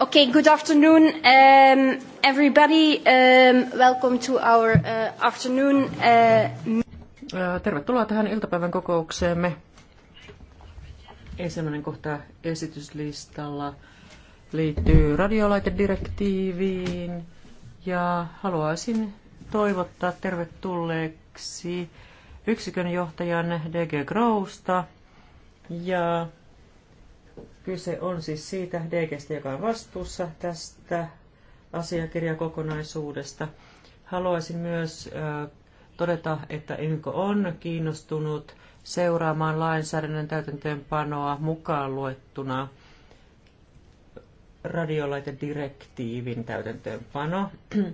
Okay, good afternoon, um, everybody. Um, welcome to our uh, afternoon. Uh... Tervetuloa tähän iltapäivän kokoukseemme. Ensimmäinen kohta esityslistalla liittyy radiolaitedirektiiviin ja haluaisin toivottaa tervetulleeksi yksikön johtajan DG Growsta ja Kyse on siis siitä DGstä, joka on vastuussa tästä asiakirjakokonaisuudesta. Haluaisin myös todeta, että IMKO on kiinnostunut seuraamaan lainsäädännön täytäntöönpanoa mukaan luettuna radiolaitedirektiivin täytäntöönpano.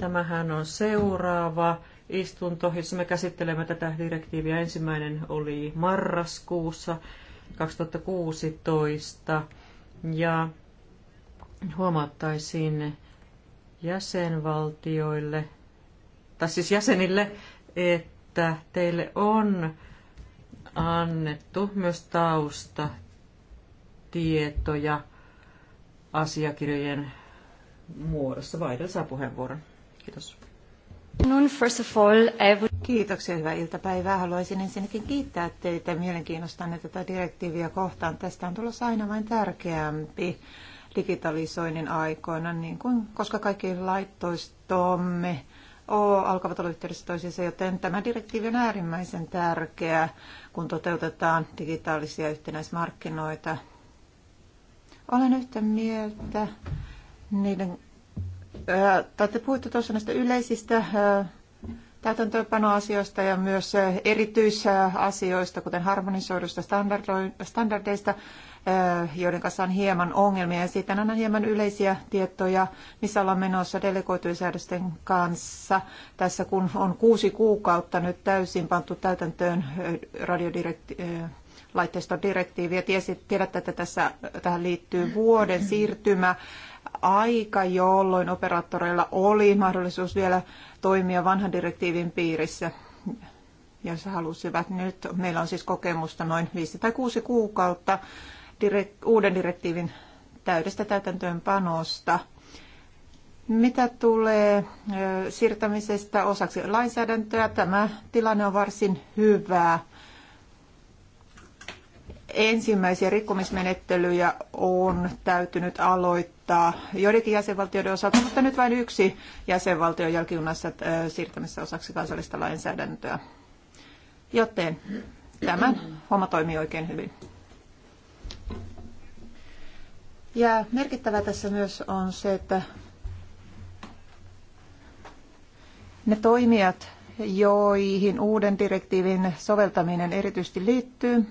Tämähän on seuraava istunto, jossa me käsittelemme tätä direktiiviä. Ensimmäinen oli marraskuussa 2016 ja huomauttaisin jäsenvaltioille, tai siis jäsenille, että teille on annettu myös tausta tietoja asiakirjojen muodossa. Vaidel saa puheenvuoron. Kiitos. Nun, first of all, I would... Kiitoksia, hyvää iltapäivää. Haluaisin ensinnäkin kiittää teitä mielenkiinnostanne tätä direktiiviä kohtaan. Tästä on tulossa aina vain tärkeämpi digitalisoinnin aikoina, niin kuin, koska kaikki laittoistomme alkavat olla yhteydessä toisiinsa, joten tämä direktiivi on äärimmäisen tärkeä, kun toteutetaan digitaalisia yhtenäismarkkinoita. Olen yhtä mieltä niiden, ää, tai te puhuitte tuossa näistä yleisistä ää, täytäntöönpanoasioista ja myös eh, erityisasioista, kuten harmonisoiduista standardeista, eh, joiden kanssa on hieman ongelmia. Ja sitten annan hieman yleisiä tietoja, missä ollaan menossa säädösten kanssa. Tässä kun on kuusi kuukautta nyt täysin pantu täytäntöön eh, radiodirektiivi laitteistodirektiiviä. Tiedätte, että tässä, tähän liittyy vuoden siirtymä aika, jolloin operaattoreilla oli mahdollisuus vielä toimia vanhan direktiivin piirissä, se halusivat. Nyt meillä on siis kokemusta noin 5 tai 6 kuukautta direk- uuden direktiivin täydestä täytäntöönpanosta. Mitä tulee siirtämisestä osaksi lainsäädäntöä, tämä tilanne on varsin hyvä. Ensimmäisiä rikkomismenettelyjä on täytynyt aloittaa joidenkin jäsenvaltioiden osalta, mutta nyt vain yksi jäsenvaltio jälkijunassa äh, siirtämässä osaksi kansallista lainsäädäntöä. Joten tämä homma toimii oikein hyvin. Ja merkittävää tässä myös on se, että ne toimijat, joihin uuden direktiivin soveltaminen erityisesti liittyy,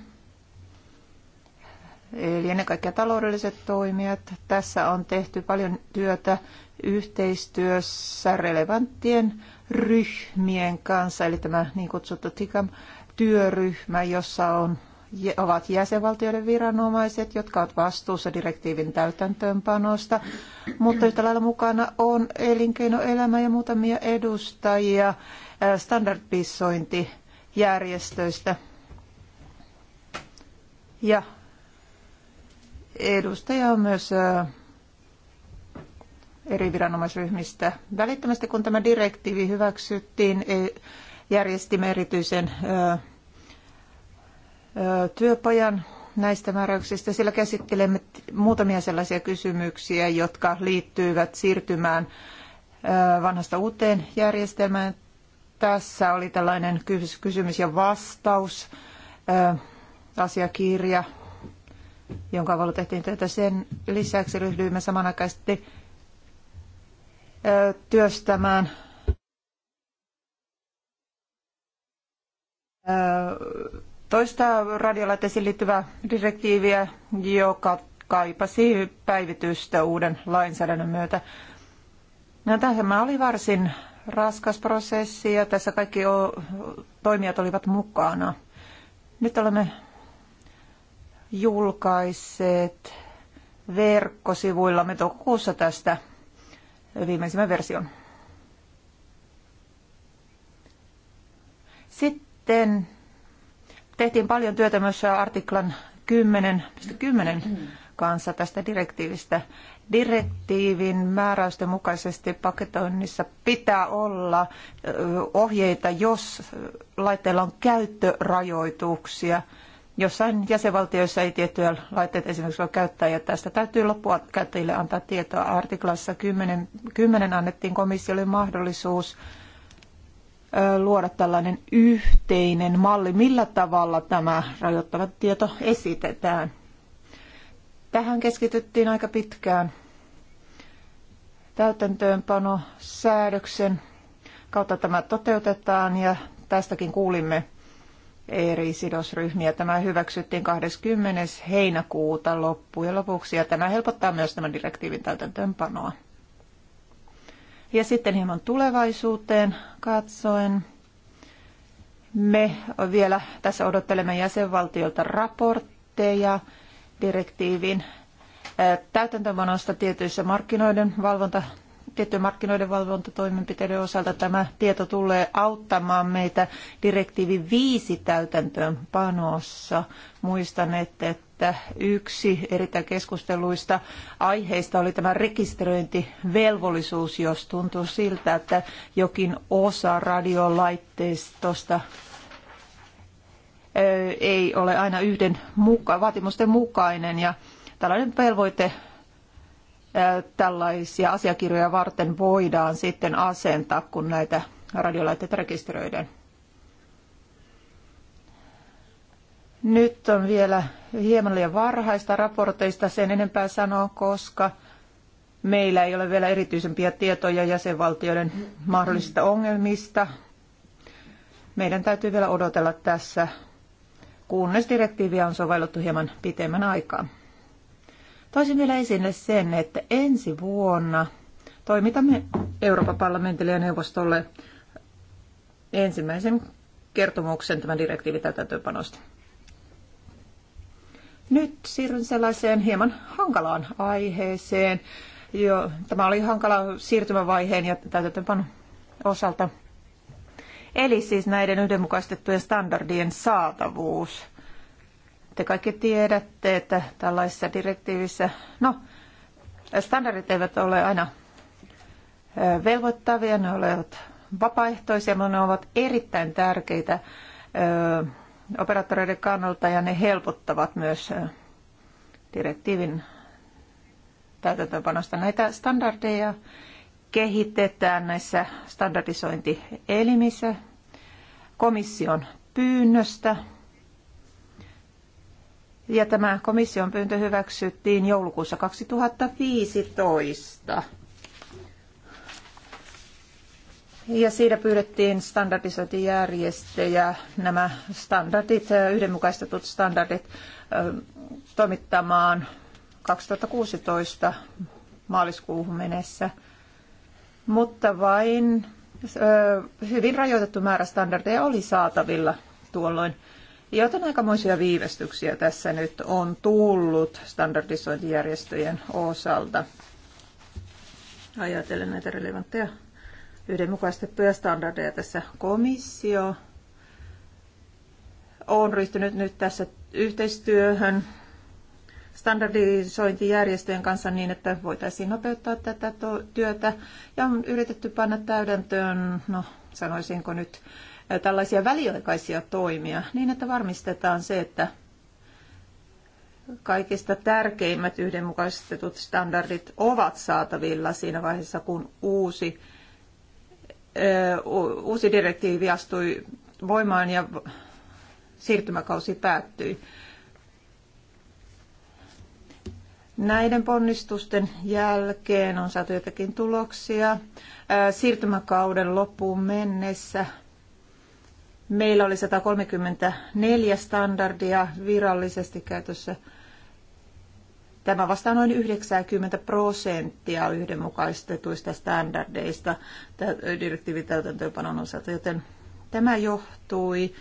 eli ennen kaikkea taloudelliset toimijat. Tässä on tehty paljon työtä yhteistyössä relevanttien ryhmien kanssa, eli tämä niin kutsuttu TICAM-työryhmä, jossa on, ovat jäsenvaltioiden viranomaiset, jotka ovat vastuussa direktiivin täytäntöönpanosta, mutta yhtä lailla mukana on elinkeinoelämä ja muutamia edustajia standardisointijärjestöistä ja edustaja on myös eri viranomaisryhmistä. Välittömästi kun tämä direktiivi hyväksyttiin, e, järjestimme erityisen työpajan näistä määräyksistä. Sillä käsittelemme muutamia sellaisia kysymyksiä, jotka liittyvät siirtymään vanhasta uuteen järjestelmään. Tässä oli tällainen kysymys ja vastaus asiakirja jonka avulla tehtiin töitä. Sen lisäksi ryhdyimme samanaikaisesti työstämään toista radiolaitteisiin liittyvää direktiiviä, joka kaipasi päivitystä uuden lainsäädännön myötä. No, tämä oli varsin raskas prosessi ja tässä kaikki toimijat olivat mukana. Nyt olemme julkaisseet verkkosivuillamme toukokuussa tästä viimeisimmän version. Sitten tehtiin paljon työtä myös artiklan 10.10 10 kanssa tästä direktiivistä. Direktiivin määräysten mukaisesti paketoinnissa pitää olla ohjeita, jos laitteella on käyttörajoituksia – Jossain jäsenvaltioissa ei tiettyjä laitteita esimerkiksi voi käyttää, ja tästä täytyy loppua käyttäjille antaa tietoa. Artiklassa 10, 10 annettiin komissiolle mahdollisuus luoda tällainen yhteinen malli, millä tavalla tämä rajoittava tieto esitetään. Tähän keskityttiin aika pitkään täytäntöönpano säädöksen kautta tämä toteutetaan ja tästäkin kuulimme eri sidosryhmiä. Tämä hyväksyttiin 20. heinäkuuta loppujen lopuksi ja tämä helpottaa myös tämän direktiivin täytäntöönpanoa. Ja sitten hieman tulevaisuuteen katsoen. Me vielä tässä odottelemme jäsenvaltiolta raportteja direktiivin täytäntöönpanosta tietyissä markkinoiden valvonta tiettyjen markkinoiden valvontatoimenpiteiden osalta tämä tieto tulee auttamaan meitä direktiivi 5 täytäntöönpanossa. Muistan, että että yksi erittäin keskusteluista aiheista oli tämä rekisteröintivelvollisuus, jos tuntuu siltä, että jokin osa radiolaitteistosta ei ole aina yhden muka, vaatimusten mukainen ja tällainen velvoite tällaisia asiakirjoja varten voidaan sitten asentaa, kun näitä radiolaitteita rekisteröidään. Nyt on vielä hieman liian varhaista raporteista sen enempää sanoa, koska meillä ei ole vielä erityisempiä tietoja jäsenvaltioiden mahdollisista ongelmista. Meidän täytyy vielä odotella tässä, kunnes direktiiviä on sovellettu hieman pitemmän aikaa. Toisin vielä esille sen, että ensi vuonna toimitamme Euroopan parlamentille ja neuvostolle ensimmäisen kertomuksen tämän direktiivitäytäntöönpanosta. Nyt siirryn sellaiseen hieman hankalaan aiheeseen. Jo, tämä oli hankala siirtymävaiheen ja täytäntöönpanon osalta. Eli siis näiden yhdenmukaistettujen standardien saatavuus. Te kaikki tiedätte, että tällaisissa direktiivissä, no, standardit eivät ole aina velvoittavia, ne ovat vapaaehtoisia, mutta ne ovat erittäin tärkeitä operaattoreiden kannalta ja ne helpottavat myös direktiivin täytäntöönpanosta. Näitä standardeja kehitetään näissä standardisointielimissä komission pyynnöstä ja tämä komission pyyntö hyväksyttiin joulukuussa 2015. Ja siitä pyydettiin standardisointijärjestäjä nämä standardit, yhdenmukaistetut standardit toimittamaan 2016 maaliskuuhun mennessä, mutta vain hyvin rajoitettu määrä standardeja oli saatavilla tuolloin joten aikamoisia viivästyksiä tässä nyt on tullut standardisointijärjestöjen osalta. Ajatellen näitä relevantteja yhdenmukaistettuja standardeja tässä komissio on ryhtynyt nyt tässä yhteistyöhön standardisointijärjestöjen kanssa niin, että voitaisiin nopeuttaa tätä työtä ja on yritetty panna täydentöön, no sanoisinko nyt tällaisia väliaikaisia toimia niin, että varmistetaan se, että kaikista tärkeimmät yhdenmukaistetut standardit ovat saatavilla siinä vaiheessa, kun uusi, uusi direktiivi astui voimaan ja siirtymäkausi päättyi. Näiden ponnistusten jälkeen on saatu jotakin tuloksia. Siirtymäkauden loppuun mennessä Meillä oli 134 standardia virallisesti käytössä. Tämä vastaa noin 90 prosenttia yhdenmukaistetuista standardeista täytäntöönpanon osalta, joten tämä johtui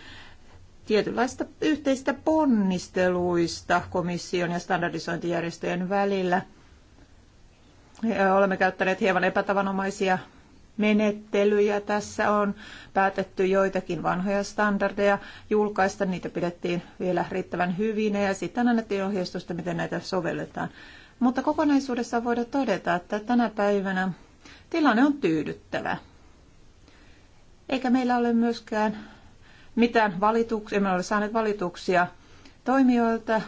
tietynlaista yhteistä ponnisteluista komission ja standardisointijärjestöjen välillä. Olemme käyttäneet hieman epätavanomaisia menettelyjä. Tässä on päätetty joitakin vanhoja standardeja julkaista. Niitä pidettiin vielä riittävän hyvinä ja sitten annettiin ohjeistusta, miten näitä sovelletaan. Mutta kokonaisuudessa voidaan todeta, että tänä päivänä tilanne on tyydyttävä. Eikä meillä ole myöskään mitään valituksia, emme ole saaneet valituksia toimijoilta,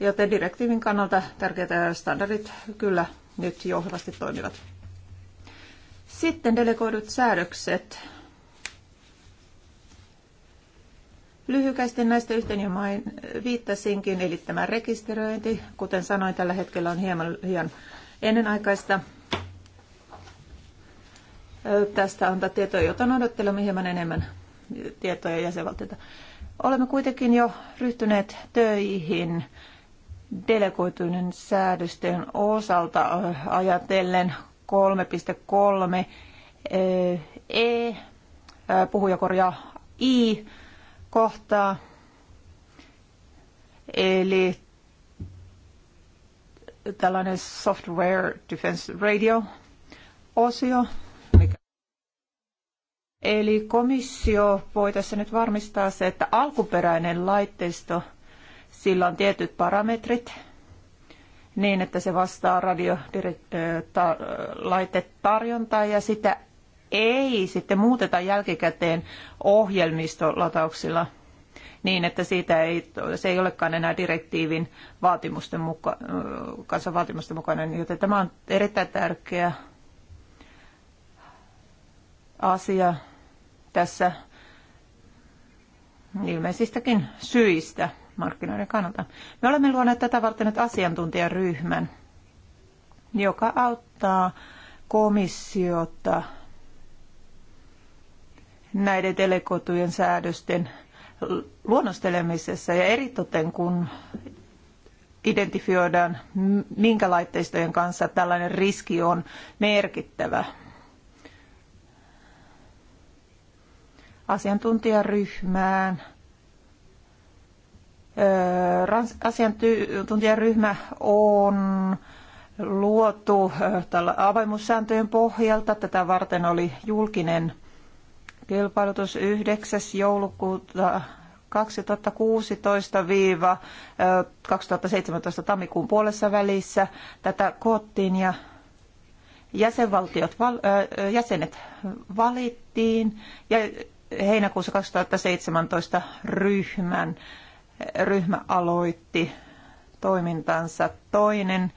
joten direktiivin kannalta tärkeät standardit kyllä nyt johdavasti toimivat. Sitten delegoidut säädökset. Lyhykäisesti näistä yhteen jo main, viittasinkin, eli tämä rekisteröinti, kuten sanoin, tällä hetkellä on hieman liian ennenaikaista tästä antaa tietoja, on odottelemme hieman enemmän tietoja jäsenvaltiota. Olemme kuitenkin jo ryhtyneet töihin delegoituinen säädösten osalta ajatellen 3.3 eh, E, eh, puhuja korjaa I kohtaa. Eli tällainen Software Defense Radio-osio. Eli komissio voi tässä nyt varmistaa se, että alkuperäinen laitteisto, sillä on tietyt parametrit, niin, että se vastaa radiolaitetarjontaa ja sitä ei sitten muuteta jälkikäteen ohjelmistolatauksilla niin, että siitä ei, se ei olekaan enää direktiivin vaatimusten muka, kanssa vaatimusten mukainen, joten tämä on erittäin tärkeä asia tässä ilmeisistäkin syistä markkinoiden kannalta. Me olemme luoneet tätä varten nyt asiantuntijaryhmän, joka auttaa komissiota näiden telekotujen säädösten luonnostelemisessa ja eritoten kun identifioidaan, minkä laitteistojen kanssa tällainen riski on merkittävä. Asiantuntijaryhmään asiantuntijaryhmä on luotu avaimussääntöjen avoimuussääntöjen pohjalta. Tätä varten oli julkinen kilpailutus 9. joulukuuta 2016-2017 tammikuun puolessa välissä. Tätä koottiin ja jäsenvaltiot, jäsenet valittiin ja heinäkuussa 2017 ryhmän ryhmä aloitti toimintansa toinen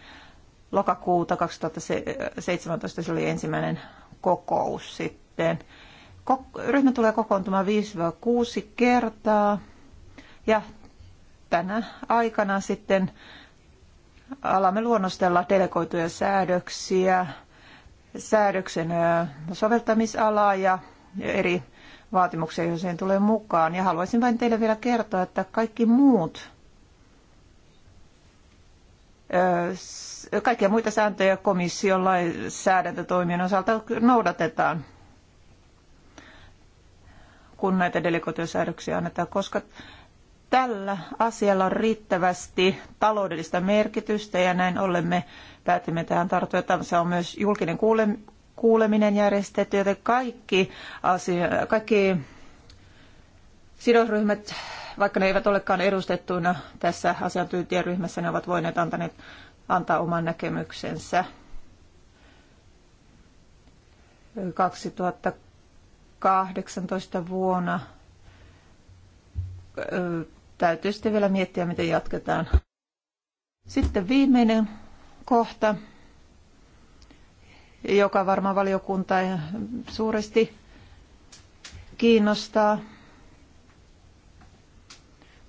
lokakuuta 2017, se oli ensimmäinen kokous sitten. Ryhmä tulee kokoontumaan 5-6 kertaa ja tänä aikana sitten alamme luonnostella delegoituja säädöksiä, säädöksen soveltamisalaa ja eri vaatimuksia, joihin sen tulee mukaan. Ja haluaisin vain teille vielä kertoa, että kaikki muut kaikkia muita sääntöjä komission lainsäädäntötoimien osalta noudatetaan, kun näitä delegoituja annetaan, koska tällä asialla on riittävästi taloudellista merkitystä ja näin ollen me päätimme tähän tarttua. Tämä on myös julkinen kuule- kuuleminen järjestetty, joten kaikki, asia, kaikki sidosryhmät, vaikka ne eivät olekaan edustettuina tässä asiantuntijaryhmässä, ne ovat voineet antaneet, antaa oman näkemyksensä. 2018 vuonna täytyy sitten vielä miettiä, miten jatketaan. Sitten viimeinen kohta joka varmaan valiokunta suuresti kiinnostaa.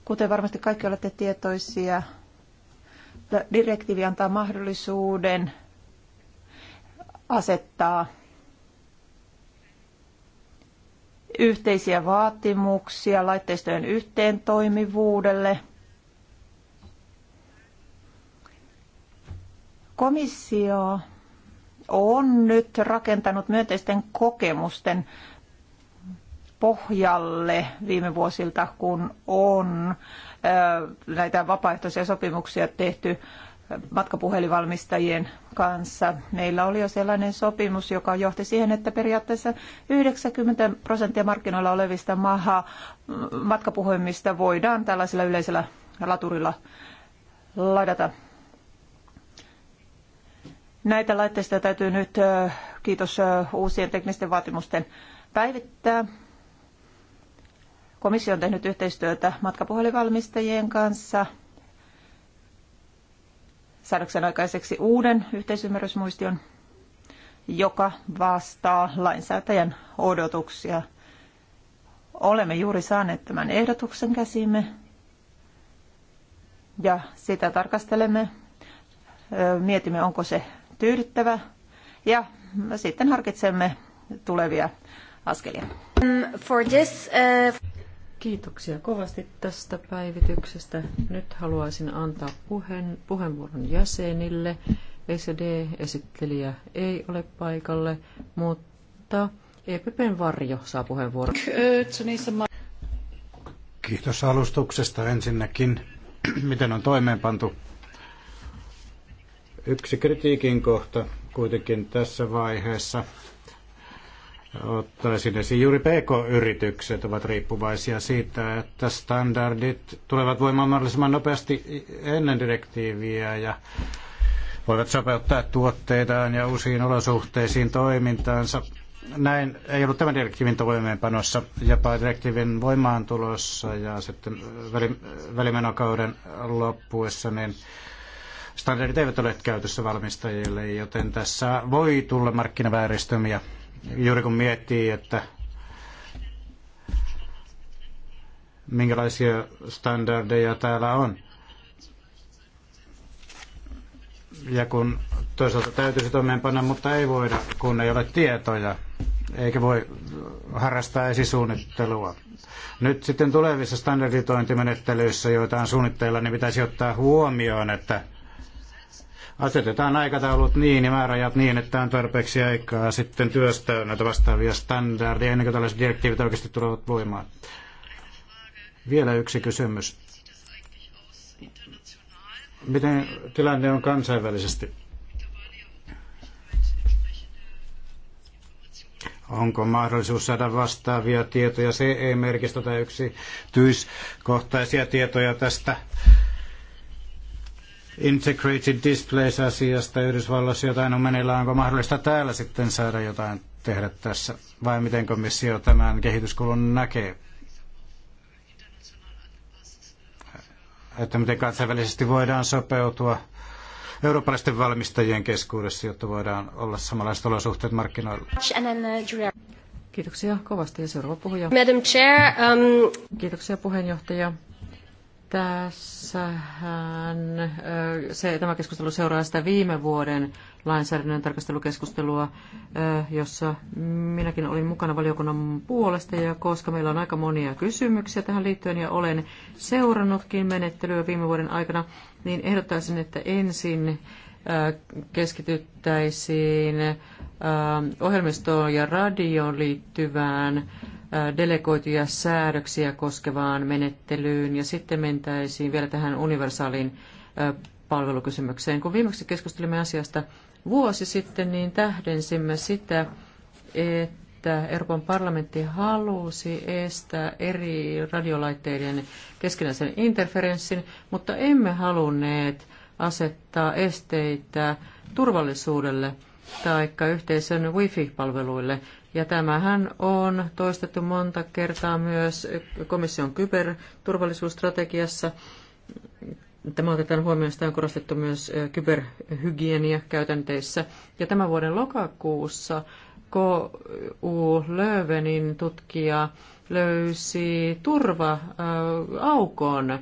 Kuten varmasti kaikki olette tietoisia, direktiivi antaa mahdollisuuden asettaa yhteisiä vaatimuksia laitteistojen yhteen toimivuudelle. Komissio on nyt rakentanut myönteisten kokemusten pohjalle viime vuosilta, kun on näitä vapaaehtoisia sopimuksia tehty matkapuhelivalmistajien kanssa. Meillä oli jo sellainen sopimus, joka johti siihen, että periaatteessa 90 prosenttia markkinoilla olevista maha matkapuhelimista voidaan tällaisella yleisellä laturilla ladata Näitä laitteista täytyy nyt, kiitos uusien teknisten vaatimusten, päivittää. Komissio on tehnyt yhteistyötä matkapuhelinvalmistajien kanssa saadakseen aikaiseksi uuden yhteisymmärrysmuistion, joka vastaa lainsäätäjän odotuksia. Olemme juuri saaneet tämän ehdotuksen käsimme ja sitä tarkastelemme. Mietimme, onko se tyydyttävä ja sitten harkitsemme tulevia askelia. Um, for this, uh... Kiitoksia kovasti tästä päivityksestä. Nyt haluaisin antaa puheen, puheenvuoron jäsenille. ECD-esittelijä ei ole paikalle, mutta EPPn varjo saa puheenvuoron. Kiitos alustuksesta ensinnäkin, miten on toimeenpantu Yksi kritiikin kohta kuitenkin tässä vaiheessa ottaisin esiin. Juuri PK-yritykset ovat riippuvaisia siitä, että standardit tulevat voimaan mahdollisimman nopeasti ennen direktiiviä ja voivat sopeuttaa tuotteitaan ja uusiin olosuhteisiin toimintaansa. Näin ei ollut tämän direktiivin toimeenpanossa, jopa direktiivin voimaantulossa ja sitten välimenokauden loppuessa, niin standardit eivät ole käytössä valmistajille, joten tässä voi tulla markkinavääristymiä. Juuri kun miettii, että minkälaisia standardeja täällä on. Ja kun toisaalta täytyisi toimeenpanna, mutta ei voida, kun ei ole tietoja, eikä voi harrastaa esisuunnittelua. Nyt sitten tulevissa standarditointimenettelyissä, joita on suunnitteilla, niin pitäisi ottaa huomioon, että asetetaan aikataulut niin ja määräajat niin, että on tarpeeksi aikaa sitten työstää näitä vastaavia standardeja ennen kuin tällaiset direktiivit oikeasti tulevat voimaan. Vielä yksi kysymys. Miten tilanne on kansainvälisesti? Onko mahdollisuus saada vastaavia tietoja CE-merkistä tai yksityiskohtaisia tietoja tästä integrated displays-asiasta Yhdysvalloissa jotain on meneillään. Onko mahdollista täällä sitten saada jotain tehdä tässä? Vai miten komissio tämän kehityskulun näkee? Että miten kansainvälisesti voidaan sopeutua eurooppalaisten valmistajien keskuudessa, jotta voidaan olla samanlaiset olosuhteet markkinoilla. Uh, Kiitoksia kovasti ja seuraava puhuja. Madam Chair, um... Kiitoksia puheenjohtaja. Tässähän se, tämä keskustelu seuraa sitä viime vuoden lainsäädännön tarkastelukeskustelua, jossa minäkin olin mukana valiokunnan puolesta, ja koska meillä on aika monia kysymyksiä tähän liittyen, ja olen seurannutkin menettelyä viime vuoden aikana, niin ehdottaisin, että ensin keskityttäisiin ohjelmistoon ja radioon liittyvään Äh, delegoituja säädöksiä koskevaan menettelyyn ja sitten mentäisiin vielä tähän universaaliin äh, palvelukysymykseen. Kun viimeksi keskustelimme asiasta vuosi sitten, niin tähdensimme sitä, että Euroopan parlamentti halusi estää eri radiolaitteiden keskinäisen interferenssin, mutta emme halunneet asettaa esteitä turvallisuudelle taikka yhteisön wifi-palveluille. Ja tämähän on toistettu monta kertaa myös komission kyberturvallisuusstrategiassa. Tämä otetaan huomioon, sitä on korostettu myös kyberhygienia käytänteissä. Ja tämän vuoden lokakuussa KU Löövenin tutkija löysi turva-aukon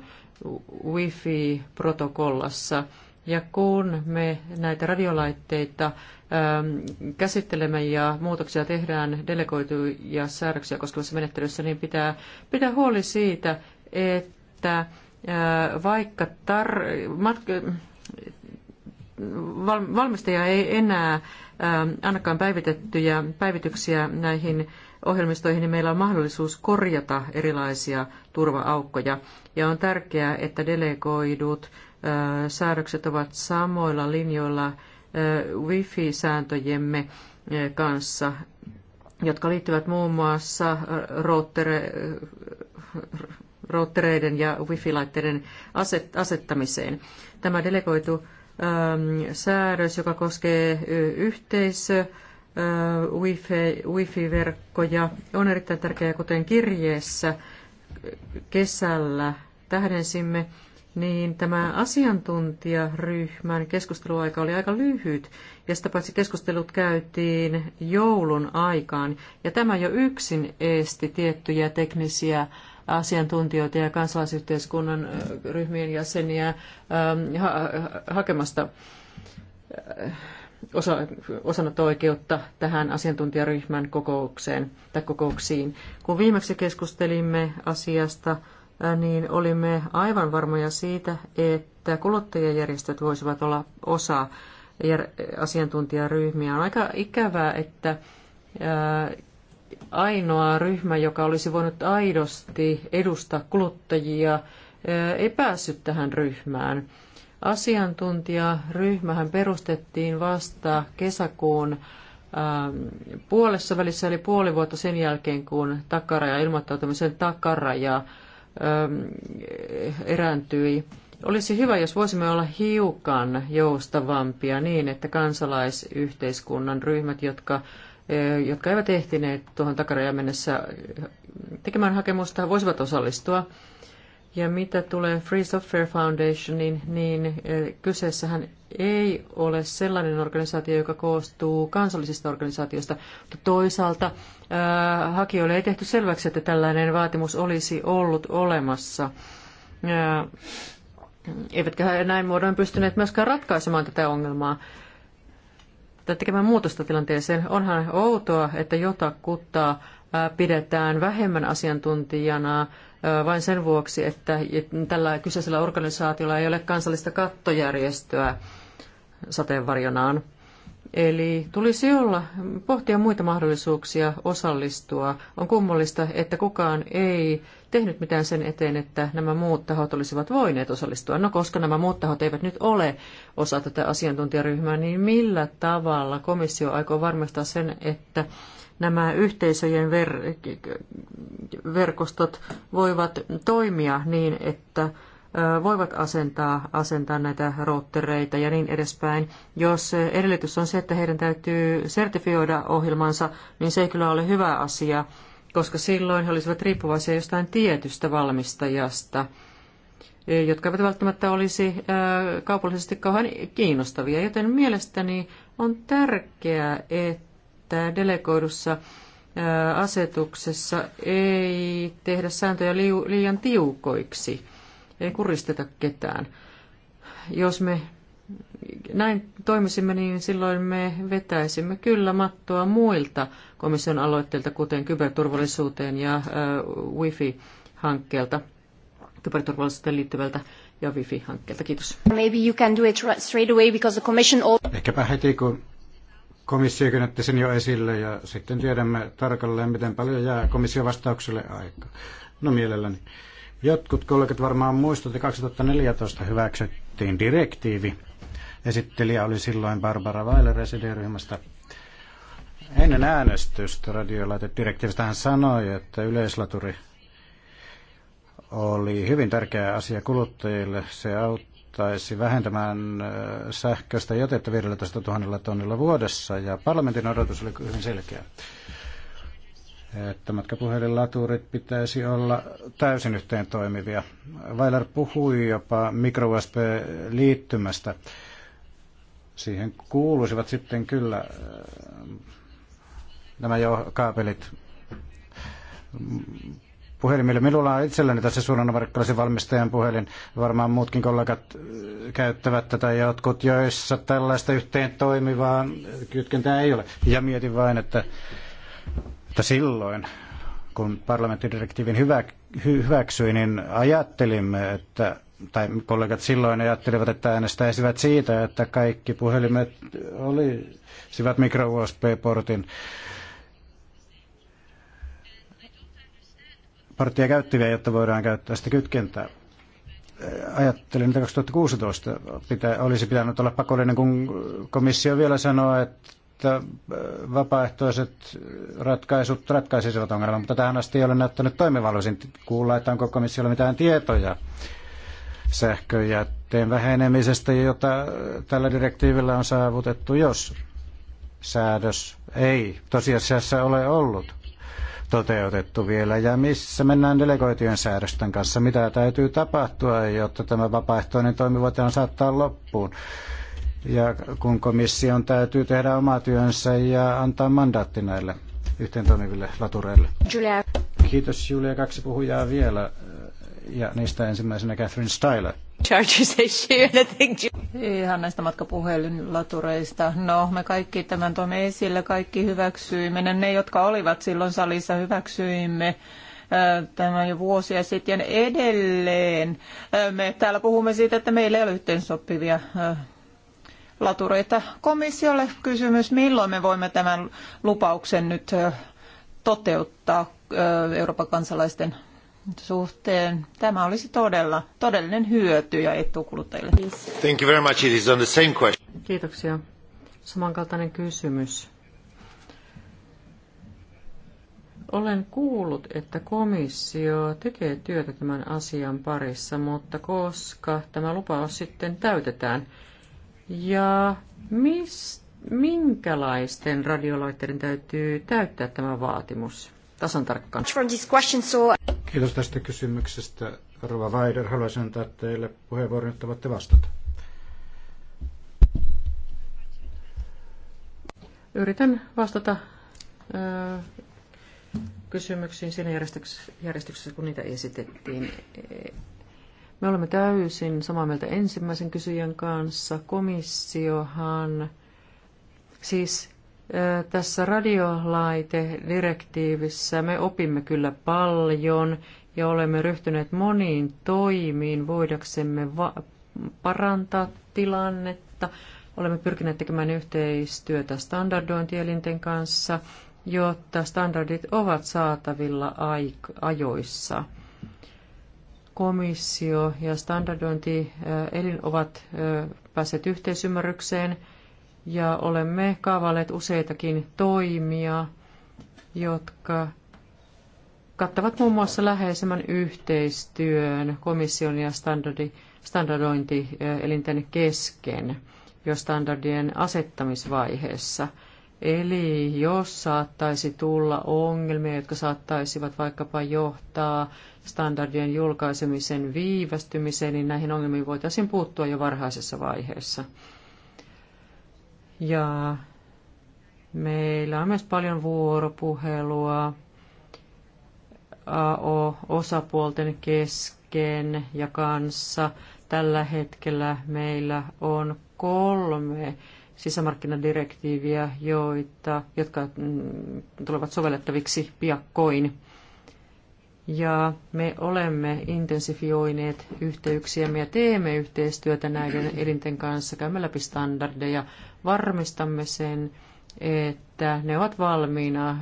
Wi-Fi-protokollassa – ja kun me näitä radiolaitteita ähm, käsittelemme ja muutoksia tehdään delegoituja säädöksiä koskevassa menettelyssä, niin pitää pitää huoli siitä, että äh, vaikka tar- mat- valmistaja ei enää ähm, ainakaan päivitettyjä päivityksiä näihin ohjelmistoihin, niin meillä on mahdollisuus korjata erilaisia turvaaukkoja. Ja on tärkeää, että delegoidut säädökset ovat samoilla linjoilla Wi-Fi-sääntöjemme kanssa, jotka liittyvät muun muassa routtereiden ja Wi-Fi-laitteiden asettamiseen. Tämä delegoitu säädös, joka koskee yhteisö, Wi-Fi-verkkoja, on erittäin tärkeää, kuten kirjeessä kesällä tähdensimme, niin tämä asiantuntijaryhmän keskusteluaika oli aika lyhyt, ja sitä paitsi keskustelut käytiin joulun aikaan, ja tämä jo yksin esti tiettyjä teknisiä asiantuntijoita ja kansalaisyhteiskunnan ryhmien jäseniä ähm, hakemasta osa, osanotto-oikeutta tähän asiantuntijaryhmän kokoukseen tai kokouksiin. Kun viimeksi keskustelimme asiasta, niin olimme aivan varmoja siitä, että kuluttajajärjestöt voisivat olla osa asiantuntijaryhmiä. On aika ikävää, että ainoa ryhmä, joka olisi voinut aidosti edustaa kuluttajia, ei päässyt tähän ryhmään. Asiantuntijaryhmähän perustettiin vasta kesäkuun puolessa välissä, eli puoli vuotta sen jälkeen, kun takaraja, ilmoittautumisen takaraja Ähm, erääntyi. Olisi hyvä, jos voisimme olla hiukan joustavampia niin, että kansalaisyhteiskunnan ryhmät, jotka, e, jotka eivät ehtineet tuohon takarajan mennessä tekemään hakemusta, voisivat osallistua ja mitä tulee Free Software Foundationiin, niin eh, kyseessähän ei ole sellainen organisaatio, joka koostuu kansallisista organisaatioista, mutta toisaalta äh, hakijoille ei tehty selväksi, että tällainen vaatimus olisi ollut olemassa. Äh, eivätkä he näin muodoin pystyneet myöskään ratkaisemaan tätä ongelmaa tai tekemään muutosta tilanteeseen. Onhan outoa, että jotakuttaa pidetään vähemmän asiantuntijana vain sen vuoksi, että tällä kyseisellä organisaatiolla ei ole kansallista kattojärjestöä sateenvarjonaan. Eli tulisi olla, pohtia muita mahdollisuuksia osallistua. On kummallista, että kukaan ei tehnyt mitään sen eteen, että nämä muut tahot olisivat voineet osallistua. No koska nämä muut tahot eivät nyt ole osa tätä asiantuntijaryhmää, niin millä tavalla komissio aikoo varmistaa sen, että nämä yhteisöjen ver- verkostot voivat toimia niin, että voivat asentaa, asentaa näitä routtereita ja niin edespäin. Jos edellytys on se, että heidän täytyy sertifioida ohjelmansa, niin se ei kyllä ole hyvä asia, koska silloin he olisivat riippuvaisia jostain tietystä valmistajasta, e, jotka eivät välttämättä olisi kaupallisesti kauhean kiinnostavia. Joten mielestäni on tärkeää, että että delegoidussa asetuksessa ei tehdä sääntöjä liian tiukoiksi, ei kuristeta ketään. Jos me näin toimisimme, niin silloin me vetäisimme kyllä mattoa muilta komission aloitteilta, kuten kyberturvallisuuteen ja Wi-Fi-hankkeelta, kyberturvallisuuteen liittyvältä ja Wi-Fi-hankkeelta. Kiitos. Maybe you can do it straight away because the commission... Ehkäpä heti kun komissiokin otti sen jo esille ja sitten tiedämme tarkalleen, miten paljon jää komission vastaukselle aikaa. No mielelläni. Jotkut kollegat varmaan muistutti, että 2014 hyväksyttiin direktiivi. Esittelijä oli silloin Barbara Weiler esideryhmästä. Ennen äänestystä radiolaitedirektiivistä hän sanoi, että yleislaturi oli hyvin tärkeä asia kuluttajille. Se auttoi jouduttaisi vähentämään sähköistä jätettä 15 000 tonnilla vuodessa ja parlamentin odotus oli hyvin selkeä että matkapuhelinlaturit pitäisi olla täysin yhteen toimivia. Weiler puhui jopa micro USB-liittymästä. Siihen kuuluisivat sitten kyllä nämä jo kaapelit puhelimille. Minulla on itselläni tässä suuren amerikkalaisen valmistajan puhelin. Varmaan muutkin kollegat äh, käyttävät tätä jotkut, joissa tällaista yhteen toimivaa kytkentää ei ole. Ja mietin vain, että, että silloin kun parlamenttidirektiivin hyvä, hy, hyväksyi, niin ajattelimme, että tai kollegat silloin ajattelivat, että äänestäisivät siitä, että kaikki puhelimet olisivat micro USB-portin Partia käyttäviä, jotta voidaan käyttää sitä kytkentää. Ajattelin, että 2016 pitä, olisi pitänyt olla pakollinen, kun komissio vielä sanoo, että vapaaehtoiset ratkaisut ratkaisisivat ongelman, mutta tähän asti ei ole näyttänyt toimivallisin kuulla, että onko komissiolla mitään tietoja sähköjätteen vähenemisestä, jota tällä direktiivillä on saavutettu, jos säädös ei tosiasiassa ole ollut toteutettu vielä ja missä mennään delegoitujen säädösten kanssa, mitä täytyy tapahtua, jotta tämä vapaaehtoinen on saattaa loppuun. Ja kun komission täytyy tehdä oma työnsä ja antaa mandaatti näille yhteen toimiville latureille. Julia. Kiitos Julia, kaksi puhujaa vielä ja niistä ensimmäisenä Catherine Styler chargers issue. I think... Ihan näistä matkapuhelinlatureista. No, me kaikki tämän toimme esille, kaikki hyväksyimme. Ne, jotka olivat silloin salissa, hyväksyimme äh, tämä jo vuosia sitten edelleen. Äh, me täällä puhumme siitä, että meillä ei ole yhteensopivia äh, latureita komissiolle. Kysymys, milloin me voimme tämän lupauksen nyt toteuttaa Euroopan kansalaisten suhteen. Tämä olisi todella, todellinen hyöty ja etu kuluttajille. Thank you very much. It is on the same question. Kiitoksia. Samankaltainen kysymys. Olen kuullut, että komissio tekee työtä tämän asian parissa, mutta koska tämä lupaus sitten täytetään? Ja mis, minkälaisten radiolaitteiden täytyy täyttää tämä vaatimus? tasan tarkkaan. Kiitos tästä kysymyksestä. Rova Weider, haluaisin antaa teille puheenvuoron, että voitte vastata. Yritän vastata kysymyksiin siinä järjestyksessä, järjestyksessä, kun niitä esitettiin. Me olemme täysin samaa mieltä ensimmäisen kysyjän kanssa. Komissiohan, siis tässä radiolaitedirektiivissä me opimme kyllä paljon ja olemme ryhtyneet moniin toimiin voidaksemme parantaa tilannetta. Olemme pyrkineet tekemään yhteistyötä standardointielinten kanssa, jotta standardit ovat saatavilla ajoissa. Komissio ja standardointielin ovat päässeet yhteisymmärrykseen – ja olemme kaavalleet useitakin toimia, jotka kattavat muun muassa läheisemmän yhteistyön komission ja standardi, standardointielinten kesken jo standardien asettamisvaiheessa. Eli jos saattaisi tulla ongelmia, jotka saattaisivat vaikkapa johtaa standardien julkaisemisen viivästymiseen, niin näihin ongelmiin voitaisiin puuttua jo varhaisessa vaiheessa. Ja meillä on myös paljon vuoropuhelua AO-osapuolten kesken ja kanssa. Tällä hetkellä meillä on kolme sisämarkkinadirektiiviä, joita, jotka mm, tulevat sovellettaviksi piakkoin. Ja me olemme intensifioineet yhteyksiämme ja teemme yhteistyötä näiden elinten kanssa, käymme läpi standardeja, varmistamme sen, että ne ovat valmiina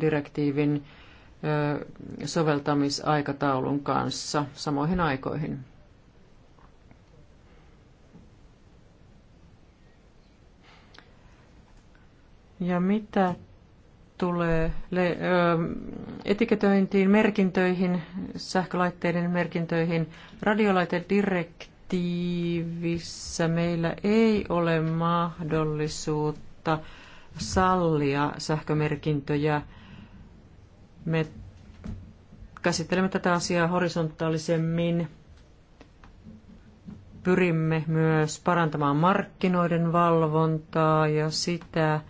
direktiivin soveltamisaikataulun kanssa samoihin aikoihin. Ja mitä tulee etiketöintiin, merkintöihin, sähkölaitteiden merkintöihin, radiolaitedirektiiviin? direktiivissä meillä ei ole mahdollisuutta sallia sähkömerkintöjä. Me käsittelemme tätä asiaa horisontaalisemmin. Pyrimme myös parantamaan markkinoiden valvontaa ja sitä,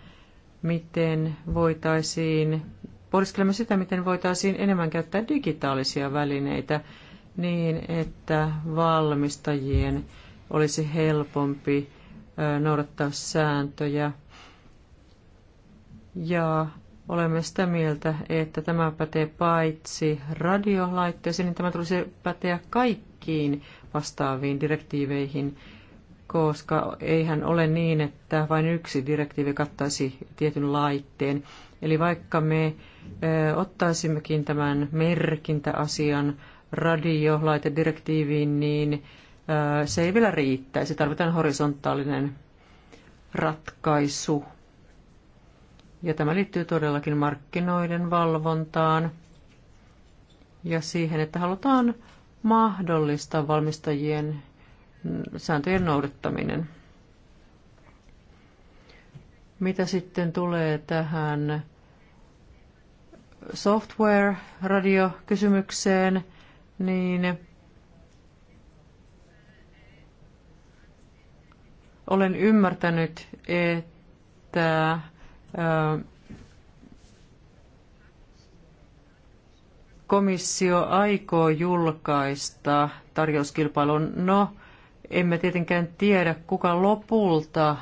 miten voitaisiin, pohdiskelemme sitä, miten voitaisiin enemmän käyttää digitaalisia välineitä niin, että valmistajien olisi helpompi noudattaa sääntöjä. Ja olemme sitä mieltä, että tämä pätee paitsi radiolaitteisiin, niin tämä tulisi päteä kaikkiin vastaaviin direktiiveihin, koska eihän ole niin, että vain yksi direktiivi kattaisi tietyn laitteen. Eli vaikka me ottaisimmekin tämän merkintäasian radiolaitedirektiiviin, niin se ei vielä riittäisi. Tarvitaan horisontaalinen ratkaisu. Ja tämä liittyy todellakin markkinoiden valvontaan ja siihen, että halutaan mahdollistaa valmistajien mm, sääntöjen noudattaminen. Mitä sitten tulee tähän software-radiokysymykseen, niin olen ymmärtänyt, että komissio aikoo julkaista tarjouskilpailun. No, emme tietenkään tiedä, kuka lopulta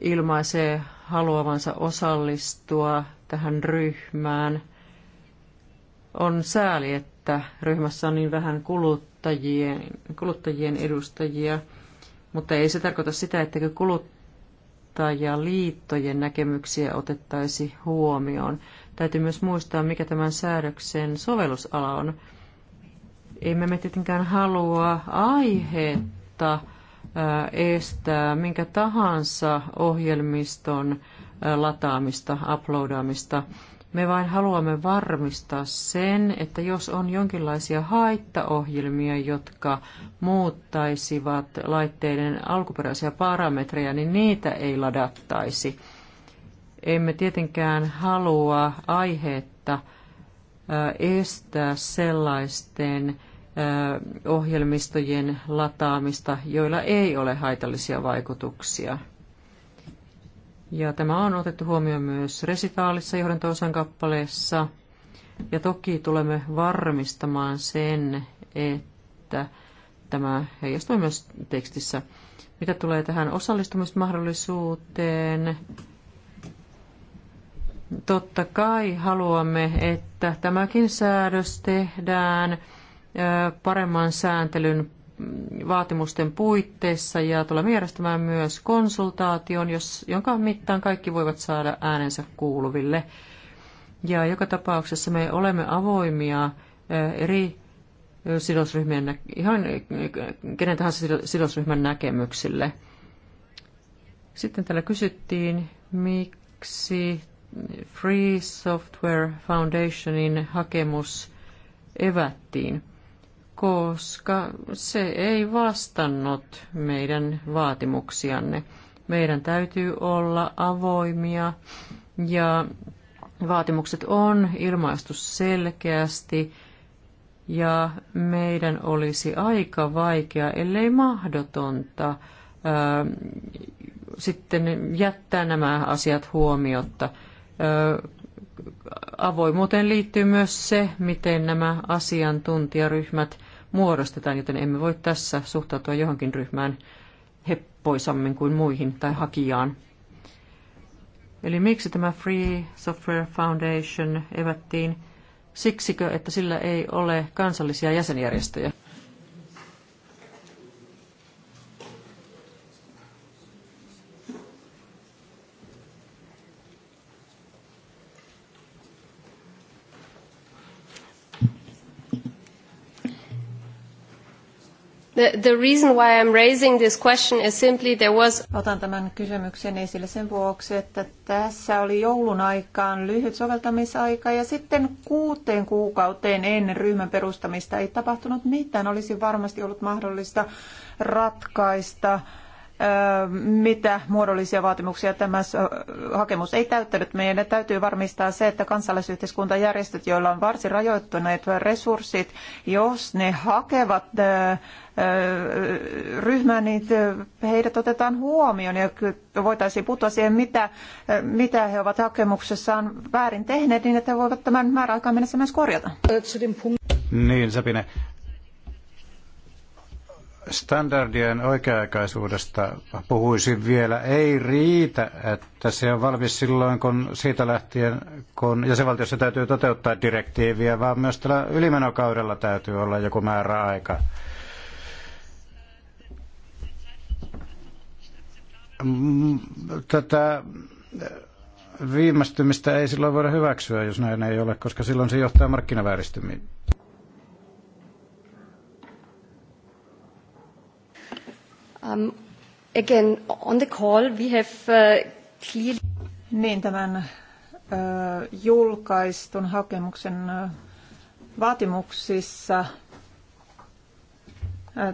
ilmaisee haluavansa osallistua tähän ryhmään – on sääli, että ryhmässä on niin vähän kuluttajien, kuluttajien edustajia, mutta ei se tarkoita sitä, että kuluttajaliittojen näkemyksiä otettaisi huomioon. Täytyy myös muistaa, mikä tämän säädöksen sovellusala on. Emme me tietenkään halua aihetta estää minkä tahansa ohjelmiston lataamista, uploadaamista me vain haluamme varmistaa sen, että jos on jonkinlaisia haittaohjelmia, jotka muuttaisivat laitteiden alkuperäisiä parametreja, niin niitä ei ladattaisi. Emme tietenkään halua aihetta estää sellaisten ohjelmistojen lataamista, joilla ei ole haitallisia vaikutuksia. Ja tämä on otettu huomioon myös resitaalissa johdanto-osan kappaleessa. Ja toki tulemme varmistamaan sen, että tämä heijastuu myös tekstissä. Mitä tulee tähän osallistumismahdollisuuteen, totta kai haluamme, että tämäkin säädös tehdään paremman sääntelyn vaatimusten puitteissa ja tulemme järjestämään myös konsultaation, jos, jonka mittaan kaikki voivat saada äänensä kuuluville. Ja joka tapauksessa me olemme avoimia eh, eri eh, sidosryhmien, ihan eh, kenen tahansa sidosryhmän näkemyksille. Sitten täällä kysyttiin, miksi Free Software Foundationin hakemus evättiin koska se ei vastannut meidän vaatimuksianne. Meidän täytyy olla avoimia ja vaatimukset on ilmaistu selkeästi ja meidän olisi aika vaikea, ellei mahdotonta, ää, sitten jättää nämä asiat huomiotta. Ää, avoimuuteen liittyy myös se, miten nämä asiantuntijaryhmät muodostetaan, joten emme voi tässä suhtautua johonkin ryhmään heppoisammin kuin muihin tai hakijaan. Eli miksi tämä Free Software Foundation evättiin? Siksikö, että sillä ei ole kansallisia jäsenjärjestöjä? The, the reason why I'm raising this question is simply there was... Otan tämän kysymyksen esille sen vuoksi, että tässä oli joulun aikaan lyhyt soveltamisaika ja sitten kuuteen kuukauteen ennen ryhmän perustamista ei tapahtunut mitään. Olisi varmasti ollut mahdollista ratkaista mitä muodollisia vaatimuksia tämä hakemus ei täyttänyt. Meidän täytyy varmistaa se, että kansalaisyhteiskuntajärjestöt, joilla on varsin rajoittuneet resurssit, jos ne hakevat ryhmään, niin heidät otetaan huomioon ja voitaisiin puuttua siihen, mitä, mitä he ovat hakemuksessaan väärin tehneet, niin että he voivat tämän määräaikaan mennessä myös korjata. Niin, standardien oikea-aikaisuudesta puhuisin vielä. Ei riitä, että se on valmis silloin, kun siitä lähtien, kun jäsenvaltiossa täytyy toteuttaa direktiiviä, vaan myös tällä ylimenokaudella täytyy olla joku määräaika. Mm, tätä viimästymistä ei silloin voida hyväksyä, jos näin ei ole, koska silloin se johtaa markkinavääristymiin. Um, again, on the call we have uh, clearly... Niin, tämän julkaistun hakemuksen vaatimuksissa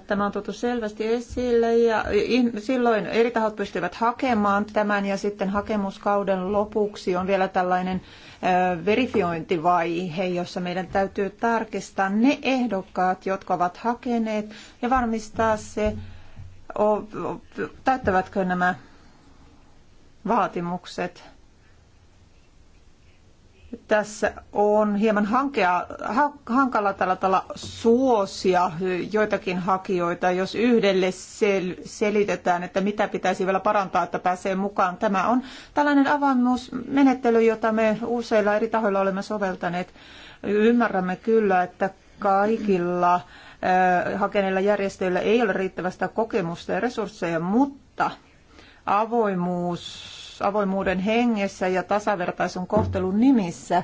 Tämä on tuotu selvästi esille ja silloin eri tahot pystyvät hakemaan tämän ja sitten hakemuskauden lopuksi on vielä tällainen verifiointivaihe, jossa meidän täytyy tarkistaa ne ehdokkaat, jotka ovat hakeneet ja varmistaa se, täyttävätkö nämä vaatimukset. Tässä on hieman hankea, hankala tällä tavalla suosia joitakin hakijoita, jos yhdelle sel, selitetään, että mitä pitäisi vielä parantaa, että pääsee mukaan. Tämä on tällainen avoimuusmenettely, jota me useilla eri tahoilla olemme soveltaneet. Ymmärrämme kyllä, että kaikilla hakeneilla järjestöillä ei ole riittävästä kokemusta ja resursseja, mutta avoimuus, avoimuuden hengessä ja tasavertaisen kohtelun nimissä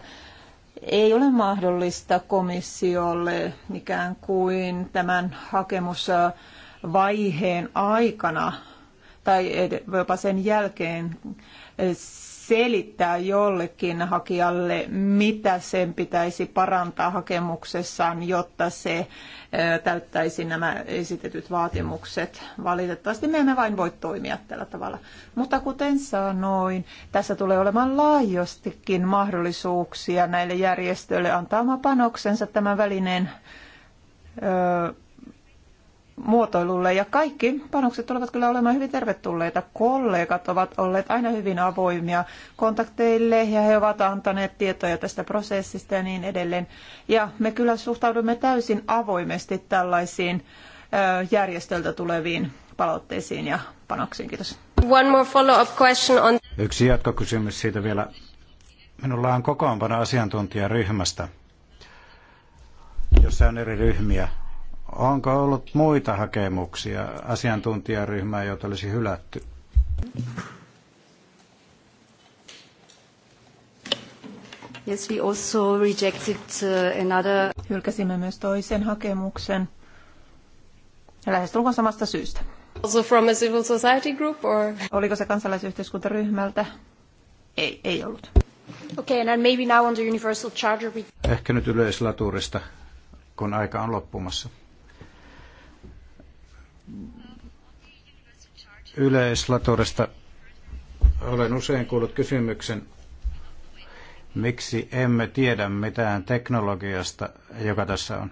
ei ole mahdollista komissiolle ikään kuin tämän hakemusvaiheen aikana tai jopa sen jälkeen selittää jollekin hakijalle, mitä sen pitäisi parantaa hakemuksessaan, jotta se täyttäisi nämä esitetyt vaatimukset. Valitettavasti me emme vain voi toimia tällä tavalla. Mutta kuten sanoin, tässä tulee olemaan laajastikin mahdollisuuksia näille järjestöille antaa oma panoksensa tämän välineen muotoilulle ja kaikki panokset tulevat kyllä olemaan hyvin tervetulleita. Kollegat ovat olleet aina hyvin avoimia kontakteille ja he ovat antaneet tietoja tästä prosessista ja niin edelleen. Ja me kyllä suhtaudumme täysin avoimesti tällaisiin järjestöltä tuleviin palautteisiin ja panoksiin. Kiitos. One more follow-up question on... Yksi jatkokysymys siitä vielä. Minulla on kokoonpano asiantuntijaryhmästä, jossa on eri ryhmiä Onko ollut muita hakemuksia asiantuntijaryhmää, joita olisi hylätty? Yes, we also rejected uh, another... Hylkäsimme myös toisen hakemuksen tulkoon samasta syystä. Also from a civil society group or... Oliko se kansalaisyhteiskuntaryhmältä? Ei, ei ollut. Okay, and maybe now on the universal charter. We... Ehkä nyt yleislaturista, kun aika on loppumassa yleislaturista olen usein kuullut kysymyksen, miksi emme tiedä mitään teknologiasta, joka tässä on.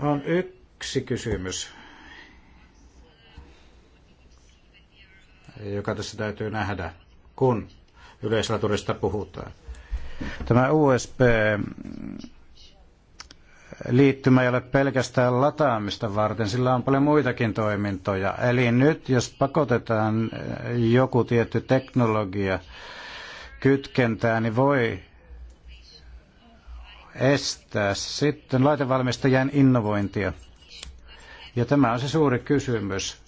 On yksi kysymys, joka tässä täytyy nähdä, kun yleislaturista puhutaan. Tämä USB liittymä ei ole pelkästään lataamista varten, sillä on paljon muitakin toimintoja. Eli nyt jos pakotetaan eh, joku tietty teknologia kytkentää, niin voi estää sitten laitevalmistajien innovointia. Ja tämä on se suuri kysymys,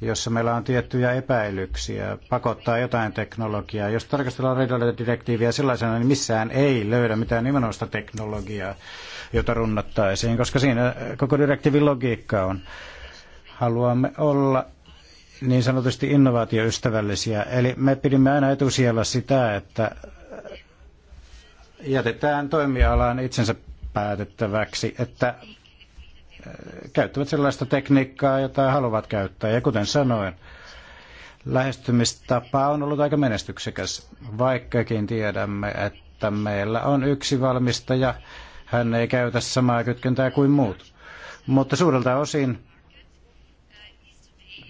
jossa meillä on tiettyjä epäilyksiä, pakottaa jotain teknologiaa. Jos tarkastellaan radioliitodirektiiviä sellaisena, niin missään ei löydä mitään nimenomaista teknologiaa, jota runnattaisiin, koska siinä koko direktiivin logiikka on. Haluamme olla niin sanotusti innovaatioystävällisiä. Eli me pidimme aina etusijalla sitä, että jätetään toimialaan itsensä päätettäväksi, että äh, käyttävät sellaista tekniikkaa, jota haluavat käyttää. Ja kuten sanoin, lähestymistapa on ollut aika menestyksekäs, vaikkakin tiedämme, että meillä on yksi valmistaja, hän ei käytä samaa kytkentää kuin muut. Mutta suurelta osin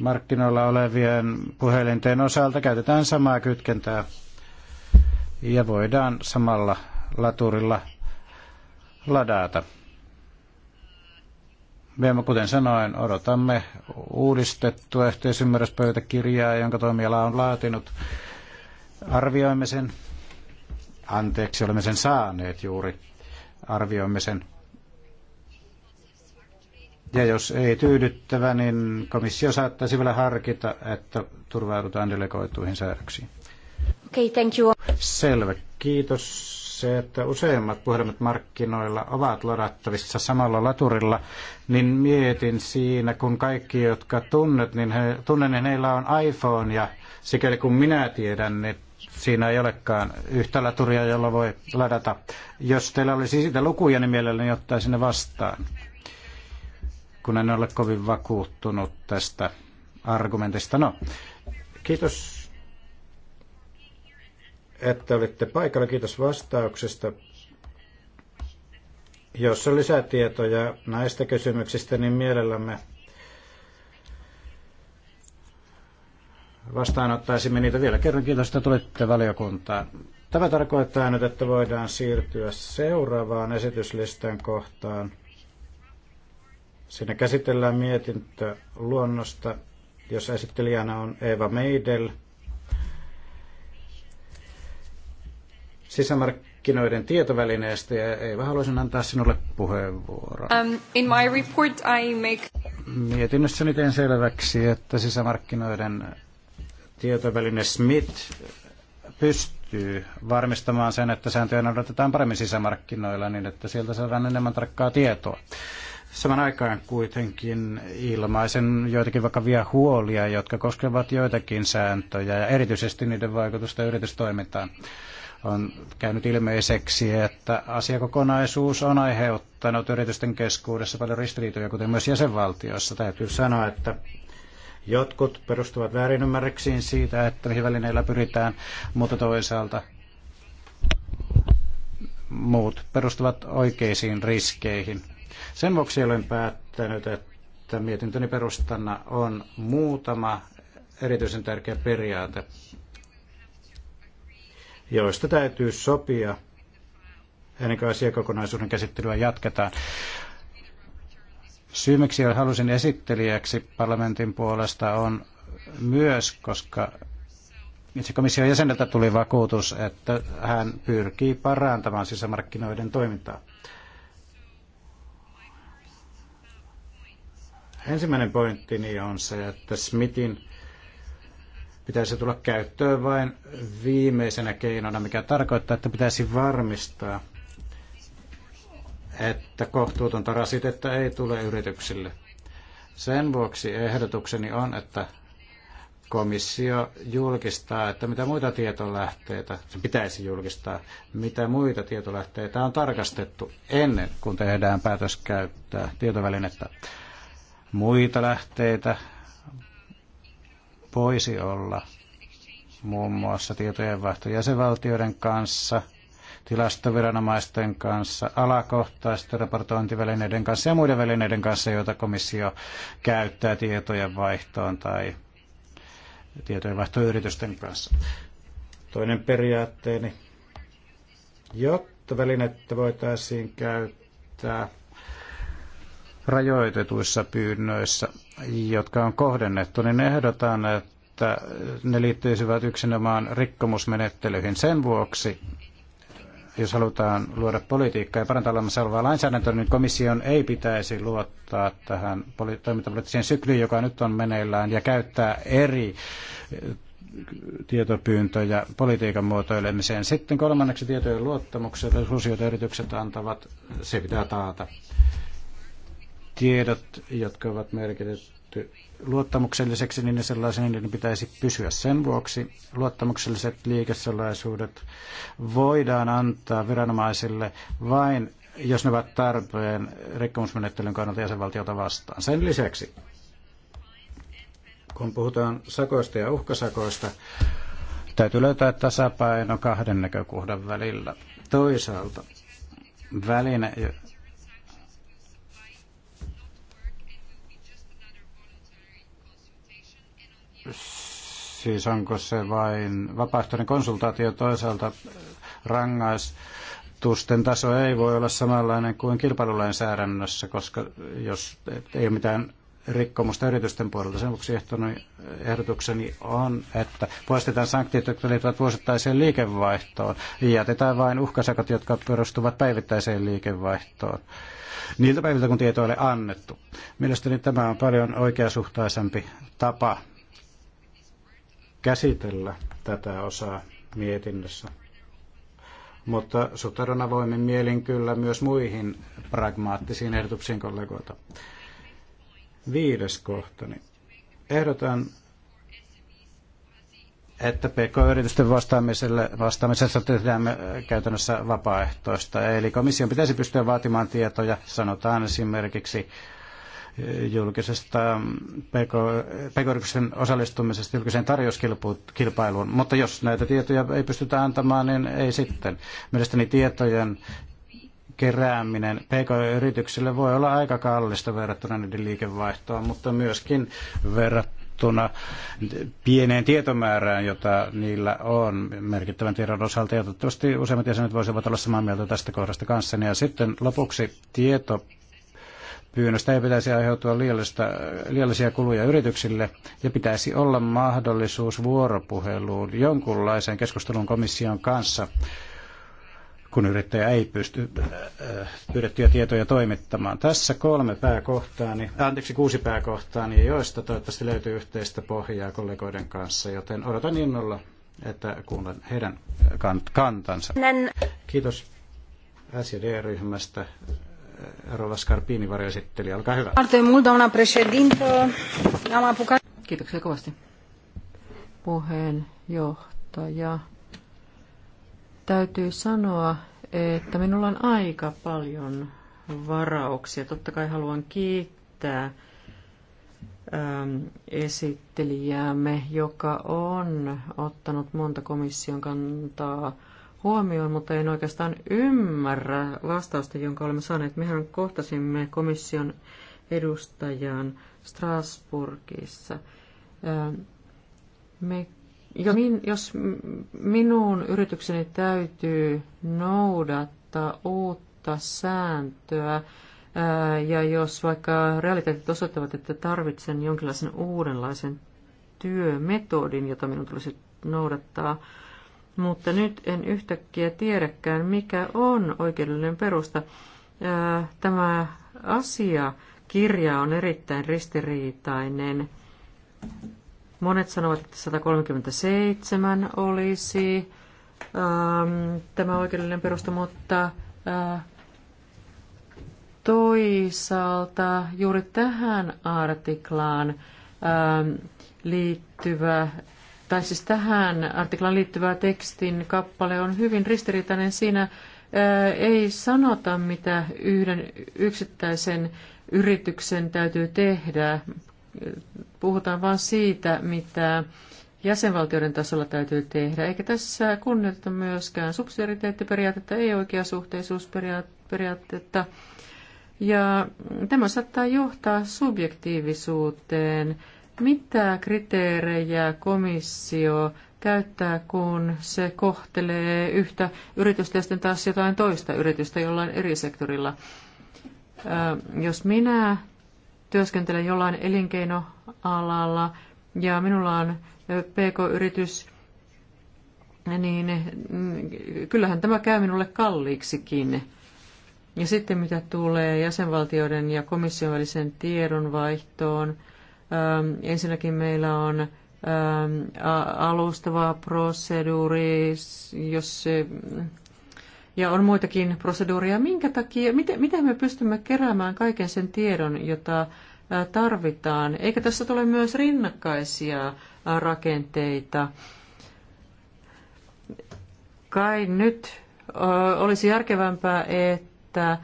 markkinoilla olevien puhelinten osalta käytetään samaa kytkentää ja voidaan samalla laturilla ladata. Me, kuten sanoin, odotamme uudistettua yhteisymmärryspöytäkirjaa, jonka toimiala on laatinut. Arvioimme sen. Anteeksi, olemme sen saaneet juuri arvioimme sen. Ja jos ei tyydyttävä, niin komissio saattaisi vielä harkita, että turvaudutaan delegoituihin säädöksiin. Okay, thank you. Selvä. Kiitos se, että useimmat puhelimet markkinoilla ovat ladattavissa samalla laturilla, niin mietin siinä, kun kaikki, jotka tunnet, niin he, tunnen, niin heillä on iPhone ja sikäli kun minä tiedän, niin siinä ei olekaan yhtä laturia, jolla voi ladata jos teillä olisi siitä lukuja, niin mielelläni ottaisin ne vastaan, kun en ole kovin vakuuttunut tästä argumentista. No, kiitos, että olitte paikalla. Kiitos vastauksesta. Jos on lisätietoja näistä kysymyksistä, niin mielellämme vastaanottaisimme niitä vielä kerran. Kiitos, että tulitte valiokuntaan. Tämä tarkoittaa nyt, että voidaan siirtyä seuraavaan esityslistan kohtaan. Siinä käsitellään mietintö luonnosta, jossa esittelijänä on Eva Meidel. Sisämarkkinoiden tietovälineestä ja Eva, haluaisin antaa sinulle puheenvuoron. Um, in my report I make... Mietinnössäni teen selväksi, että sisämarkkinoiden tietoväline Smith pystyy pystyy varmistamaan sen, että sääntöjä noudatetaan paremmin sisämarkkinoilla niin, että sieltä saadaan enemmän tarkkaa tietoa. Saman aikaan kuitenkin ilmaisen joitakin vakavia huolia, jotka koskevat joitakin sääntöjä ja erityisesti niiden vaikutusta yritystoimintaan. On käynyt ilmeiseksi, että asiakokonaisuus on aiheuttanut yritysten keskuudessa paljon ristiriitoja, kuten myös jäsenvaltioissa. Täytyy sanoa, että Jotkut perustuvat väärinymmärryksiin siitä, että mihin välineillä pyritään, mutta toisaalta muut perustuvat oikeisiin riskeihin. Sen vuoksi olen päättänyt, että mietintöni perustana on muutama erityisen tärkeä periaate, joista täytyy sopia ennen kuin asiakokonaisuuden käsittelyä jatketaan. Syy, miksi halusin esittelijäksi parlamentin puolesta, on myös, koska itse komission jäseneltä tuli vakuutus, että hän pyrkii parantamaan sisämarkkinoiden toimintaa. Ensimmäinen pointtini on se, että Smithin pitäisi tulla käyttöön vain viimeisenä keinona, mikä tarkoittaa, että pitäisi varmistaa, että kohtuutonta rasitetta ei tule yrityksille. Sen vuoksi ehdotukseni on, että komissio julkistaa, että mitä muita tietolähteitä, se pitäisi julkistaa, mitä muita tietolähteitä on tarkastettu ennen kuin tehdään päätös käyttää tietovälinettä. Muita lähteitä voisi olla muun muassa tietojenvaihto jäsenvaltioiden kanssa – tilastoviranomaisten kanssa, alakohtaisten raportointivälineiden kanssa ja muiden välineiden kanssa, joita komissio käyttää tietojen vaihtoon tai tietojen vaihtoyritysten kanssa. Toinen periaatteeni, jotta välinettä voitaisiin käyttää rajoitetuissa pyynnöissä, jotka on kohdennettu, niin ehdotan, että ne liittyisivät yksinomaan rikkomusmenettelyihin. Sen vuoksi, jos halutaan luoda politiikkaa ja parantaa olemassa olevaa lainsäädäntöä, niin komission ei pitäisi luottaa tähän toimintapoliittiseen sykliin, joka nyt on meneillään, ja käyttää eri eh, tietopyyntöjä politiikan muotoilemiseen. Sitten kolmanneksi tietojen luottamuksellisuus, jota yritykset antavat, se pitää taata tiedot, jotka ovat merkitetty luottamukselliseksi, niin ne sellaisen niin pitäisi pysyä sen vuoksi. Luottamukselliset liikesalaisuudet voidaan antaa viranomaisille vain, jos ne ovat tarpeen rikkomusmenettelyn kannalta jäsenvaltiota vastaan. Sen lisäksi, kun puhutaan sakoista ja uhkasakoista, täytyy löytää tasapaino kahden näkökohdan välillä. Toisaalta väline, Siis onko se vain vapaaehtoinen konsultaatio toisaalta rangais, Tusten taso ei voi olla samanlainen kuin kilpailulainsäädännössä, koska jos ei ole mitään rikkomusta yritysten puolelta. Sen vuoksi ehdotukseni on, että poistetaan sanktiot, jotka liittyvät vuosittaiseen liikevaihtoon, ja jätetään vain uhkasakot, jotka perustuvat päivittäiseen liikevaihtoon. Niiltä päiviltä, kun tietoa ei ole annettu. Mielestäni tämä on paljon oikeasuhtaisempi tapa käsitellä tätä osaa mietinnössä. Mutta suhtaudun avoimin mielin kyllä myös muihin pragmaattisiin ehdotuksiin kollegoita. Viides kohtani. Niin ehdotan, että PK-yritysten vastaamiselle, vastaamisessa tehdään äh, käytännössä vapaaehtoista. Eli komission pitäisi pystyä vaatimaan tietoja, sanotaan esimerkiksi julkisesta pk-yrityksen osallistumisesta julkiseen tarjouskilpailuun. Mutta jos näitä tietoja ei pystytä antamaan, niin ei sitten. Mielestäni tietojen kerääminen pk-yrityksille voi olla aika kallista verrattuna niiden liikevaihtoon, mutta myöskin verrattuna pieneen tietomäärään, jota niillä on merkittävän tiedon osalta. Ja toivottavasti useimmat jäsenet voisivat olla samaa mieltä tästä kohdasta kanssani. Ja sitten lopuksi tieto Pyynnöstä ei pitäisi aiheutua liiallisia kuluja yrityksille ja pitäisi olla mahdollisuus vuoropuheluun jonkunlaisen keskustelun komission kanssa, kun yrittäjä ei pysty äh, pyydettyjä tietoja toimittamaan. Tässä kolme pääkohtaani, anteeksi kuusi niin joista toivottavasti löytyy yhteistä pohjaa kollegoiden kanssa, joten odotan innolla, että kuulen heidän kantansa. Kiitos sd ryhmästä Rova Scarpini varjoesitteli. Olkaa hyvä. Kiitoksia kovasti. Puheenjohtaja. Täytyy sanoa, että minulla on aika paljon varauksia. Totta kai haluan kiittää esittelijäämme, joka on ottanut monta komission kantaa huomioon, mutta en oikeastaan ymmärrä vastausta, jonka olemme saaneet. Mehän kohtasimme komission edustajan Strasburgissa. Ähm, me, jos, min, jos minun yritykseni täytyy noudattaa uutta sääntöä, äh, ja jos vaikka realiteetit osoittavat, että tarvitsen jonkinlaisen uudenlaisen työmetodin, jota minun tulisi noudattaa, mutta nyt en yhtäkkiä tiedäkään, mikä on oikeudellinen perusta. Tämä asia, kirja on erittäin ristiriitainen. Monet sanovat, että 137 olisi ähm, tämä oikeudellinen perusta, mutta äh, toisaalta juuri tähän artiklaan ähm, liittyvä tai siis tähän artiklaan liittyvä tekstin kappale on hyvin ristiriitainen. Siinä ei sanota, mitä yhden yksittäisen yrityksen täytyy tehdä. Puhutaan vain siitä, mitä jäsenvaltioiden tasolla täytyy tehdä. Eikä tässä kunnioiteta myöskään subsidiariteettiperiaatetta, ei oikeasuhteisuusperiaatetta. Ja tämä saattaa johtaa subjektiivisuuteen mitä kriteerejä komissio käyttää, kun se kohtelee yhtä yritystä ja sitten taas jotain toista yritystä jollain eri sektorilla? Jos minä työskentelen jollain elinkeinoalalla ja minulla on pk-yritys, niin mm, kyllähän tämä käy minulle kalliiksikin. Ja sitten mitä tulee jäsenvaltioiden ja komission väliseen tiedonvaihtoon, vaihtoon, Ensinnäkin meillä on alustava proseduuri, jos ja on muitakin proseduuria. Minkä takia, miten, miten me pystymme keräämään kaiken sen tiedon, jota tarvitaan? Eikä tässä tule myös rinnakkaisia rakenteita? Kai nyt olisi järkevämpää, että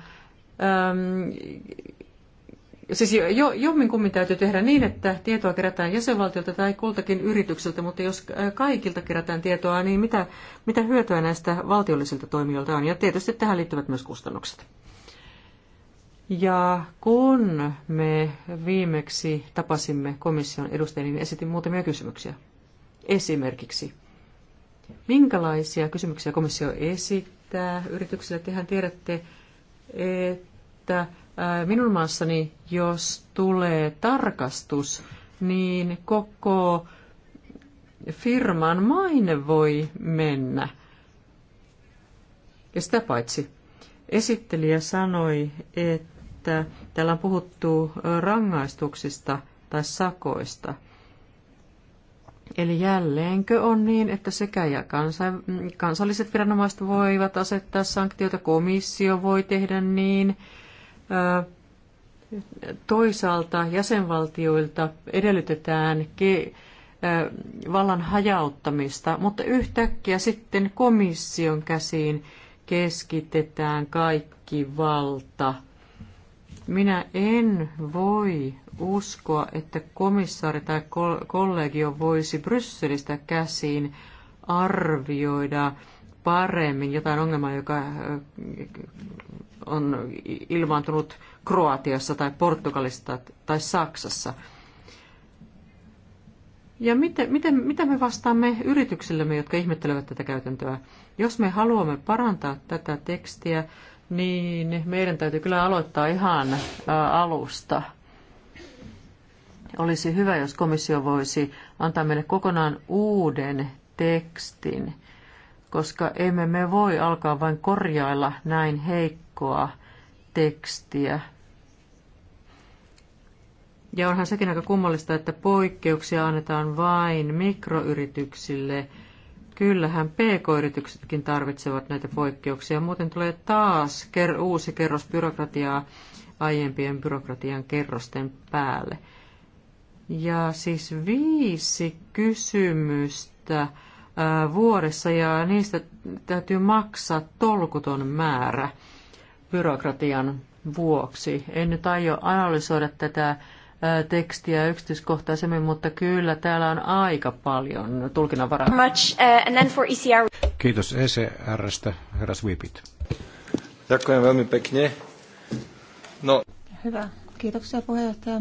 Siis jo, jomminkummin täytyy tehdä niin, että tietoa kerätään jäsenvaltiolta tai kultakin yritykseltä, mutta jos äh, kaikilta kerätään tietoa, niin mitä, mitä hyötyä näistä valtiollisilta toimijoilta on? Ja tietysti tähän liittyvät myös kustannukset. Ja kun me viimeksi tapasimme komission edustajia, niin esitin muutamia kysymyksiä. Esimerkiksi, minkälaisia kysymyksiä komissio esittää yrityksille? Tehän tiedätte, että Äh, minun maassani, jos tulee tarkastus, niin koko firman maine voi mennä. Ja sitä paitsi esittelijä sanoi, että täällä on puhuttu rangaistuksista tai sakoista. Eli jälleenkö on niin, että sekä ja kansa, mm, kansalliset viranomaiset voivat asettaa sanktioita, komissio voi tehdä niin, toisaalta jäsenvaltioilta edellytetään vallan hajauttamista, mutta yhtäkkiä sitten komission käsiin keskitetään kaikki valta. Minä en voi uskoa, että komissaari tai kollegio voisi Brysselistä käsiin arvioida paremmin jotain ongelmaa, joka on ilmaantunut Kroatiassa tai Portugalista tai Saksassa. Ja miten, miten, mitä me vastaamme yrityksillemme, jotka ihmettelevät tätä käytäntöä? Jos me haluamme parantaa tätä tekstiä, niin meidän täytyy kyllä aloittaa ihan alusta. Olisi hyvä, jos komissio voisi antaa meille kokonaan uuden tekstin, koska emme me voi alkaa vain korjailla näin heikkoa ulkoa tekstiä. Ja onhan sekin aika kummallista, että poikkeuksia annetaan vain mikroyrityksille. Kyllähän pk-yrityksetkin tarvitsevat näitä poikkeuksia. Muuten tulee taas ker- uusi kerros byrokratiaa aiempien byrokratian kerrosten päälle. Ja siis viisi kysymystä äh, vuodessa ja niistä täytyy maksaa tolkuton määrä byrokratian vuoksi. En nyt aio analysoida tätä tekstiä yksityiskohtaisemmin, mutta kyllä täällä on aika paljon tulkinnanvaraa. Much, uh, and then for ECR. Kiitos ECRstä, herra Sweepit. No. Hyvä, kiitoksia puheenjohtaja.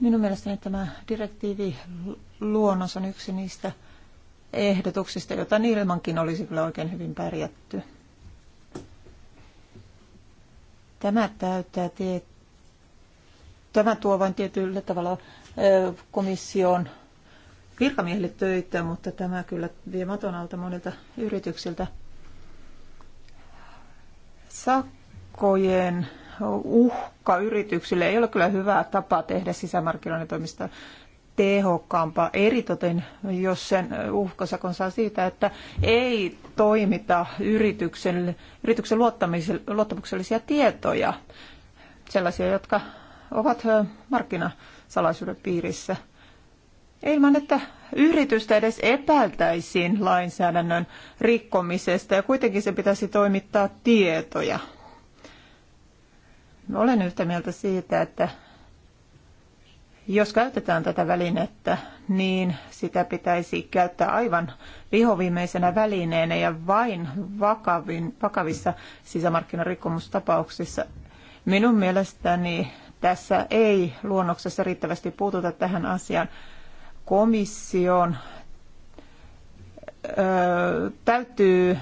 Minun mielestäni tämä direktiivi luonnos on yksi niistä ehdotuksista, jota ilmankin olisi kyllä oikein hyvin pärjätty. Tämä täyttää tie... Tämä tuo vain tietyllä tavalla komission virkamiehille töitä, mutta tämä kyllä vie maton alta monilta yrityksiltä. Sakkojen uhka yrityksille ei ole kyllä hyvä tapa tehdä sisämarkkinoiden toimista tehokkaampaa, eritoten jos sen uhkasakon saa siitä, että ei toimita yrityksen, yrityksen luottamuksellisia tietoja, sellaisia, jotka ovat markkinasalaisuuden piirissä ilman, että yritystä edes epäiltäisiin lainsäädännön rikkomisesta ja kuitenkin se pitäisi toimittaa tietoja. Olen yhtä mieltä siitä, että jos käytetään tätä välinettä, niin sitä pitäisi käyttää aivan vihoviimeisenä välineenä ja vain vakavin, vakavissa sisämarkkinarikkomustapauksissa. Minun mielestäni tässä ei luonnoksessa riittävästi puututa tähän asiaan. Komission ö, täytyy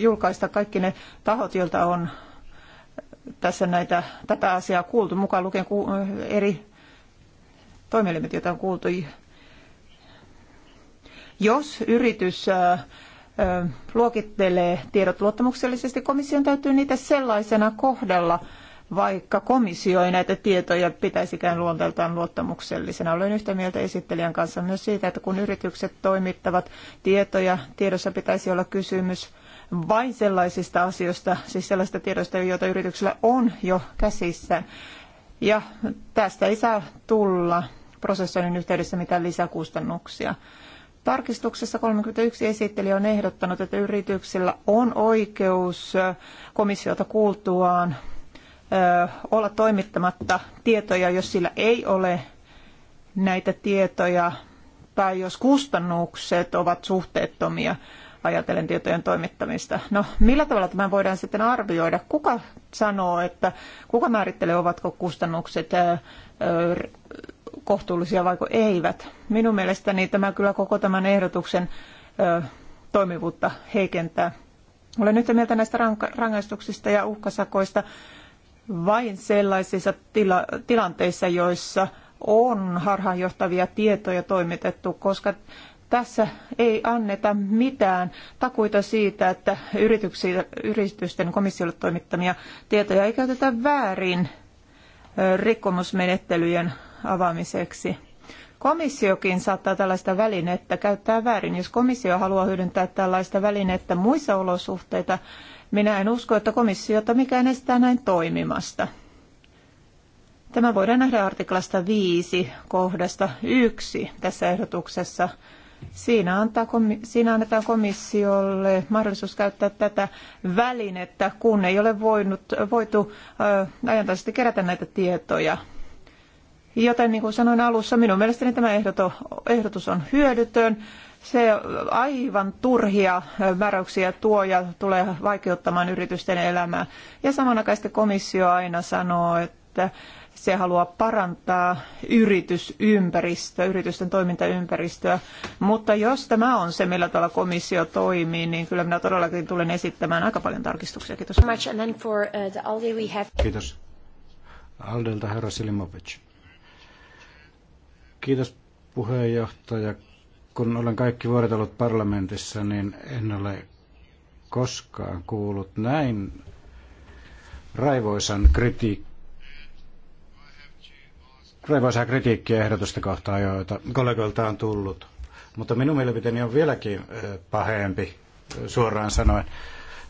julkaista kaikki ne tahot, joilta on tässä näitä, tätä asiaa kuultu, mukaan lukien eri toimielimet, joita on kuultu. Jos yritys luokittelee tiedot luottamuksellisesti, komission täytyy niitä sellaisena kohdella, vaikka komissio ei näitä tietoja pitäisikään luonteeltaan luottamuksellisena. Olen yhtä mieltä esittelijän kanssa myös siitä, että kun yritykset toimittavat tietoja, tiedossa pitäisi olla kysymys vain sellaisista asioista, siis sellaista tiedosta, joita yrityksellä on jo käsissään. Ja tästä ei saa tulla prosessoinnin yhteydessä mitään lisäkustannuksia. Tarkistuksessa 31 esittelijä on ehdottanut, että yrityksillä on oikeus komissiota kuultuaan olla toimittamatta tietoja, jos sillä ei ole näitä tietoja tai jos kustannukset ovat suhteettomia ajatellen tietojen toimittamista. No, millä tavalla tämä voidaan sitten arvioida? Kuka sanoo, että kuka määrittelee, ovatko kustannukset kohtuullisia vai eivät. Minun mielestäni tämä kyllä koko tämän ehdotuksen toimivuutta heikentää. Olen yhtä mieltä näistä rangaistuksista ja uhkasakoista vain sellaisissa tila tilanteissa, joissa on harhaanjohtavia tietoja toimitettu, koska tässä ei anneta mitään takuita siitä, että yritysten komissiolle toimittamia tietoja ei käytetä väärin rikkomusmenettelyjen avaamiseksi. Komissiokin saattaa tällaista välinettä käyttää väärin. Jos komissio haluaa hyödyntää tällaista välinettä muissa olosuhteita, minä en usko, että komissiota mikään estää näin toimimasta. Tämä voidaan nähdä artiklasta 5 kohdasta 1 tässä ehdotuksessa. Siinä, antaa, siinä annetaan komissiolle mahdollisuus käyttää tätä välinettä, kun ei ole voinut, voitu äh, ajantaisesti kerätä näitä tietoja. Joten niin kuin sanoin alussa, minun mielestäni tämä ehdotus on hyödytön. Se aivan turhia määräyksiä tuo ja tulee vaikeuttamaan yritysten elämää. Ja samanaikaisesti komissio aina sanoo, että se haluaa parantaa yritysympäristöä, yritysten toimintaympäristöä. Mutta jos tämä on se, millä tavalla komissio toimii, niin kyllä minä todellakin tulen esittämään aika paljon tarkistuksia. Kiitos. Uh, Kiitos. Aldelta herra Silimovic. Kiitos puheenjohtaja. Kun olen kaikki vuodet ollut parlamentissa, niin en ole koskaan kuullut näin raivoisan kritiikkiä raivoisaa kritiikkiä ehdotusta kohtaan, joita kollegoilta on tullut. Mutta minun mielipiteeni on vieläkin pahempi, suoraan sanoen.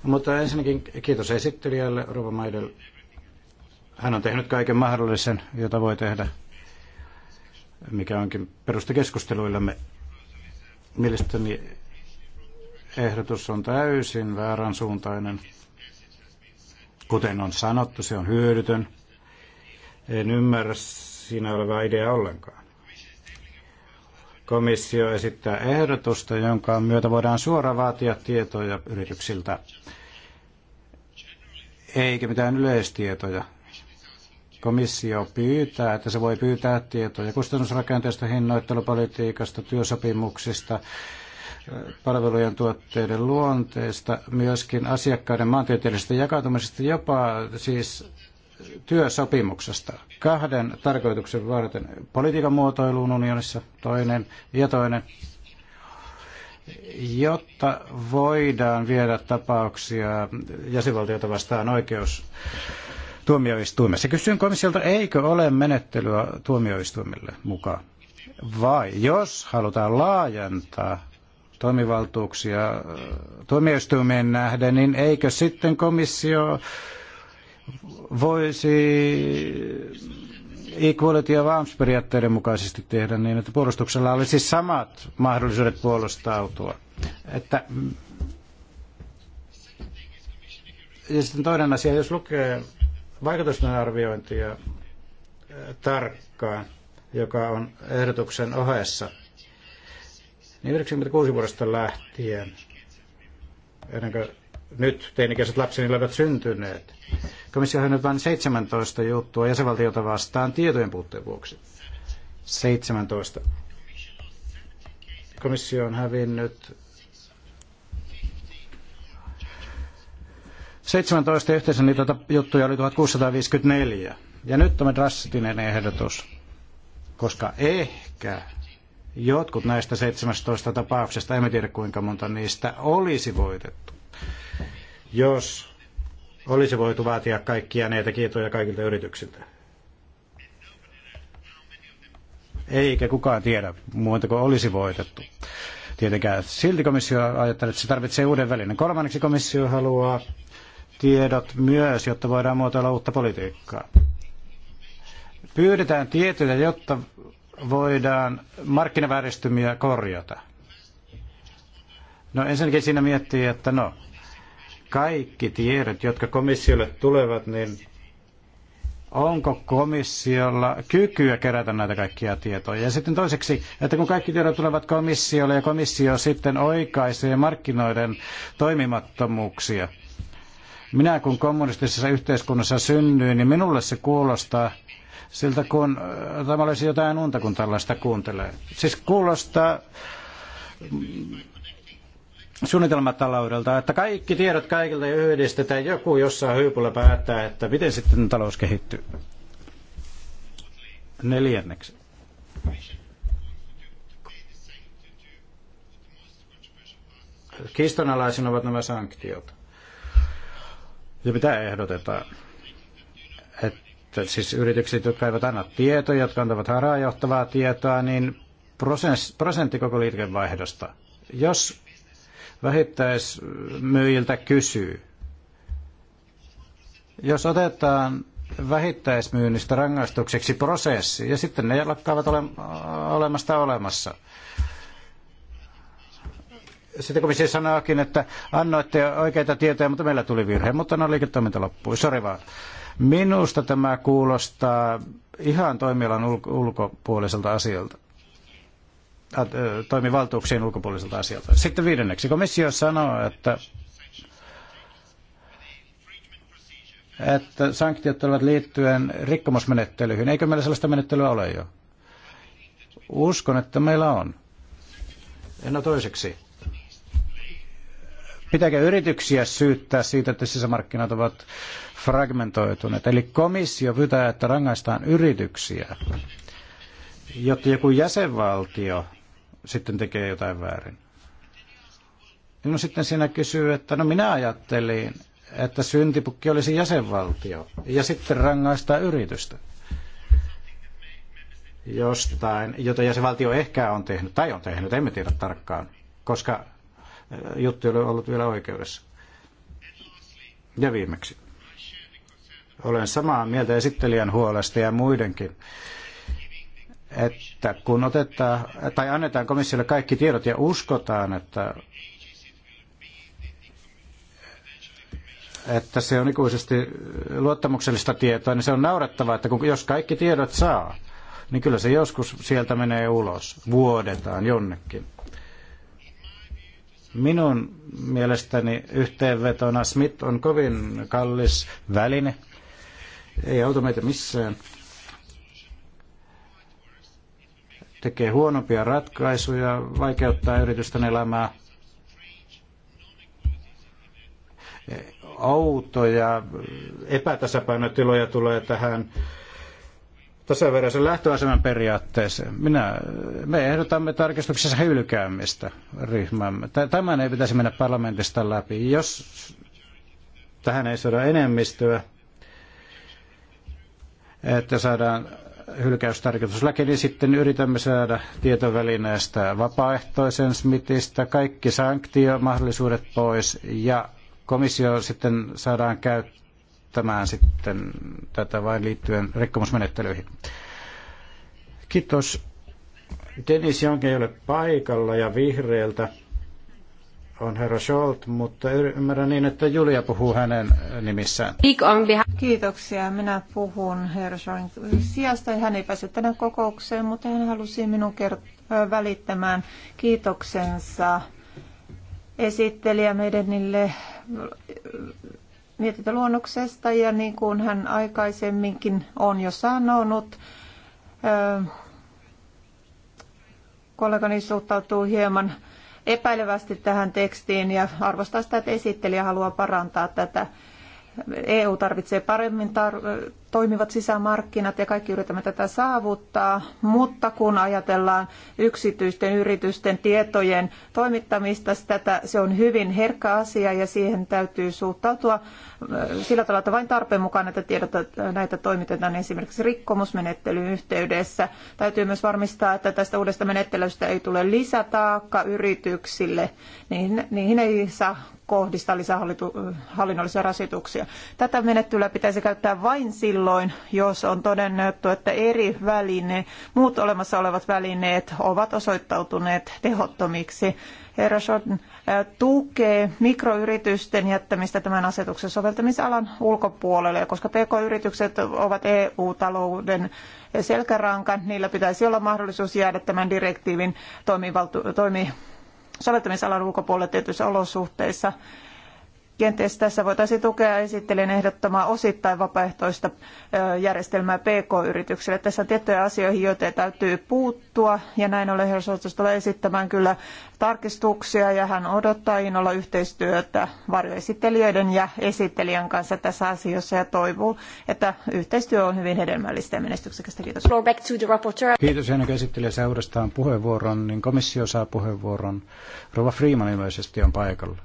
Mutta ensinnäkin kiitos esittelijälle, rouva Maidel. Hän on tehnyt kaiken mahdollisen, jota voi tehdä mikä onkin perusta keskusteluillemme. Mielestäni ehdotus on täysin väärän suuntainen. Kuten on sanottu, se on hyödytön. En ymmärrä siinä olevaa ideaa ollenkaan. Komissio esittää ehdotusta, jonka myötä voidaan suoraan vaatia tietoja yrityksiltä, eikä mitään yleistietoja Komissio pyytää, että se voi pyytää tietoja kustannusrakenteesta, hinnoittelupolitiikasta, työsopimuksista, palvelujen tuotteiden luonteesta, myöskin asiakkaiden maantieteellisestä jakautumisesta, jopa siis työsopimuksesta kahden tarkoituksen varten. Politiikan muotoiluun unionissa toinen ja toinen, jotta voidaan viedä tapauksia jäsenvaltiota vastaan oikeus tuomioistuimessa. Kysyn komissiolta, eikö ole menettelyä tuomioistuimille mukaan? Vai jos halutaan laajentaa toimivaltuuksia äh, tuomioistuimeen nähden, niin eikö sitten komissio voisi equality ja arms periaatteiden mukaisesti tehdä niin, että puolustuksella olisi samat mahdollisuudet puolustautua. Että ja sitten toinen asia, jos lukee vaikutusten arviointia äh, tarkkaan, joka on ehdotuksen ohessa, niin 96 vuodesta lähtien, ennen kuin nyt teinikäiset lapseni olivat syntyneet, komissio on nyt vain 17 juttua jäsenvaltiota vastaan tietojen puutteen vuoksi. 17. Komissio on hävinnyt 17 yhteensä niitä juttuja oli 1654. Ja nyt tämä drastinen ehdotus, koska ehkä jotkut näistä 17 tapauksesta, emme tiedä kuinka monta niistä, olisi voitettu. Jos olisi voitu vaatia kaikkia näitä kiitoja kaikilta yrityksiltä. Eikä kukaan tiedä, kuin olisi voitettu. Tietenkään silti komissio ajattelee, että se tarvitsee uuden välineen. Kolmanneksi komissio haluaa tiedot myös, jotta voidaan muotoilla uutta politiikkaa. Pyydetään tietoja, jotta voidaan markkinavääristymiä korjata. No ensinnäkin siinä miettii, että no, kaikki tiedot, jotka komissiolle tulevat, niin onko komissiolla kykyä kerätä näitä kaikkia tietoja. Ja sitten toiseksi, että kun kaikki tiedot tulevat komissiolle ja komissio sitten oikaisee markkinoiden toimimattomuuksia, minä kun kommunistisessa yhteiskunnassa synnyin, niin minulle se kuulostaa siltä, kun äh, tämä olisi jotain unta, kun tällaista kuuntelee. Siis kuulostaa suunnitelmataloudelta, että kaikki tiedot kaikilta yhdistetään. Joku jossain hyypulla päättää, että miten sitten talous kehittyy. Neljänneksi. Kiistonalaisin ovat nämä sanktiot ja mitä ehdotetaan? Että siis yritykset, jotka eivät anna tietoja, jotka antavat harhaanjohtavaa tietoa, niin prosentti koko liikevaihdosta. Jos vähittäismyyjiltä kysyy, jos otetaan vähittäismyynnistä rangaistukseksi prosessi ja sitten ne lakkaavat ole, olemasta olemassa. Sitten komissio sanookin, että annoitte oikeita tietoja, mutta meillä tuli virhe, mutta no liiketoiminta loppui. Sori vaan. Minusta tämä kuulostaa ihan toimialan ulkopuoliselta asialta äh, toimivaltuuksien ulkopuoliselta asialta. Sitten viidenneksi komissio sanoo, että, että sanktiot tulevat liittyen rikkomusmenettelyihin. Eikö meillä sellaista menettelyä ole jo? Uskon, että meillä on. No toiseksi. Pitääkö yrityksiä syyttää siitä, että sisämarkkinat ovat fragmentoituneet? Eli komissio pyytää, että rangaistaan yrityksiä, jotta joku jäsenvaltio sitten tekee jotain väärin. No sitten siinä kysyy, että no minä ajattelin, että syntipukki olisi jäsenvaltio ja sitten rangaistaa yritystä jostain, jota jäsenvaltio ehkä on tehnyt tai on tehnyt, emme tiedä tarkkaan, koska juttu ei ole ollut vielä oikeudessa. Ja viimeksi. Olen samaa mieltä esittelijän huolesta ja muidenkin, että kun otetaan, tai annetaan komissiolle kaikki tiedot ja uskotaan, että että se on ikuisesti luottamuksellista tietoa, niin se on naurettavaa, että kun, jos kaikki tiedot saa, niin kyllä se joskus sieltä menee ulos, vuodetaan jonnekin. Minun mielestäni yhteenvetona Smith on kovin kallis väline. Ei auta meitä missään. Tekee huonompia ratkaisuja, vaikeuttaa yritysten elämää. Outoja epätasapainotiloja tulee tähän tasaveroisen lähtöaseman periaatteeseen. Minä, me ehdotamme tarkistuksessa hylkäämistä ryhmämme. Tämän ei pitäisi mennä parlamentista läpi. Jos tähän ei saada enemmistöä, että saadaan hylkäystarkoituslaki, niin sitten yritämme saada tietovälineestä vapaaehtoisen smitistä kaikki sanktiomahdollisuudet pois ja komissio sitten saadaan käyttää käyttämään sitten tätä vain liittyen rikkomusmenettelyihin. Kiitos. Dennis Janke ei ole paikalla ja vihreältä on herra Scholt, mutta ymmärrän niin, että Julia puhuu hänen nimissään. Kiitoksia. Minä puhun herra Scholtin sijasta. Hän ei pääse tänään kokoukseen, mutta hän halusi minun kert- välittämään kiitoksensa esittelijä Medenille mietintöluonnoksesta ja niin kuin hän aikaisemminkin on jo sanonut, kollegani suhtautuu hieman epäilevästi tähän tekstiin ja arvostaa sitä, että esittelijä haluaa parantaa tätä. EU tarvitsee paremmin tar- toimivat sisämarkkinat ja kaikki yritämme tätä saavuttaa, mutta kun ajatellaan yksityisten yritysten tietojen toimittamista, tätä, se on hyvin herkkä asia ja siihen täytyy suhtautua äh, sillä tavalla, että vain tarpeen mukaan näitä tiedot, näitä toimitetaan esimerkiksi rikkomusmenettelyn yhteydessä. Täytyy myös varmistaa, että tästä uudesta menettelystä ei tule lisätaakka yrityksille, niin, niihin ei saa kohdistaa lisää hallinnollisia rasituksia. Tätä menettelyä pitäisi käyttää vain silloin, silloin, jos on todennettu, että eri väline, muut olemassa olevat välineet ovat osoittautuneet tehottomiksi. Herra Schotten äh, tukee mikroyritysten jättämistä tämän asetuksen soveltamisalan ulkopuolelle, koska pk-yritykset ovat EU-talouden selkäranka, niillä pitäisi olla mahdollisuus jäädä tämän direktiivin toimivaltu- toimi- soveltamisalan ulkopuolelle tietyissä olosuhteissa. Kenties tässä voitaisiin tukea esittelijän ehdottamaa osittain vapaaehtoista järjestelmää PK-yrityksille. Tässä on tiettyjä asioihin, joita täytyy puuttua, ja näin ollen Hirsotus tulee esittämään kyllä tarkistuksia, ja hän odottaa innolla yhteistyötä varjoesittelijöiden ja esittelijän kanssa tässä asiassa, ja toivoo, että yhteistyö on hyvin hedelmällistä ja menestyksekästä. Kiitos. Kiitos, ennen kuin esittelijä seurastaan puheenvuoron, niin komissio saa puheenvuoron. Rova Freeman ilmeisesti on paikalla.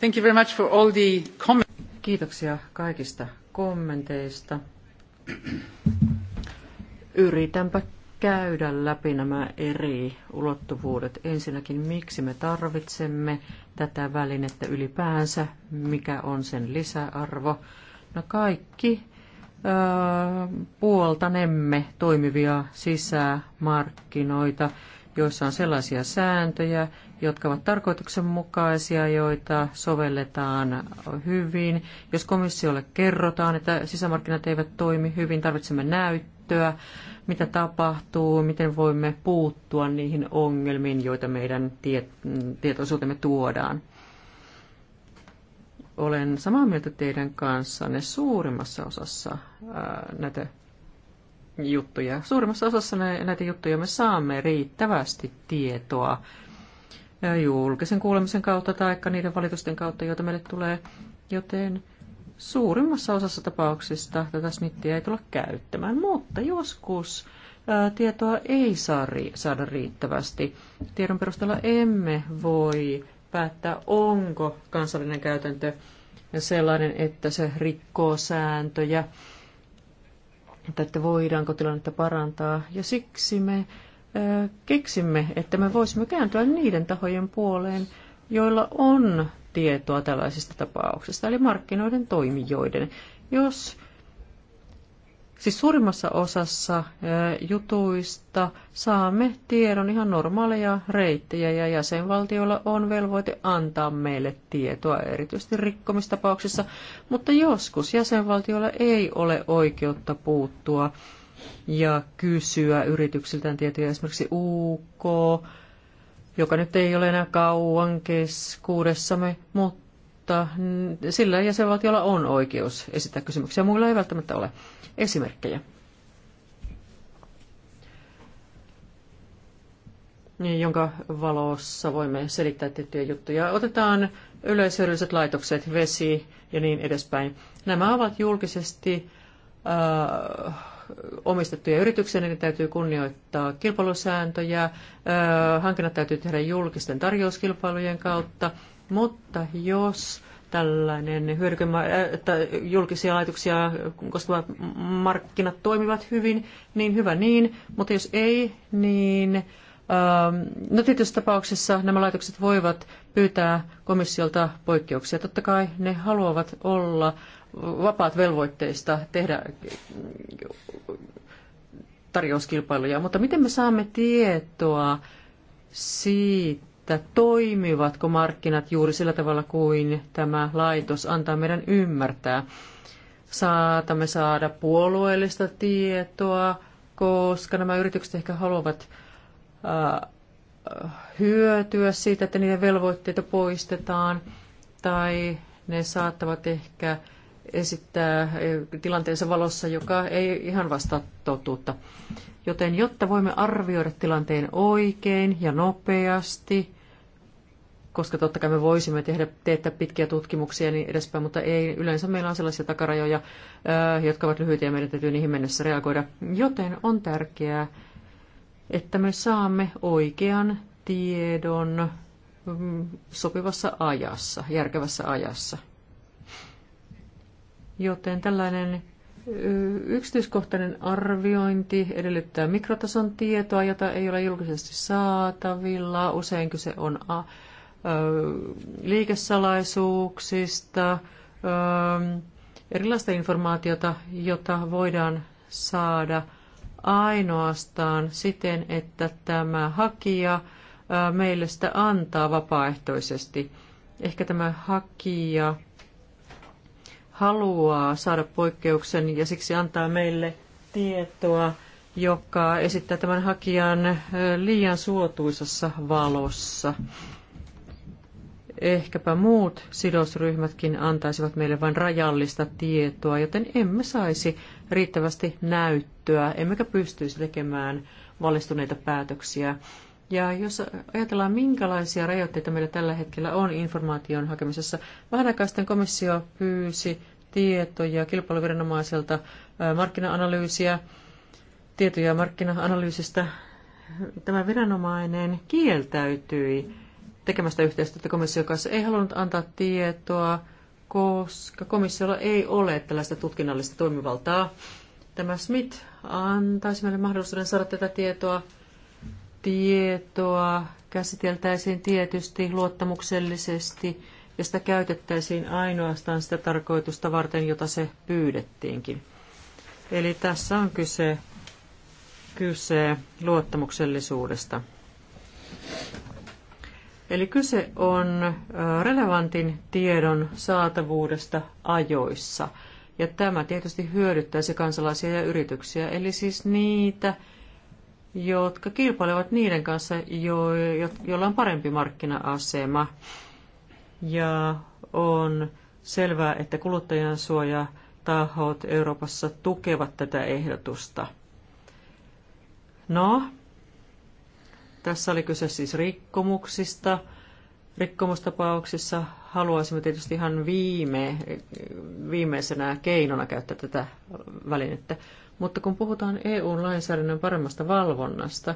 Thank you very much for all the comments. Kiitoksia kaikista kommenteista. Yritänpä käydä läpi nämä eri ulottuvuudet. Ensinnäkin, miksi me tarvitsemme tätä välinettä ylipäänsä, mikä on sen lisäarvo. No kaikki öö, puoltanemme toimivia sisämarkkinoita joissa on sellaisia sääntöjä, jotka ovat tarkoituksenmukaisia, joita sovelletaan hyvin. Jos komissiolle kerrotaan, että sisämarkkinat eivät toimi hyvin, tarvitsemme näyttöä, mitä tapahtuu, miten voimme puuttua niihin ongelmiin, joita meidän tiet- tietoisuutemme tuodaan. Olen samaa mieltä teidän kanssanne suurimmassa osassa ää, näitä juttuja. Suurimmassa osassa näitä juttuja me saamme riittävästi tietoa julkisen kuulemisen kautta tai niiden valitusten kautta, joita meille tulee, joten suurimmassa osassa tapauksista tätä snittiä ei tulla käyttämään, mutta joskus tietoa ei saa saada riittävästi. Tiedon perusteella emme voi päättää, onko kansallinen käytäntö sellainen, että se rikkoo sääntöjä että voidaanko tilannetta parantaa. Ja siksi me keksimme, että me voisimme kääntyä niiden tahojen puoleen, joilla on tietoa tällaisista tapauksista, eli markkinoiden toimijoiden. Jos Siis suurimmassa osassa jutuista saamme tiedon ihan normaaleja reittejä ja jäsenvaltioilla on velvoite antaa meille tietoa, erityisesti rikkomistapauksissa, mutta joskus jäsenvaltioilla ei ole oikeutta puuttua ja kysyä yrityksiltään tietoja. Esimerkiksi UK, joka nyt ei ole enää kauan keskuudessamme, mutta mutta sillä jäsenvaltiolla on oikeus esittää kysymyksiä, muilla ei välttämättä ole. Esimerkkejä. Niin, jonka valossa voimme selittää tiettyjä juttuja. Otetaan yleishyödylliset laitokset, vesi ja niin edespäin. Nämä ovat julkisesti äh, omistettuja yrityksiä, niin täytyy kunnioittaa kilpailusääntöjä. Äh, hankinnat täytyy tehdä julkisten tarjouskilpailujen kautta mutta jos tällainen hyödykemä, äh, että julkisia laitoksia koskevat markkinat toimivat hyvin, niin hyvä niin, mutta jos ei, niin ähm, No tietysti tapauksessa nämä laitokset voivat pyytää komissiolta poikkeuksia. Totta kai ne haluavat olla vapaat velvoitteista tehdä äh, tarjouskilpailuja, mutta miten me saamme tietoa siitä, että toimivatko markkinat juuri sillä tavalla kuin tämä laitos antaa meidän ymmärtää. Saatamme saada puolueellista tietoa, koska nämä yritykset ehkä haluavat äh, hyötyä siitä, että niiden velvoitteita poistetaan, tai ne saattavat ehkä esittää äh, tilanteensa valossa, joka ei ihan vastaa totuutta. Joten jotta voimme arvioida tilanteen oikein ja nopeasti, koska totta kai me voisimme tehdä, teettää pitkiä tutkimuksia ja niin edespäin, mutta ei, yleensä meillä on sellaisia takarajoja, jotka ovat lyhyitä ja meidän täytyy niihin mennessä reagoida. Joten on tärkeää, että me saamme oikean tiedon mm, sopivassa ajassa, järkevässä ajassa. Joten tällainen yksityiskohtainen arviointi edellyttää mikrotason tietoa, jota ei ole julkisesti saatavilla. Usein kyse on a liikesalaisuuksista, erilaista informaatiota, jota voidaan saada ainoastaan siten, että tämä hakija meille sitä antaa vapaaehtoisesti. Ehkä tämä hakija haluaa saada poikkeuksen ja siksi antaa meille tietoa, joka esittää tämän hakijan liian suotuisassa valossa ehkäpä muut sidosryhmätkin antaisivat meille vain rajallista tietoa, joten emme saisi riittävästi näyttöä, emmekä pystyisi tekemään valistuneita päätöksiä. Ja jos ajatellaan, minkälaisia rajoitteita meillä tällä hetkellä on informaation hakemisessa, vähän aikaa sitten komissio pyysi tietoja kilpailuviranomaiselta, markkina-analyysiä, tietoja markkina-analyysistä. Tämä viranomainen kieltäytyi tekemästä yhteistyötä komission kanssa, ei halunnut antaa tietoa, koska komissiolla ei ole tällaista tutkinnallista toimivaltaa. Tämä Smith antaisi meille mahdollisuuden saada tätä tietoa. Tietoa käsiteltäisiin tietysti luottamuksellisesti ja sitä käytettäisiin ainoastaan sitä tarkoitusta varten, jota se pyydettiinkin. Eli tässä on kyse, kyse luottamuksellisuudesta. Eli kyse on relevantin tiedon saatavuudesta ajoissa. Ja tämä tietysti hyödyttäisi kansalaisia ja yrityksiä, eli siis niitä, jotka kilpailevat niiden kanssa, jo, jo, joilla on parempi markkina-asema. Ja on selvää, että suoja tahot Euroopassa tukevat tätä ehdotusta. No, tässä oli kyse siis rikkomuksista. Rikkomustapauksissa haluaisimme tietysti ihan viime, viimeisenä keinona käyttää tätä välinettä. Mutta kun puhutaan EU-lainsäädännön paremmasta valvonnasta,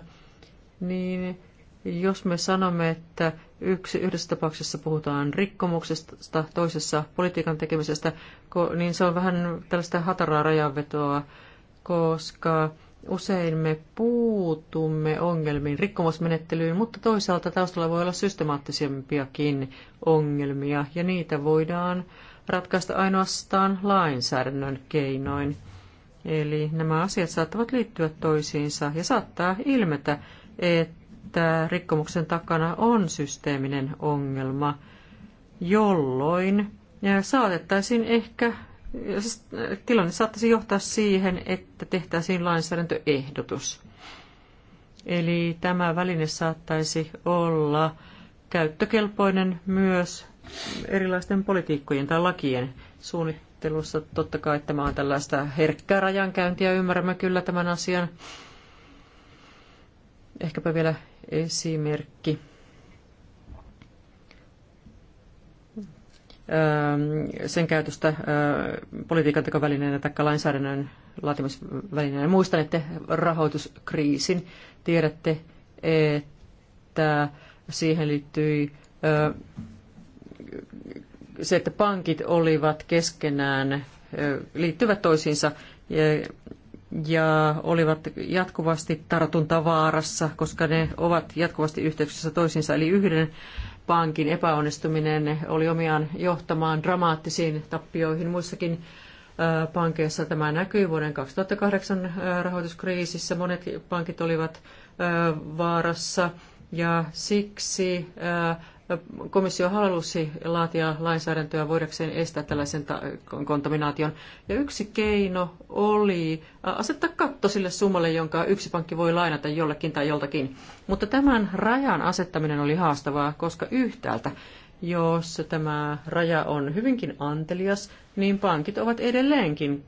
niin jos me sanomme, että yksi, yhdessä tapauksessa puhutaan rikkomuksesta, toisessa politiikan tekemisestä, niin se on vähän tällaista hataraa rajanvetoa, koska Usein me puutumme ongelmiin rikkomusmenettelyyn, mutta toisaalta taustalla voi olla systemaattisempiakin ongelmia, ja niitä voidaan ratkaista ainoastaan lainsäädännön keinoin. Eli nämä asiat saattavat liittyä toisiinsa ja saattaa ilmetä, että rikkomuksen takana on systeeminen ongelma, jolloin saatettaisiin ehkä Siis, äh, tilanne saattaisi johtaa siihen, että tehtäisiin lainsäädäntöehdotus. Eli tämä väline saattaisi olla käyttökelpoinen myös erilaisten politiikkojen tai lakien suunnittelussa. Totta kai tämä on tällaista herkkää rajankäyntiä, ymmärrämme kyllä tämän asian. Ehkäpä vielä esimerkki Ähm, sen käytöstä äh, politiikan tekovälineenä tai lainsäädännön laatimisvälineenä. Muistan, että rahoituskriisin tiedätte, että siihen liittyi äh, se, että pankit olivat keskenään, äh, liittyvät toisiinsa ja olivat jatkuvasti tartuntavaarassa, koska ne ovat jatkuvasti yhteyksissä toisiinsa. Eli yhden pankin epäonnistuminen oli omiaan johtamaan dramaattisiin tappioihin muissakin pankeissa. Tämä näkyy vuoden 2008 rahoituskriisissä. Monet pankit olivat vaarassa ja siksi komissio halusi laatia lainsäädäntöä voidakseen estää tällaisen kontaminaation. Ja yksi keino oli asettaa katto sille summalle, jonka yksi pankki voi lainata jollekin tai joltakin. Mutta tämän rajan asettaminen oli haastavaa, koska yhtäältä, jos tämä raja on hyvinkin antelias, niin pankit ovat edelleenkin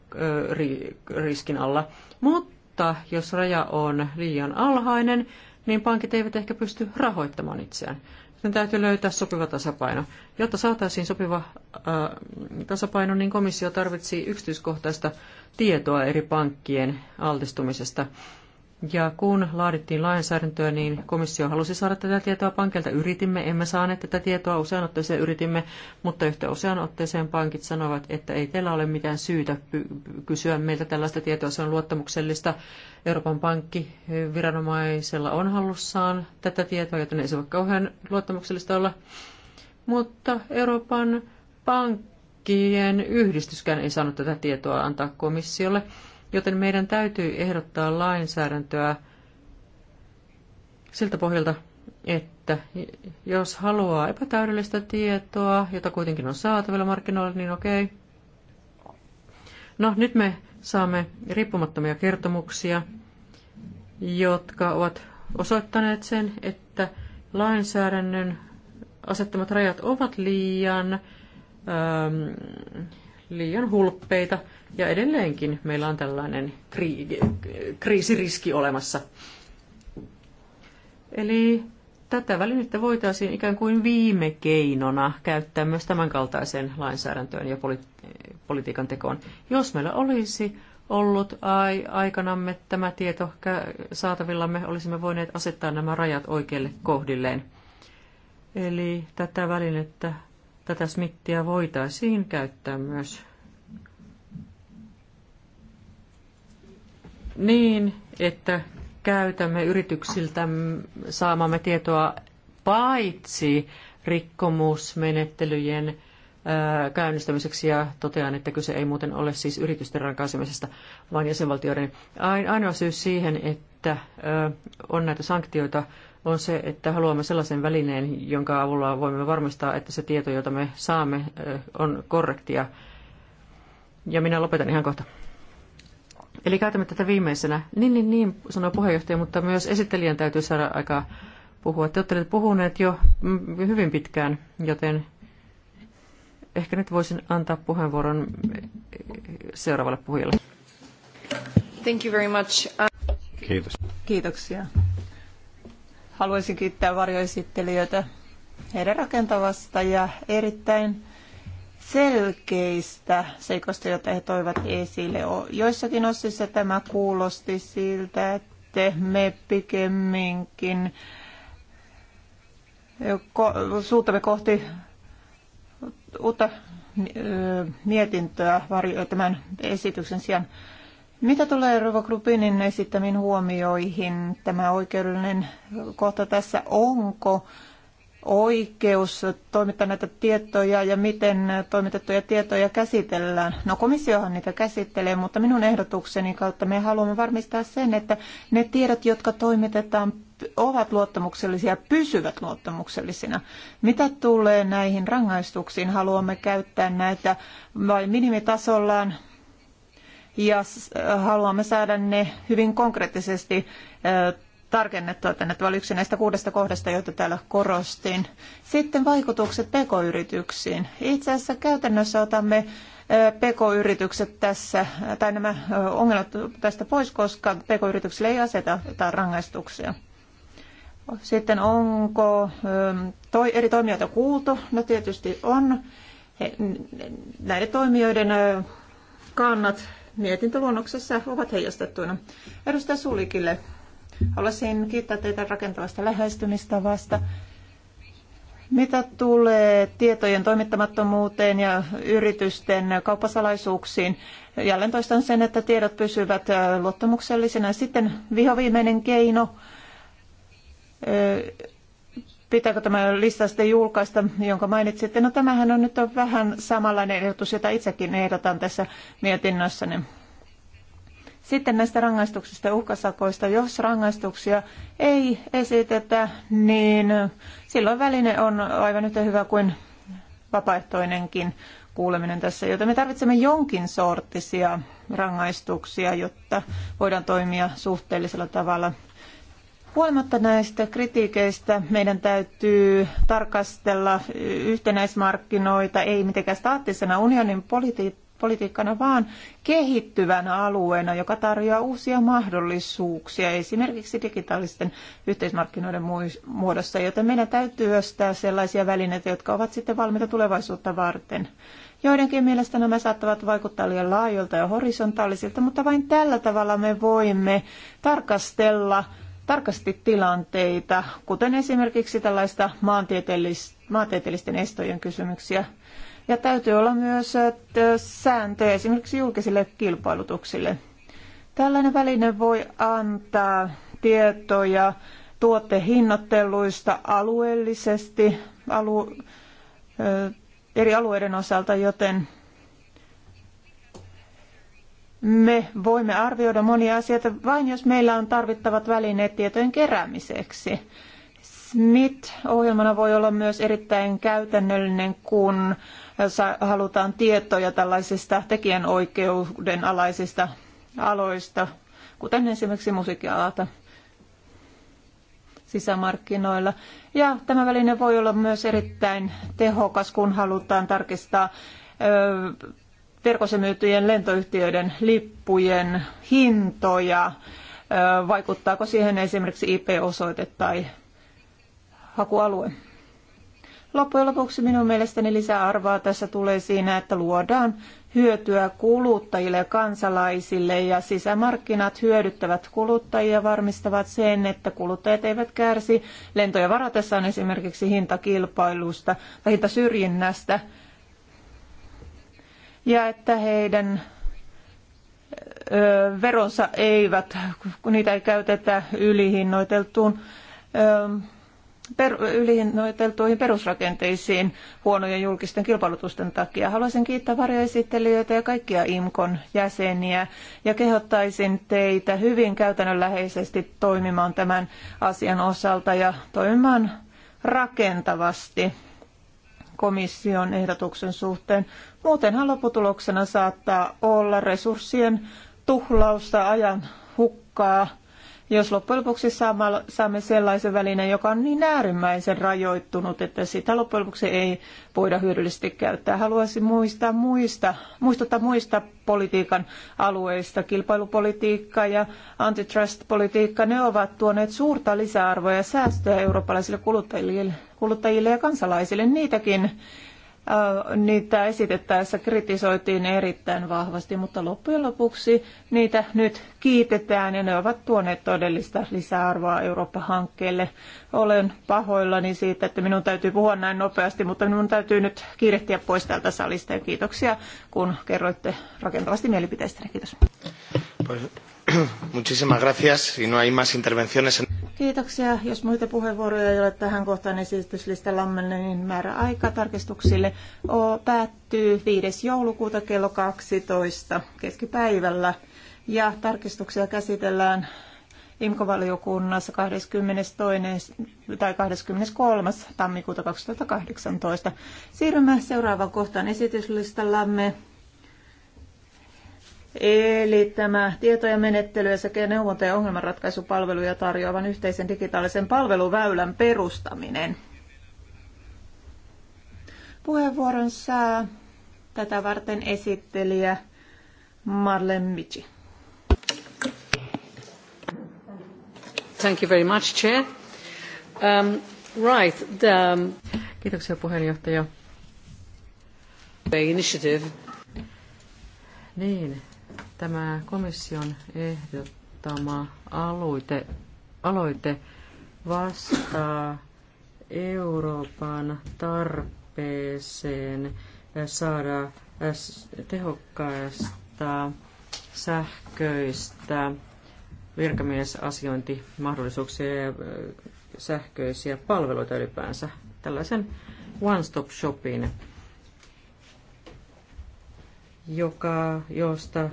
riskin alla. Mutta jos raja on liian alhainen, niin pankit eivät ehkä pysty rahoittamaan itseään. Sen täytyy löytää sopiva tasapaino. Jotta saataisiin sopiva äh, tasapaino, niin komissio tarvitsi yksityiskohtaista tietoa eri pankkien altistumisesta. Ja kun laadittiin lainsäädäntöä, niin komissio halusi saada tätä tietoa pankilta. Yritimme, emme saaneet tätä tietoa, usean otteeseen yritimme, mutta yhtä usean otteeseen pankit sanovat, että ei teillä ole mitään syytä kysyä meiltä tällaista tietoa, se on luottamuksellista. Euroopan pankki viranomaisella on hallussaan tätä tietoa, joten ei se voi kauhean luottamuksellista olla. Mutta Euroopan pankkien yhdistyskään ei saanut tätä tietoa antaa komissiolle. Joten meidän täytyy ehdottaa lainsäädäntöä siltä pohjalta, että jos haluaa epätäydellistä tietoa, jota kuitenkin on saatavilla markkinoilla, niin okei. No, nyt me saamme riippumattomia kertomuksia, jotka ovat osoittaneet sen, että lainsäädännön asettamat rajat ovat liian ähm, liian hulppeita ja edelleenkin meillä on tällainen kriisiriski olemassa. Eli tätä välinettä voitaisiin ikään kuin viime keinona käyttää myös tämänkaltaiseen lainsäädäntöön ja poli- politiikan tekoon. Jos meillä olisi ollut ai- aikanamme tämä tieto kä- saatavillamme, olisimme voineet asettaa nämä rajat oikeille kohdilleen. Eli tätä välinettä tätä smittiä voitaisiin käyttää myös niin, että käytämme yrityksiltä saamamme tietoa paitsi rikkomusmenettelyjen käynnistämiseksi ja totean, että kyse ei muuten ole siis yritysten rankaisemisesta, vaan jäsenvaltioiden. Ainoa syy siihen, että on näitä sanktioita on se, että haluamme sellaisen välineen, jonka avulla voimme varmistaa, että se tieto, jota me saamme, on korrektia. Ja minä lopetan ihan kohta. Eli käytämme tätä viimeisenä. Niin, niin, niin, sanoo puheenjohtaja, mutta myös esittelijän täytyy saada aikaa puhua. Te olette puhuneet jo mm, hyvin pitkään, joten ehkä nyt voisin antaa puheenvuoron mm, seuraavalle puhujalle. Thank you very much. Kiitos. Kiitoksia. Haluaisin kiittää varjoesittelijöitä heidän rakentavasta ja erittäin selkeistä seikoista, joita he toivat esille. Joissakin osissa tämä kuulosti siltä, että me pikemminkin suutamme kohti uutta mietintöä tämän esityksen sijaan. Mitä tulee Rova Krupinin esittämiin huomioihin, tämä oikeudellinen kohta tässä, onko oikeus toimittaa näitä tietoja ja miten toimitettuja tietoja käsitellään. No komissiohan niitä käsittelee, mutta minun ehdotukseni kautta me haluamme varmistaa sen, että ne tiedot, jotka toimitetaan, ovat luottamuksellisia ja pysyvät luottamuksellisina. Mitä tulee näihin rangaistuksiin, haluamme käyttää näitä vain minimitasollaan ja äh, haluamme saada ne hyvin konkreettisesti äh, tarkennettua tänne. Tämä oli yksi näistä kuudesta kohdasta, joita täällä korostin. Sitten vaikutukset pk-yrityksiin. Itse asiassa käytännössä otamme äh, PK-yritykset tässä, tai nämä ongelmat tästä pois, koska PK-yrityksille ei aseteta rangaistuksia. Sitten onko ähm, toi, eri toimijoita kuultu? No tietysti on. He, näiden toimijoiden kannat mietintöluonnoksessa ovat heijastettuina. Edustaja Sulikille, haluaisin kiittää teitä rakentavasta lähestymistavasta. Mitä tulee tietojen toimittamattomuuteen ja yritysten kauppasalaisuuksiin, jälleen toistan sen, että tiedot pysyvät äh, luottamuksellisina. Sitten vihoviimeinen keino, äh, pitääkö tämä lista sitten julkaista, jonka mainitsitte? No tämähän on nyt on vähän samanlainen ehdotus, jota itsekin ehdotan tässä mietinnössäni. Sitten näistä rangaistuksista ja uhkasakoista, jos rangaistuksia ei esitetä, niin silloin väline on aivan yhtä hyvä kuin vapaaehtoinenkin kuuleminen tässä, joten me tarvitsemme jonkin sorttisia rangaistuksia, jotta voidaan toimia suhteellisella tavalla Huolimatta näistä kritiikeistä meidän täytyy tarkastella yhtenäismarkkinoita ei mitenkään staattisena unionin politi- politiikkana, vaan kehittyvänä alueena, joka tarjoaa uusia mahdollisuuksia esimerkiksi digitaalisten yhteismarkkinoiden muodossa, joten meidän täytyy ostaa sellaisia välineitä, jotka ovat sitten valmiita tulevaisuutta varten. Joidenkin mielestä nämä saattavat vaikuttaa liian laajoilta ja horisontaalisilta, mutta vain tällä tavalla me voimme tarkastella tarkasti tilanteita, kuten esimerkiksi tällaista maantieteellisten estojen kysymyksiä. Ja täytyy olla myös sääntöjä esimerkiksi julkisille kilpailutuksille. Tällainen väline voi antaa tietoja tuotehinnoitteluista alueellisesti alu, eri alueiden osalta, joten me voimme arvioida monia asioita vain, jos meillä on tarvittavat välineet tietojen keräämiseksi. SMIT-ohjelmana voi olla myös erittäin käytännöllinen, kun halutaan tietoja tällaisista tekijänoikeuden alaisista aloista, kuten esimerkiksi musiikkialalta sisämarkkinoilla. Ja tämä väline voi olla myös erittäin tehokas, kun halutaan tarkistaa verkossa myytyjen lentoyhtiöiden lippujen hintoja? Vaikuttaako siihen esimerkiksi IP-osoite tai hakualue? Loppujen lopuksi minun mielestäni lisäarvoa tässä tulee siinä, että luodaan hyötyä kuluttajille ja kansalaisille ja sisämarkkinat hyödyttävät kuluttajia ja varmistavat sen, että kuluttajat eivät kärsi lentoja varatessaan esimerkiksi hintakilpailusta tai hintasyrjinnästä ja että heidän veronsa eivät, kun niitä ei käytetä ylihinnoiteltuun per, ylihinnoiteltuihin perusrakenteisiin huonojen julkisten kilpailutusten takia. Haluaisin kiittää varjoesittelijöitä ja kaikkia IMKON jäseniä ja kehottaisin teitä hyvin käytännönläheisesti toimimaan tämän asian osalta ja toimimaan rakentavasti komission ehdotuksen suhteen. Muutenhan lopputuloksena saattaa olla resurssien tuhlausta, ajan hukkaa, jos loppujen lopuksi saamme sellaisen välineen, joka on niin äärimmäisen rajoittunut, että sitä loppujen lopuksi ei voida hyödyllisesti käyttää. Haluaisin muistaa muista, muistuttaa muista politiikan alueista. Kilpailupolitiikka ja antitrust-politiikka, ne ovat tuoneet suurta lisäarvoa ja säästöä eurooppalaisille kuluttajille kuluttajille ja kansalaisille. Niitäkin niitä esitettäessä kritisoitiin erittäin vahvasti, mutta loppujen lopuksi niitä nyt kiitetään ja ne ovat tuoneet todellista lisäarvoa Eurooppa-hankkeelle. Olen pahoillani siitä, että minun täytyy puhua näin nopeasti, mutta minun täytyy nyt kiirehtiä pois täältä salista ja kiitoksia, kun kerroitte rakentavasti mielipiteistäni. Kiitos. Pues, muchísimas gracias. Si no hay más intervenciones... Kiitoksia. Jos muita puheenvuoroja ei ole tähän kohtaan esityslistallamme, niin aika tarkistuksille päättyy 5. joulukuuta kello 12 keskipäivällä. Ja tarkistuksia käsitellään IMKO-valiokunnassa 22. tai 23. tammikuuta 2018. Siirrymme seuraavaan kohtaan esityslistallamme. Eli tämä tietojen menettelyä sekä neuvonta- ja ongelmanratkaisupalveluja tarjoavan yhteisen digitaalisen palveluväylän perustaminen. Puheenvuoron saa tätä varten esittelijä Marlen Michi. Thank you very much, Chair. Um, right, the... Um, Kiitoksia puheenjohtaja. Initiative. Niin, Tämä komission ehdottama aloite, aloite vastaa Euroopan tarpeeseen saada tehokkaista sähköistä virkamiesasiointimahdollisuuksia ja sähköisiä palveluita ylipäänsä. Tällaisen one-stop-shopin, joka, josta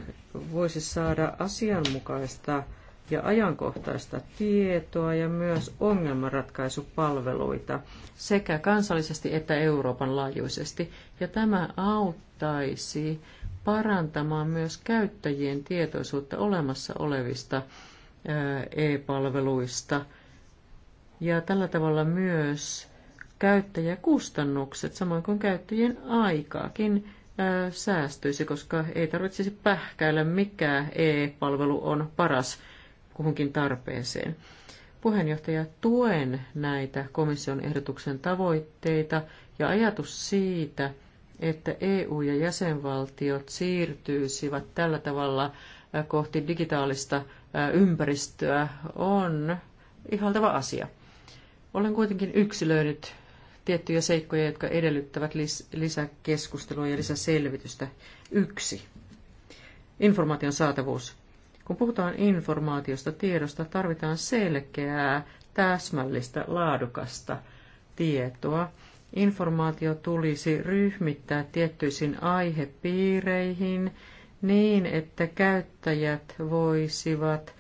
voisi saada asianmukaista ja ajankohtaista tietoa ja myös ongelmanratkaisupalveluita sekä kansallisesti että Euroopan laajuisesti. Ja tämä auttaisi parantamaan myös käyttäjien tietoisuutta olemassa olevista e-palveluista. Ja tällä tavalla myös käyttäjäkustannukset, samoin kuin käyttäjien aikaakin, säästyisi, koska ei tarvitsisi pähkäillä, mikä e-palvelu on paras kuhunkin tarpeeseen. Puheenjohtaja, tuen näitä komission ehdotuksen tavoitteita ja ajatus siitä, että EU ja jäsenvaltiot siirtyisivät tällä tavalla kohti digitaalista ympäristöä on ihaltava asia. Olen kuitenkin yksilöinyt tiettyjä seikkoja, jotka edellyttävät lis- lisäkeskustelua ja lisäselvitystä. Yksi. Informaation saatavuus. Kun puhutaan informaatiosta, tiedosta, tarvitaan selkeää, täsmällistä, laadukasta tietoa. Informaatio tulisi ryhmittää tiettyisiin aihepiireihin niin, että käyttäjät voisivat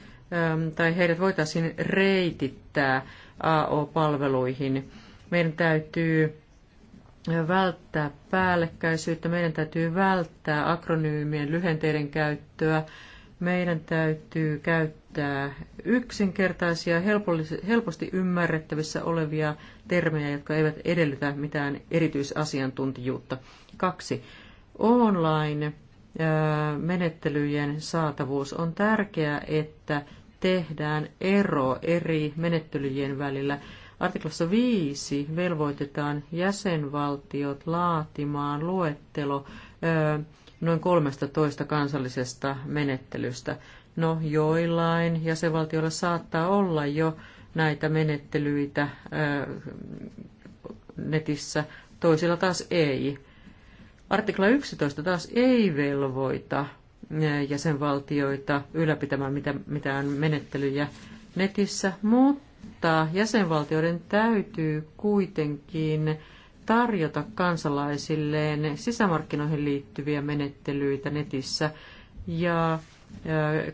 tai heidät voitaisiin reitittää AO-palveluihin meidän täytyy välttää päällekkäisyyttä, meidän täytyy välttää akronyymien lyhenteiden käyttöä, meidän täytyy käyttää yksinkertaisia, helposti ymmärrettävissä olevia termejä, jotka eivät edellytä mitään erityisasiantuntijuutta. Kaksi. Online menettelyjen saatavuus on tärkeää, että tehdään ero eri menettelyjen välillä Artiklassa 5 velvoitetaan jäsenvaltiot laatimaan luettelo noin 13 kansallisesta menettelystä. No, joillain jäsenvaltioilla saattaa olla jo näitä menettelyitä netissä, toisilla taas ei. Artikla 11 taas ei velvoita jäsenvaltioita ylläpitämään mitään menettelyjä netissä, mutta mutta jäsenvaltioiden täytyy kuitenkin tarjota kansalaisilleen sisämarkkinoihin liittyviä menettelyitä netissä ja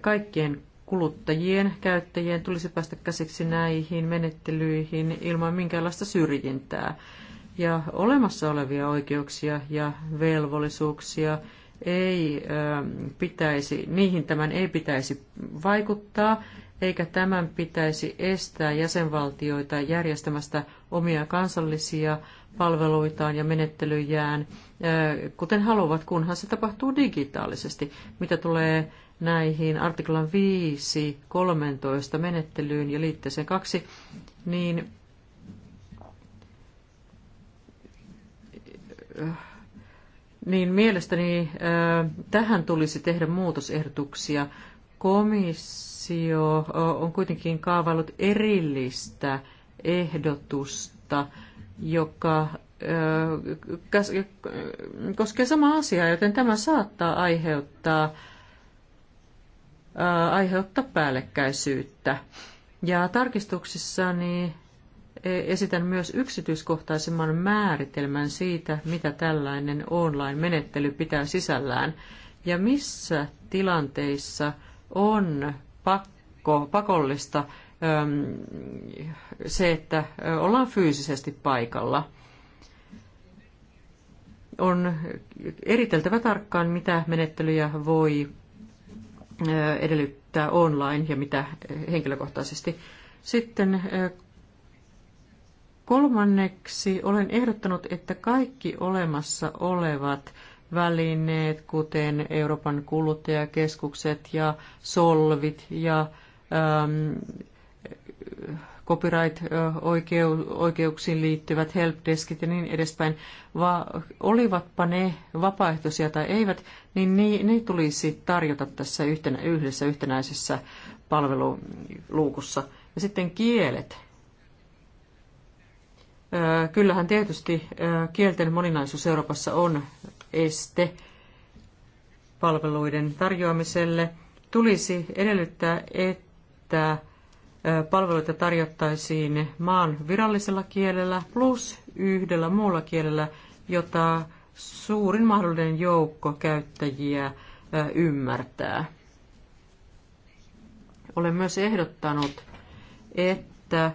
kaikkien kuluttajien, käyttäjien tulisi päästä käsiksi näihin menettelyihin ilman minkäänlaista syrjintää. Ja olemassa olevia oikeuksia ja velvollisuuksia ei pitäisi, niihin tämän ei pitäisi vaikuttaa, eikä tämän pitäisi estää jäsenvaltioita järjestämästä omia kansallisia palveluitaan ja menettelyjään, kuten haluavat, kunhan se tapahtuu digitaalisesti. Mitä tulee näihin artiklan 5, 13 menettelyyn ja liitteeseen 2, niin niin mielestäni tähän tulisi tehdä muutosehdotuksia. Komissio komissio on kuitenkin kaavaillut erillistä ehdotusta, joka koskee samaa asiaa, joten tämä saattaa aiheuttaa, aiheuttaa päällekkäisyyttä. Ja tarkistuksissani e, esitän myös yksityiskohtaisemman määritelmän siitä, mitä tällainen online-menettely pitää sisällään ja missä tilanteissa on pakko, pakollista se, että ollaan fyysisesti paikalla. On eriteltävä tarkkaan, mitä menettelyjä voi edellyttää online ja mitä henkilökohtaisesti. Sitten kolmanneksi olen ehdottanut, että kaikki olemassa olevat välineet, kuten Euroopan kuluttajakeskukset ja solvit ja ähm, copyright-oikeuksiin liittyvät helpdeskit ja niin edespäin, va, olivatpa ne vapaaehtoisia tai eivät, niin ne, ne tulisi tarjota tässä yhtenä, yhdessä yhtenäisessä palveluluukussa. Ja sitten kielet. Kyllähän tietysti kielten moninaisuus Euroopassa on este palveluiden tarjoamiselle. Tulisi edellyttää, että palveluita tarjottaisiin maan virallisella kielellä plus yhdellä muulla kielellä, jota suurin mahdollinen joukko käyttäjiä ymmärtää. Olen myös ehdottanut, että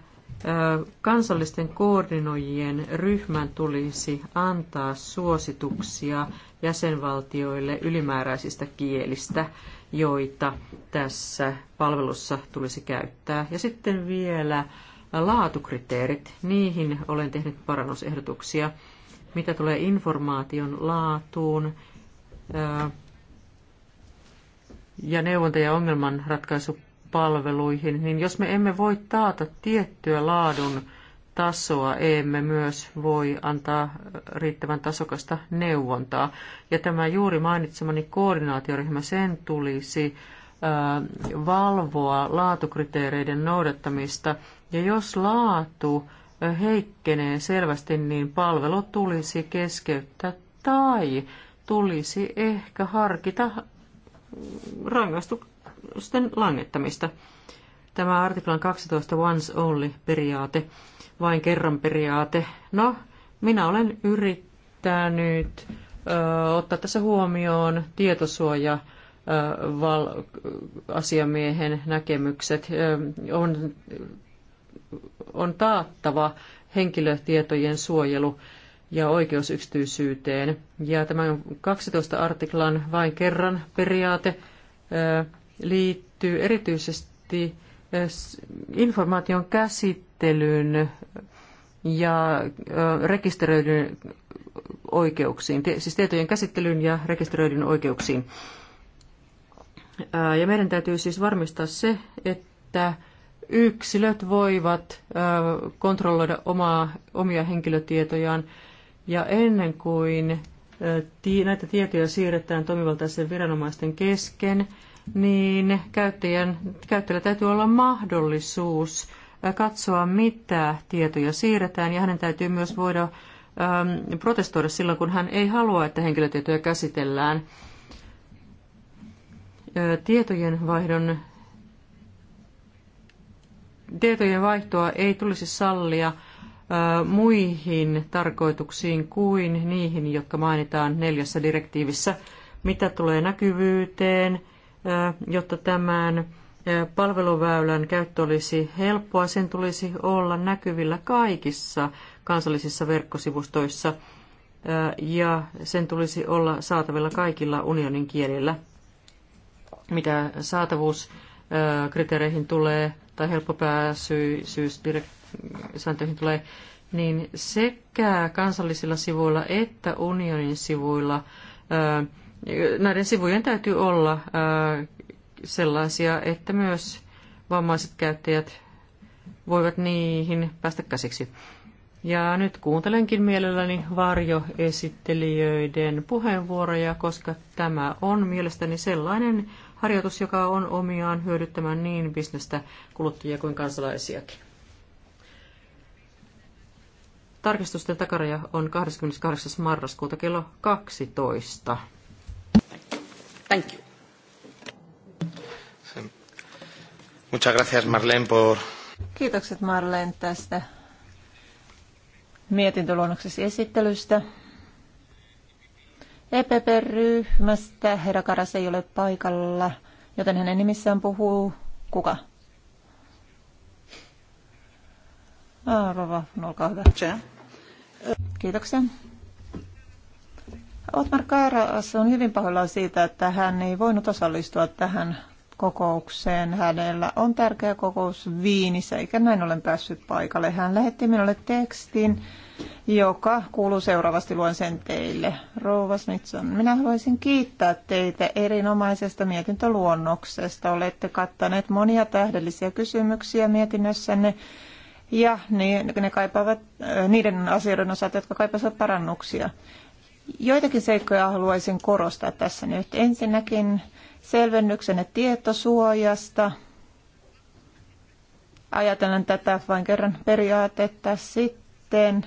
kansallisten koordinoijien ryhmän tulisi antaa suosituksia jäsenvaltioille ylimääräisistä kielistä, joita tässä palvelussa tulisi käyttää. Ja sitten vielä laatukriteerit. Niihin olen tehnyt parannusehdotuksia. Mitä tulee informaation laatuun ja neuvonta- ja ongelmanratkaisu palveluihin, niin jos me emme voi taata tiettyä laadun tasoa, emme myös voi antaa riittävän tasokasta neuvontaa. Ja tämä juuri mainitsemani koordinaatioryhmä, sen tulisi valvoa laatukriteereiden noudattamista. Ja jos laatu heikkenee selvästi, niin palvelu tulisi keskeyttää tai tulisi ehkä harkita rangaistu, kustannusten langettamista. Tämä artiklan 12 once only periaate, vain kerran periaate. No, minä olen yrittänyt ö, ottaa tässä huomioon tietosuoja val- asiamiehen näkemykset. on, on taattava henkilötietojen suojelu ja oikeus yksityisyyteen. Ja tämän 12 artiklan vain kerran periaate liittyy erityisesti informaation käsittelyyn siis ja rekisteröidyn oikeuksiin, siis tietojen käsittelyyn ja rekisteröidyn oikeuksiin. Ja meidän täytyy siis varmistaa se, että yksilöt voivat kontrolloida omaa, omia henkilötietojaan ja ennen kuin näitä tietoja siirretään toimivaltaisen viranomaisten kesken, niin käyttäjän, käyttäjällä täytyy olla mahdollisuus äh, katsoa, mitä tietoja siirretään, ja hänen täytyy myös voida ähm, protestoida silloin, kun hän ei halua, että henkilötietoja käsitellään. Äh, tietojen vaihdon tietojen vaihtoa ei tulisi sallia äh, muihin tarkoituksiin kuin niihin, jotka mainitaan neljässä direktiivissä. Mitä tulee näkyvyyteen, jotta tämän palveluväylän käyttö olisi helppoa, sen tulisi olla näkyvillä kaikissa kansallisissa verkkosivustoissa ja sen tulisi olla saatavilla kaikilla unionin kielillä. Mitä saatavuuskriteereihin tulee tai helppopääsyysdirektiivisääntöihin tulee, niin sekä kansallisilla sivuilla että unionin sivuilla näiden sivujen täytyy olla äh, sellaisia, että myös vammaiset käyttäjät voivat niihin päästä käsiksi. Ja nyt kuuntelenkin mielelläni varjoesittelijöiden puheenvuoroja, koska tämä on mielestäni sellainen harjoitus, joka on omiaan hyödyttämään niin bisnestä, kuluttajia kuin kansalaisiakin. Tarkistusten takaraja on 28. marraskuuta kello 12. Thank you. Muchas gracias Marlene por... Kiitokset Marlene tästä mietintöluonnoksesi esittelystä. EPP-ryhmästä herra Karas ei ole paikalla, joten hänen nimissään puhuu kuka? Ah, rova, olkaa hyvä. Kiitoksia. Otmar Kairas on hyvin pahoilla siitä, että hän ei voinut osallistua tähän kokoukseen. Hänellä on tärkeä kokous Viinissä, eikä näin olen päässyt paikalle. Hän lähetti minulle tekstin, joka kuuluu seuraavasti, luen sen teille. Rouva Smitson, minä haluaisin kiittää teitä erinomaisesta mietintöluonnoksesta. Olette kattaneet monia tähdellisiä kysymyksiä mietinnössänne. Ja niin, ne kaipaavat, äh, niiden asioiden osalta, jotka kaipaavat parannuksia. Joitakin seikkoja haluaisin korostaa tässä nyt. Ensinnäkin selvennyksenä tietosuojasta. Ajatellen tätä vain kerran periaatetta sitten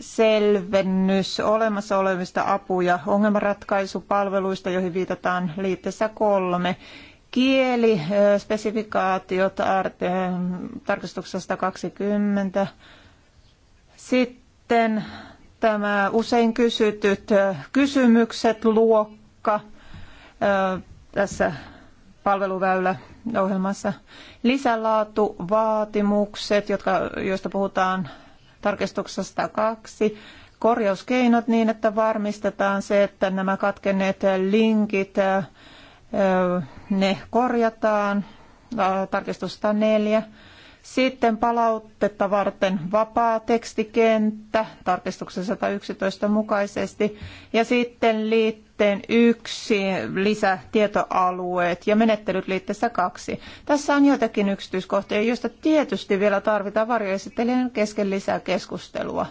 selvennys olemassa olevista apu- ja ongelmanratkaisupalveluista, joihin viitataan liitteessä kolme. Kieli, spesifikaatiot tarkistuksesta 20. Sitten tämä usein kysytyt kysymykset, luokka tässä palveluväylä ohjelmassa. Lisälaatuvaatimukset, jotka, joista puhutaan tarkistuksessa 102. Korjauskeinot niin, että varmistetaan se, että nämä katkenneet linkit, ne korjataan. Tarkistus 104 sitten palautetta varten vapaa tekstikenttä tarkistuksen 111 mukaisesti ja sitten liitteen yksi lisätietoalueet ja menettelyt liitteessä kaksi. Tässä on joitakin yksityiskohtia, joista tietysti vielä tarvitaan varjoesittelijän kesken lisää keskustelua.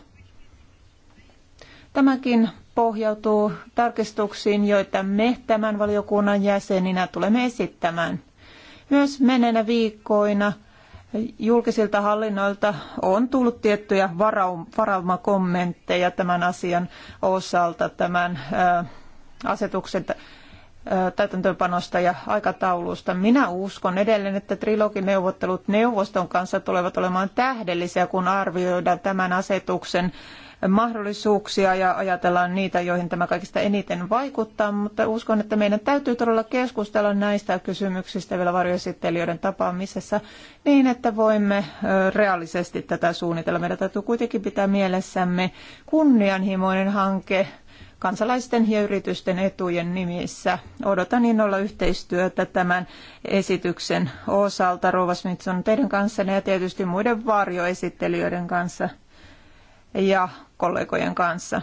Tämäkin pohjautuu tarkistuksiin, joita me tämän valiokunnan jäseninä tulemme esittämään. Myös menneinä viikkoina – julkisilta hallinnoilta on tullut tiettyjä varaumakommentteja tämän asian osalta, tämän asetuksen täytäntöönpanosta ja aikataulusta. Minä uskon edelleen, että trilogineuvottelut neuvoston kanssa tulevat olemaan tähdellisiä, kun arvioidaan tämän asetuksen mahdollisuuksia ja ajatellaan niitä, joihin tämä kaikista eniten vaikuttaa, mutta uskon, että meidän täytyy todella keskustella näistä kysymyksistä vielä varjoesittelijöiden tapaamisessa niin, että voimme reaalisesti tätä suunnitella. Meidän täytyy kuitenkin pitää mielessämme kunnianhimoinen hanke, kansalaisten ja yritysten etujen nimissä. Odotan innolla yhteistyötä tämän esityksen osalta, Rouva Smithson, teidän kanssanne ja tietysti muiden varjoesittelijöiden kanssa. Ja kollegojen kanssa.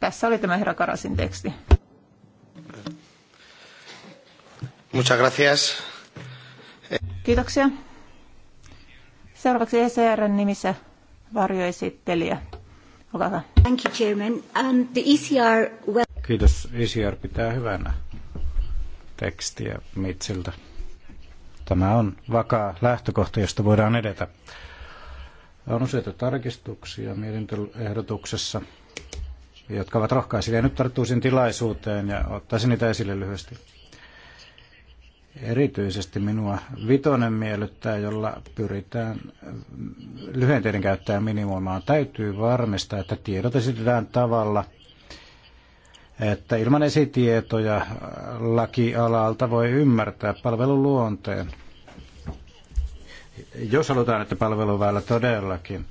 Tässä oli tämä herra Karasin teksti. Muchas gracias. Kiitoksia. Seuraavaksi ECRn nimissä varjoesittelijä. Olkaa hyvä. Thank you, Chairman. Um, the ECR... Well... Kiitos. ECR pitää hyvänä tekstiä Mitsiltä. Tämä on vakaa lähtökohta, josta voidaan edetä. On useita tarkistuksia mietintöehdotuksessa, jotka ovat rohkaisevia. Nyt tarttuisin tilaisuuteen ja ottaisin niitä esille lyhyesti. Erityisesti minua vitonen miellyttää, jolla pyritään lyhenteiden käyttää minimoimaan. Täytyy varmistaa, että tiedot esitetään tavalla, että ilman esitietoja lakialalta voi ymmärtää palvelun luonteen jos halutaan, että palveluväylä todellakin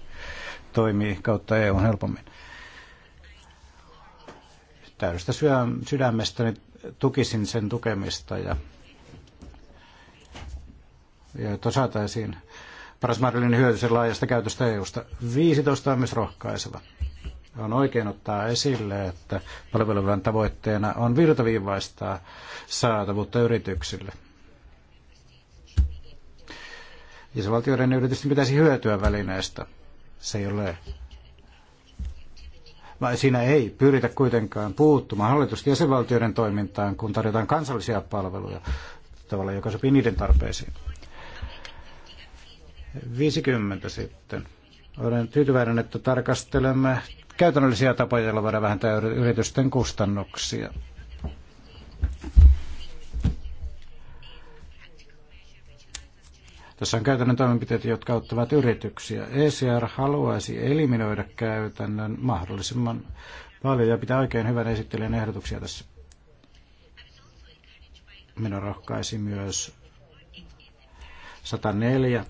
toimii kautta EU helpommin. Täydestä sydämestäni tukisin sen tukemista ja, ja että paras mahdollinen hyöty sen laajasta käytöstä EUsta. 15 on myös rohkaiseva. On oikein ottaa esille, että palveluväylän tavoitteena on virtaviivaistaa saatavuutta yrityksille – Jäsenvaltioiden yritysten pitäisi hyötyä välineestä. Se ei ole Siinä ei pyritä kuitenkaan puuttumaan hallitusten jäsenvaltioiden toimintaan, kun tarjotaan kansallisia palveluja tavalla, joka sopii niiden tarpeisiin. 50 sitten. Olen tyytyväinen, että tarkastelemme käytännöllisiä tapoja, joilla voidaan vähentää yritysten kustannuksia. Tässä on käytännön toimenpiteitä, jotka auttavat yrityksiä. ECR haluaisi eliminoida käytännön mahdollisimman paljon ja pitää oikein hyvän esittelijän ehdotuksia tässä. Minä rohkaisi myös 104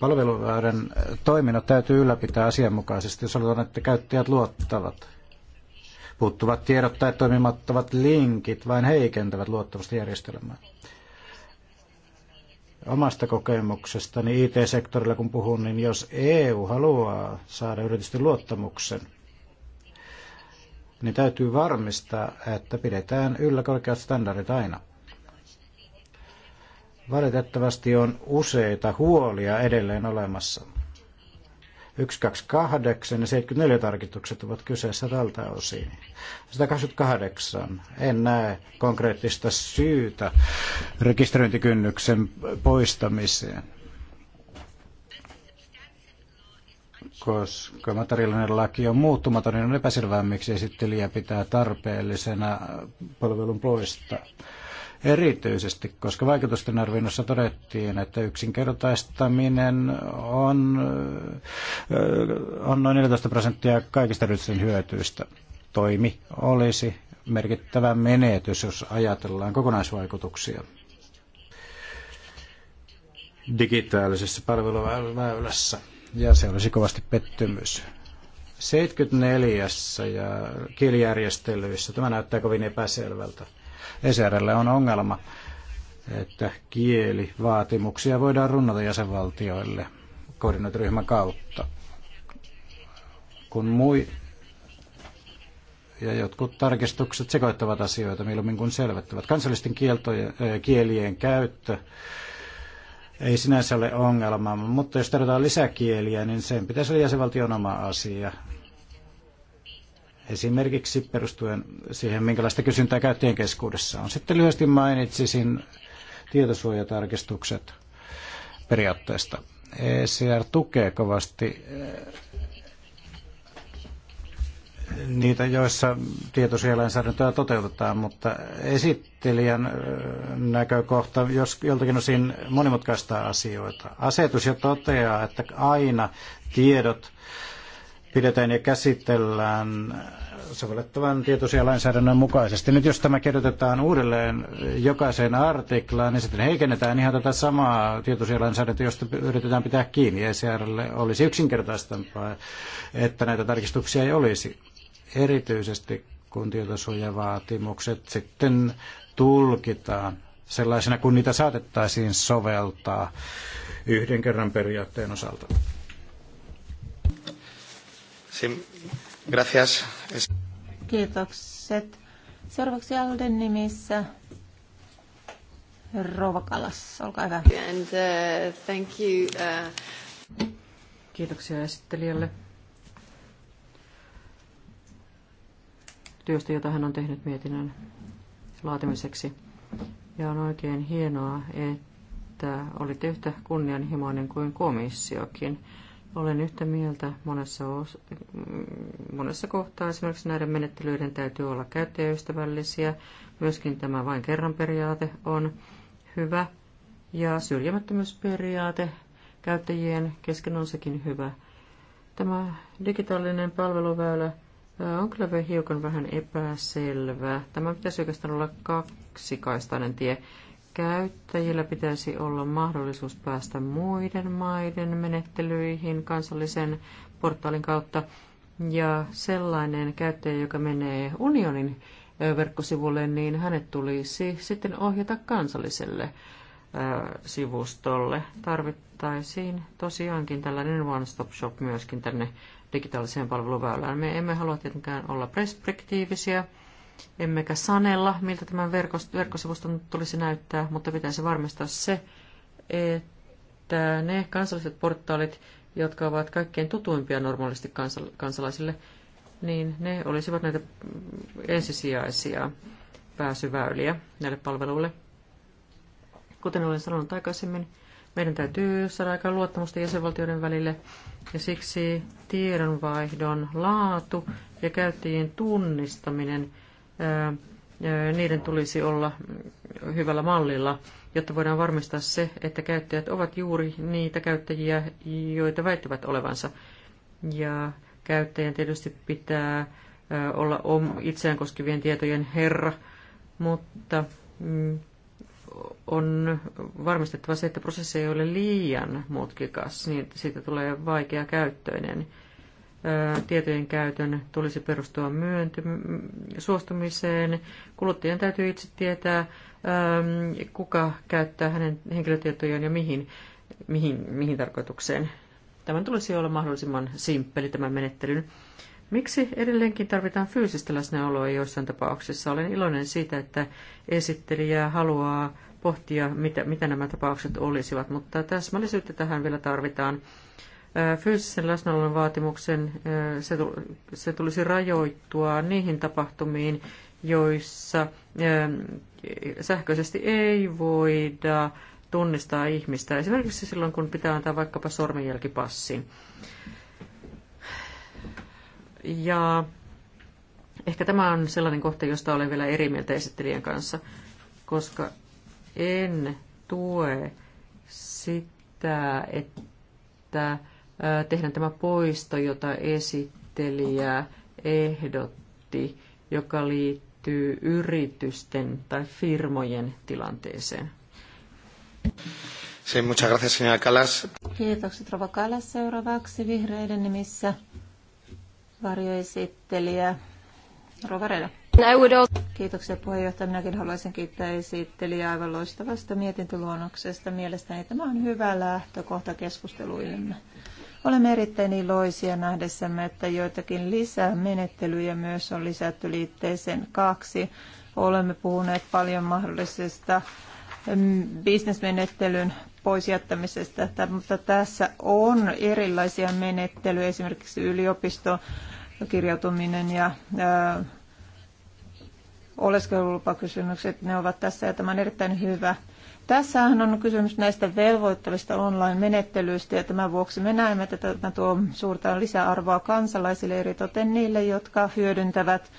palveluiden toiminnot täytyy ylläpitää asianmukaisesti, jos halutaan, että käyttäjät luottavat Puuttuvat tiedot tai toimimattavat linkit vain heikentävät luottamusta järjestelmään. Omasta kokemuksestani IT-sektorilla kun puhun, niin jos EU haluaa saada yritysten luottamuksen, niin täytyy varmistaa, että pidetään yllä korkeat standardit aina. Valitettavasti on useita huolia edelleen olemassa 128 ja 74 tarkistukset ovat kyseessä tältä osin. 128. En näe konkreettista syytä rekisteröintikynnyksen poistamiseen. Koska materiaalinen laki on muuttumaton, niin on epäselvää, miksi esittelijä pitää tarpeellisena palvelun poistaa erityisesti, koska vaikutusten arvioinnissa todettiin, että yksinkertaistaminen on, äh, on noin 14 prosenttia kaikista yritysten hyötyistä. Toimi olisi merkittävä menetys, jos ajatellaan kokonaisvaikutuksia digitaalisessa palveluväylässä. Ja se olisi kovasti pettymys. 74 ja kielijärjestelyissä. Tämä näyttää kovin epäselvältä. ECRlle on ongelma, että kielivaatimuksia voidaan runnata jäsenvaltioille koordinointiryhmän kautta. Kun mui, ja jotkut tarkistukset sekoittavat asioita mieluummin kuin selvettävät. Kansallisten kieltojen, kielien käyttö ei sinänsä ole ongelma, mutta jos tarvitaan lisäkieliä, niin sen pitäisi olla jäsenvaltion oma asia esimerkiksi perustuen siihen, minkälaista kysyntää käyttäjien keskuudessa on. Sitten lyhyesti mainitsisin tietosuojatarkistukset periaatteesta. ECR tukee kovasti eh, niitä, joissa tietosuojalainsäädäntöä toteutetaan, mutta esittelijän eh, näkökohta, jos joltakin osin monimutkaistaa asioita. Asetus jo toteaa, että aina tiedot pidetään ja käsitellään sovellettavan tietoisia lainsäädännön mukaisesti. Nyt jos tämä kirjoitetaan uudelleen jokaiseen artiklaan, niin sitten heikennetään ihan tätä samaa tietoisia lainsäädäntöä, josta yritetään pitää kiinni. ECRlle olisi yksinkertaistampaa, että näitä tarkistuksia ei olisi. Erityisesti kun tietosuojavaatimukset sitten tulkitaan sellaisena, kun niitä saatettaisiin soveltaa yhden kerran periaatteen osalta. Sim. Gracias. Kiitokset. Seuraavaksi Alden nimissä Rova Kalas, olkaa hyvä. And, uh, thank you, uh... Kiitoksia esittelijälle. työstä, jota hän on tehnyt mietinnön laatimiseksi. Ja on oikein hienoa, että olit yhtä kunnianhimoinen kuin komissiokin. Olen yhtä mieltä monessa, os- monessa kohtaa. Esimerkiksi näiden menettelyiden täytyy olla käyttäjäystävällisiä. Myöskin tämä vain kerran periaate on hyvä. Ja syrjimättömyysperiaate käyttäjien kesken on sekin hyvä. Tämä digitaalinen palveluväylä äh, on kyllä hiukan vähän epäselvä. Tämä pitäisi oikeastaan olla kaksikaistainen tie käyttäjillä pitäisi olla mahdollisuus päästä muiden maiden menettelyihin kansallisen portaalin kautta. Ja sellainen käyttäjä, joka menee unionin verkkosivulle, niin hänet tulisi sitten ohjata kansalliselle sivustolle. Tarvittaisiin tosiaankin tällainen one-stop-shop myöskin tänne digitaaliseen palveluväylään. Me emme halua tietenkään olla perspektiivisiä emmekä sanella, miltä tämän verkkosivuston tulisi näyttää, mutta pitäisi varmistaa se, että ne kansalliset portaalit, jotka ovat kaikkein tutuimpia normaalisti kansalaisille, niin ne olisivat näitä ensisijaisia pääsyväyliä näille palveluille. Kuten olen sanonut aikaisemmin, meidän täytyy saada aikaan luottamusta jäsenvaltioiden välille ja siksi tiedonvaihdon laatu ja käyttäjien tunnistaminen – niiden tulisi olla hyvällä mallilla, jotta voidaan varmistaa se, että käyttäjät ovat juuri niitä käyttäjiä, joita väittävät olevansa. Ja käyttäjän tietysti pitää olla itseään koskevien tietojen herra, mutta mm, on varmistettava se, että prosessi ei ole liian mutkikas, niin siitä tulee vaikea käyttöinen tietojen käytön tulisi perustua myönty, suostumiseen. Kuluttajan täytyy itse tietää, kuka käyttää hänen henkilötietojaan ja mihin, mihin, mihin tarkoitukseen. Tämän tulisi olla mahdollisimman simppeli tämän menettelyn. Miksi edelleenkin tarvitaan fyysistä läsnäoloa joissain tapauksissa? Olen iloinen siitä, että esittelijä haluaa pohtia, mitä, mitä nämä tapaukset olisivat, mutta täsmällisyyttä tähän vielä tarvitaan fyysisen läsnäolon vaatimuksen, se tulisi rajoittua niihin tapahtumiin, joissa sähköisesti ei voida tunnistaa ihmistä, esimerkiksi silloin, kun pitää antaa vaikkapa sormenjälkipassin. Ja ehkä tämä on sellainen kohta, josta olen vielä eri mieltä esittelijän kanssa, koska en tue sitä, että tehdään tämä poisto, jota esittelijä ehdotti, joka liittyy yritysten tai firmojen tilanteeseen. Sí, muchas gracias, señora Calas. Kiitokset, Rova Kalas. Seuraavaksi vihreiden nimissä varjoesittelijä Rova Reda. Kiitoksia puheenjohtaja. Minäkin haluaisin kiittää esittelijää aivan loistavasta mietintöluonnoksesta. Mielestäni tämä on hyvä lähtökohta keskusteluillemme. Olemme erittäin iloisia nähdessämme, että joitakin lisää menettelyjä myös on lisätty liitteeseen kaksi. Olemme puhuneet paljon mahdollisesta mm, bisnesmenettelyn poisjättämisestä, mutta tässä on erilaisia menettelyjä, esimerkiksi yliopisto kirjautuminen ja oleskelulupakysymykset, ne ovat tässä ja tämä on erittäin hyvä Tässähän on kysymys näistä velvoittavista online-menettelyistä ja tämän vuoksi me näemme, että tämä tuo suurta lisäarvoa kansalaisille, eritoten niille, jotka hyödyntävät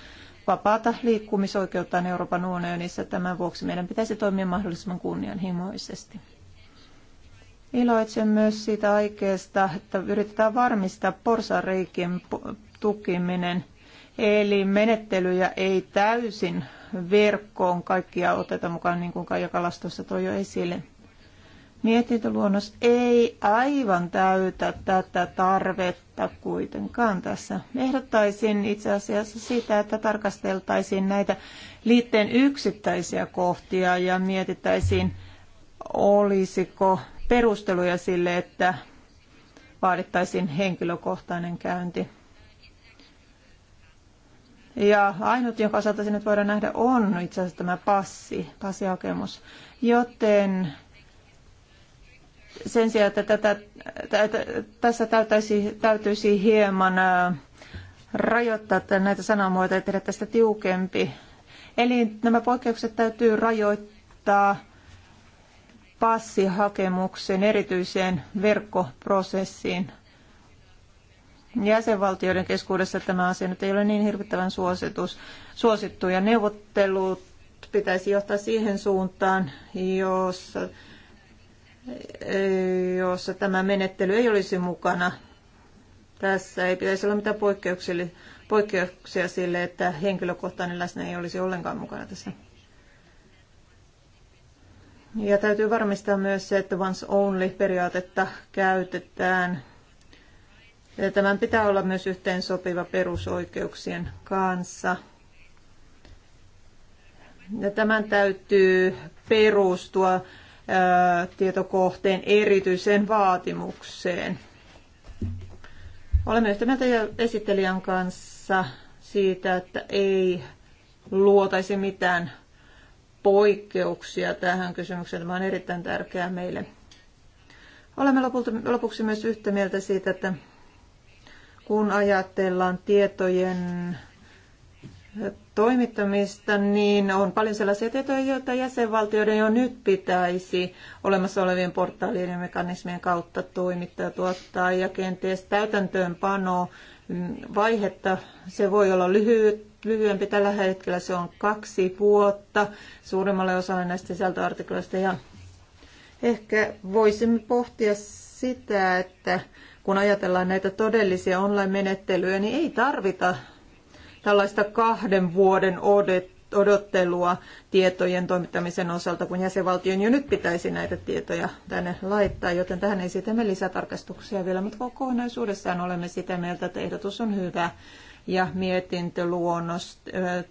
vapaata liikkumisoikeuttaan Euroopan unionissa. Tämän vuoksi meidän pitäisi toimia mahdollisimman kunnianhimoisesti. Iloitsen myös siitä aikeesta, että yritetään varmistaa porsareikien tukiminen, eli menettelyjä ei täysin verkkoon kaikkia oteta mukaan, niin kuin Kaija Kalastossa toi jo esille. Mietintöluonnos ei aivan täytä tätä tarvetta kuitenkaan tässä. Ehdottaisin itse asiassa sitä, että tarkasteltaisiin näitä liitteen yksittäisiä kohtia ja mietittäisiin, olisiko perusteluja sille, että vaadittaisiin henkilökohtainen käynti. Ja ainut, jonka osalta se voidaan nähdä, on itse asiassa tämä passi, passihakemus. Joten sen sijaan, että tätä, tässä täytyisi, täytyisi hieman rajoittaa näitä sanamuotoja ja tehdä tästä tiukempi. Eli nämä poikkeukset täytyy rajoittaa passihakemuksen erityiseen verkkoprosessiin jäsenvaltioiden keskuudessa tämä asia nyt ei ole niin hirvittävän suositus, suosittu. Ja neuvottelut pitäisi johtaa siihen suuntaan, jossa, jossa tämä menettely ei olisi mukana. Tässä ei pitäisi olla mitään poikkeuksia sille, että henkilökohtainen läsnä ei olisi ollenkaan mukana tässä. Ja täytyy varmistaa myös se, että once only periaatetta käytetään Tämän pitää olla myös yhteensopiva perusoikeuksien kanssa. Ja tämän täytyy perustua tietokohteen erityiseen vaatimukseen. Olemme yhtä mieltä esittelijän kanssa siitä, että ei luotaisi mitään poikkeuksia tähän kysymykseen. Tämä on erittäin tärkeää meille. Olemme lopulta, lopuksi myös yhtä mieltä siitä, että kun ajatellaan tietojen toimittamista, niin on paljon sellaisia tietoja, joita jäsenvaltioiden jo nyt pitäisi olemassa olevien portaalien ja mekanismien kautta toimittaa, tuottaa ja kenties täytäntöönpano vaihetta. Se voi olla lyhyt, lyhyempi. Tällä hetkellä se on kaksi vuotta suurimmalle osalle näistä sisältöartikloista ja ehkä voisimme pohtia sitä, että kun ajatellaan näitä todellisia online-menettelyjä, niin ei tarvita tällaista kahden vuoden odottelua tietojen toimittamisen osalta, kun jäsenvaltion jo nyt pitäisi näitä tietoja tänne laittaa, joten tähän esitämme lisätarkastuksia vielä, mutta kokonaisuudessaan olemme sitä mieltä, että ehdotus on hyvä ja mietintöluonnos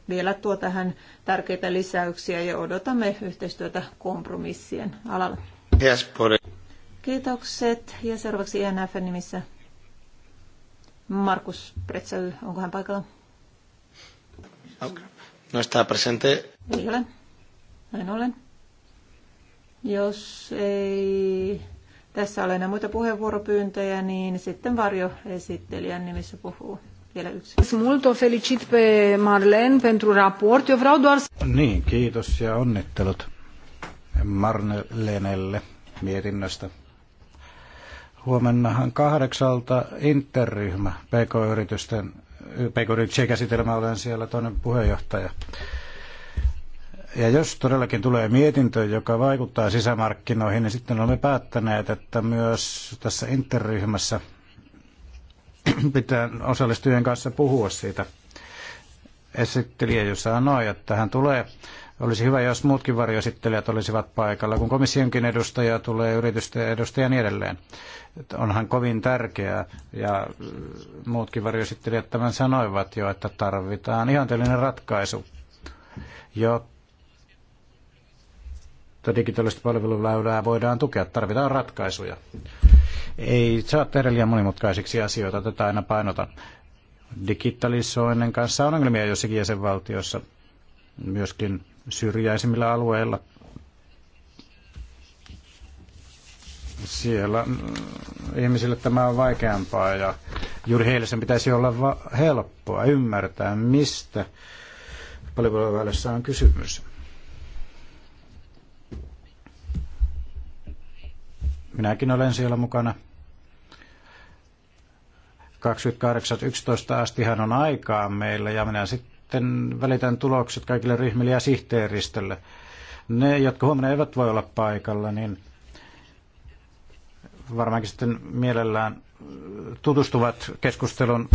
vielä tuo tähän tärkeitä lisäyksiä ja odotamme yhteistyötä kompromissien alalla. Kiitokset. Ja seuraavaksi INF e nimissä Markus Pretzel, onko hän paikalla? No está presente. Ei ole. Näin ollen. Jos ei tässä ole enää muita puheenvuoropyyntöjä, niin sitten varjo esittelijän nimissä puhuu vielä yksi. Multo felicit pe Marlen pentru raport. Eu vreau doar... Niin, kiitos ja onnittelut Marlenelle mietinnöstä. Huomennahan kahdeksalta interryhmä PK-yritysten PK-yrityksiä käsitelmä, olen siellä toinen puheenjohtaja. Ja jos todellakin tulee mietintö, joka vaikuttaa sisämarkkinoihin, niin sitten olemme päättäneet, että myös tässä interryhmässä pitää osallistujien kanssa puhua siitä. Esittelijä jo sanoi, että hän tulee olisi hyvä, jos muutkin varjoesittelijät olisivat paikalla, kun komissionkin edustaja tulee, yritysten edustaja ja niin edelleen. Onhan kovin tärkeää, ja mm, muutkin varjoesittelijät tämän sanoivat jo, että tarvitaan ihanteellinen ratkaisu, jotta digitaalista palveluväylää voidaan tukea. Tarvitaan ratkaisuja. Ei saa tehdä liian monimutkaisiksi asioita, tätä aina painotan. Digitalisoinnin kanssa on ongelmia jossakin jäsenvaltiossa myöskin syrjäisimmillä alueilla. Siellä mm, ihmisille tämä on vaikeampaa ja juuri heille sen pitäisi olla va- helppoa ymmärtää, mistä palveluväylässä on kysymys. Minäkin olen siellä mukana. 28.11 astihan on aikaa meillä ja minä sitten sitten välitän tulokset kaikille ryhmille ja sihteeristölle. Ne, jotka huomenna eivät voi olla paikalla, niin varmaankin sitten mielellään tutustuvat keskustelun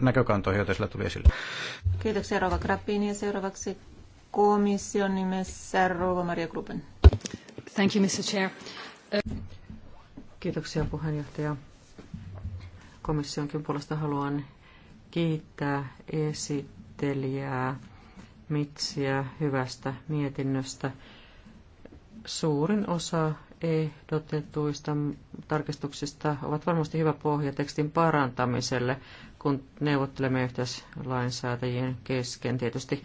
näkökantoihin, joita sillä tuli esille. Kiitoksia Rova Krapini ja seuraavaksi komission nimessä Rova Maria Gruben. Thank you, Mr. Chair. Kiitoksia puheenjohtaja. Komissionkin puolesta haluan kiittää esittää esittelijää Mitsiä hyvästä mietinnöstä. Suurin osa ehdotetuista tarkistuksista ovat varmasti hyvä pohja tekstin parantamiselle, kun neuvottelemme lainsäätäjien kesken. Tietysti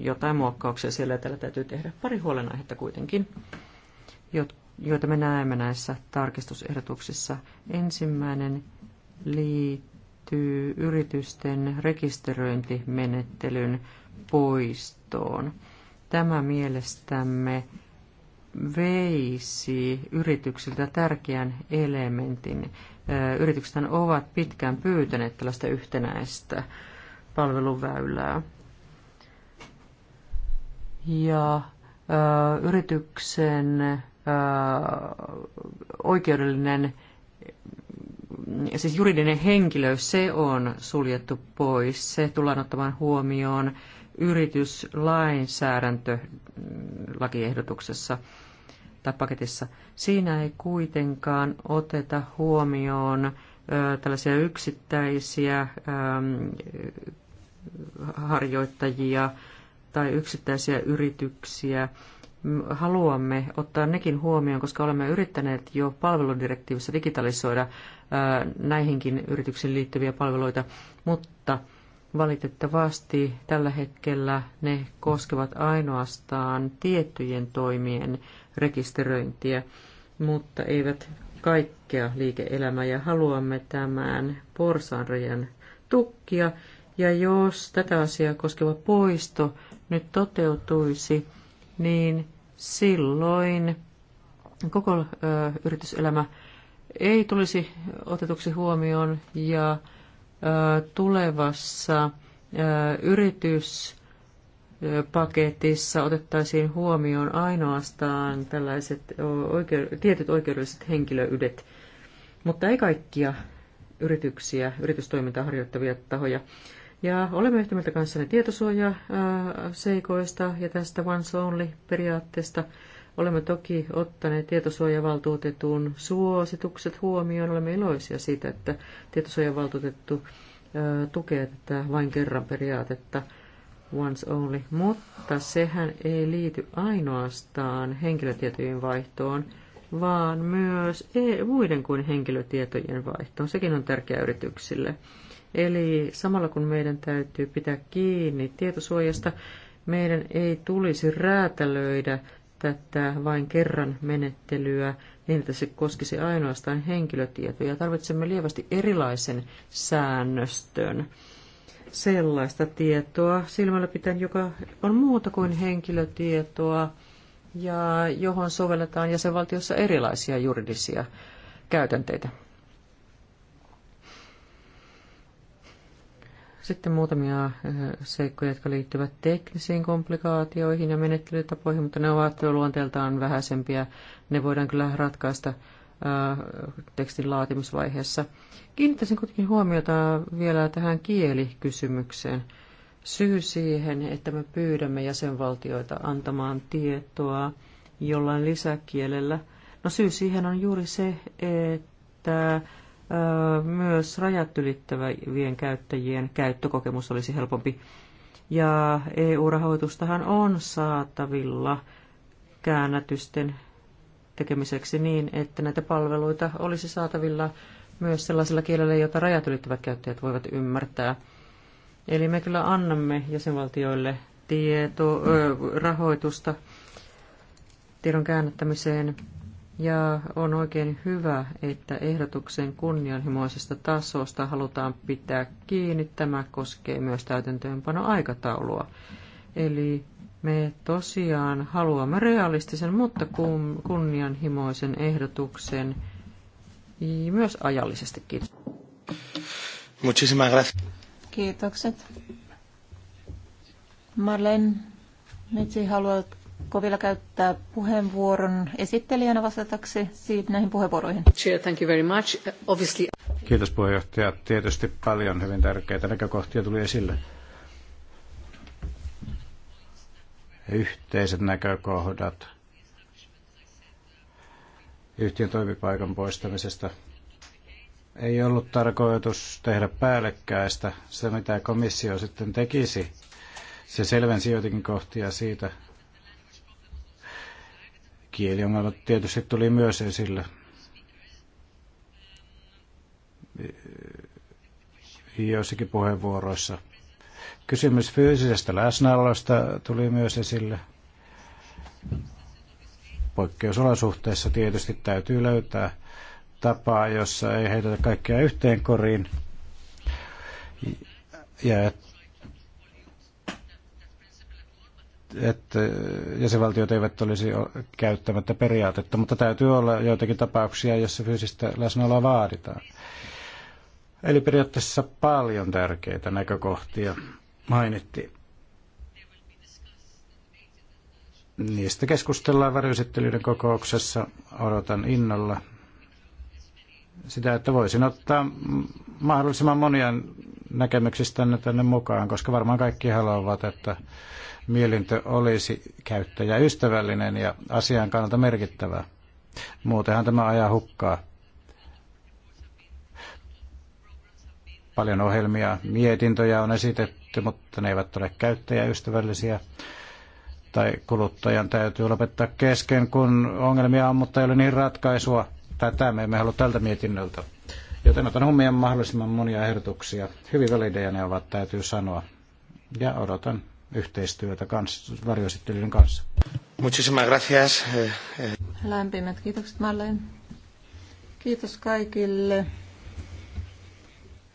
jotain muokkauksia siellä tällä täytyy tehdä. Pari huolenaihetta kuitenkin, joita me näemme näissä tarkistusehdotuksissa. Ensimmäinen liittyy liittyy yritysten rekisteröintimenettelyn poistoon. Tämä mielestämme veisi yrityksiltä tärkeän elementin. Yritykset ovat pitkään pyytäneet tällaista yhtenäistä palveluväylää. Ja yrityksen oikeudellinen siis juridinen henkilö, se on suljettu pois. Se tullaan ottamaan huomioon yrityslainsäädäntö mm, lakiehdotuksessa tai paketissa. Siinä ei kuitenkaan oteta huomioon tällaisia yksittäisiä harjoittajia tai yksittäisiä yrityksiä. Haluamme ottaa nekin huomioon, koska olemme yrittäneet jo palveludirektiivissä digitalisoida näihinkin yrityksiin liittyviä palveluita, mutta valitettavasti tällä hetkellä ne koskevat ainoastaan tiettyjen toimien rekisteröintiä, mutta eivät kaikkea liike-elämää ja haluamme tämän porsanrajan tukkia. Ja jos tätä asiaa koskeva poisto nyt toteutuisi, niin silloin koko ö, yrityselämä ei tulisi otetuksi huomioon ja tulevassa yrityspaketissa otettaisiin huomioon ainoastaan tällaiset oikeud- tietyt oikeudelliset henkilöydet, mutta ei kaikkia yrityksiä, yritystoimintaa harjoittavia tahoja. Ja olemme yhtä mieltä kanssanne tietosuojaseikoista ja tästä once only-periaatteesta. Olemme toki ottaneet tietosuojavaltuutetun suositukset huomioon. Olemme iloisia siitä, että tietosuojavaltuutettu tukee tätä vain kerran periaatetta once only, mutta sehän ei liity ainoastaan henkilötietojen vaihtoon, vaan myös e-, muiden kuin henkilötietojen vaihtoon. Sekin on tärkeä yrityksille. Eli samalla kun meidän täytyy pitää kiinni tietosuojasta, meidän ei tulisi räätälöidä tämä vain kerran menettelyä niin, että se koskisi ainoastaan henkilötietoja. Tarvitsemme lievästi erilaisen säännöstön sellaista tietoa silmällä pitäen, joka on muuta kuin henkilötietoa ja johon sovelletaan jäsenvaltiossa erilaisia juridisia käytänteitä. Sitten muutamia eh, seikkoja, jotka liittyvät teknisiin komplikaatioihin ja menettelytapoihin, mutta ne ovat luonteeltaan vähäisempiä. Ne voidaan kyllä ratkaista eh, tekstin laatimisvaiheessa. Kiinnittäisin kuitenkin huomiota vielä tähän kielikysymykseen. Syy siihen, että me pyydämme jäsenvaltioita antamaan tietoa jollain lisäkielellä, no syy siihen on juuri se, että myös rajat ylittävien käyttäjien käyttökokemus olisi helpompi. Ja EU-rahoitustahan on saatavilla käännätysten tekemiseksi niin, että näitä palveluita olisi saatavilla myös sellaisella kielellä, jota rajat ylittävät käyttäjät voivat ymmärtää. Eli me kyllä annamme jäsenvaltioille tieto, ö, rahoitusta tiedon käännettämiseen ja on oikein hyvä, että ehdotuksen kunnianhimoisesta tasosta halutaan pitää kiinni. Tämä koskee myös täytäntöönpanoaikataulua. Eli me tosiaan haluamme realistisen, mutta kunnianhimoisen ehdotuksen myös ajallisesti. Kiitos. Kiitokset. Marlen, Metsi, haluat Pakko vielä käyttää puheenvuoron esittelijänä vastataksi siitä näihin puheenvuoroihin. Chair, thank you very much. Obviously... Kiitos puheenjohtaja. Tietysti paljon hyvin tärkeitä näkökohtia tuli esille. Yhteiset näkökohdat yhtiön toimipaikan poistamisesta. Ei ollut tarkoitus tehdä päällekkäistä se, mitä komissio sitten tekisi. Se selvensi joitakin kohtia siitä, Kieliongelmat tietysti tuli myös esille. Joissakin puheenvuoroissa. Kysymys fyysisestä läsnäolosta tuli myös esille. Poikkeusolosuhteissa tietysti täytyy löytää tapaa, jossa ei heitetä kaikkea yhteen koriin ja että että jäsenvaltiot eivät olisi käyttämättä periaatetta, mutta täytyy olla joitakin tapauksia, joissa fyysistä läsnäoloa vaaditaan. Eli periaatteessa paljon tärkeitä näkökohtia mainittiin. Niistä keskustellaan väryesittelyiden kokouksessa. Odotan innolla sitä, että voisin ottaa mahdollisimman monia näkemyksistänne tänne mukaan, koska varmaan kaikki haluavat, että mielintö olisi käyttäjäystävällinen ja asian kannalta merkittävä. Muutenhan tämä ajaa hukkaa. Paljon ohjelmia, mietintöjä on esitetty, mutta ne eivät ole käyttäjäystävällisiä. Tai kuluttajan täytyy lopettaa kesken, kun ongelmia on, mutta ei ole niin ratkaisua. Tätä me emme halua tältä mietinnöltä. Joten otan hommia mahdollisimman monia ehdotuksia. Hyvin välidejä ne ovat, täytyy sanoa. Ja odotan yhteistyötä kans, varjoesittelyiden kanssa. Muchísimas gracias. Eh, eh. Lämpimät kiitokset Marleen. Kiitos kaikille.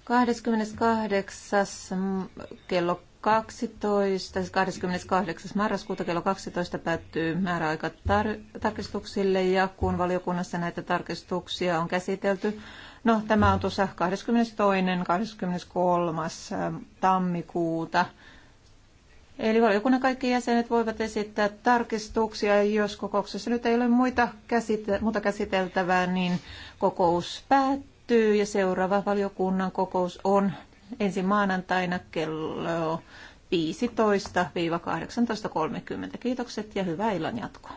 28. kello 12, 28. Siis marraskuuta kello 12 päättyy määräaika tar- tarkistuksille ja kun valiokunnassa näitä tarkistuksia on käsitelty, no tämä on tuossa 22. 23. tammikuuta Eli valiokunnan kaikki jäsenet voivat esittää tarkistuksia, jos kokouksessa nyt ei ole muita käsite- muuta käsiteltävää, niin kokous päättyy ja seuraava valiokunnan kokous on ensi maanantaina kello 15-18.30. Kiitokset ja hyvää illan jatkoa.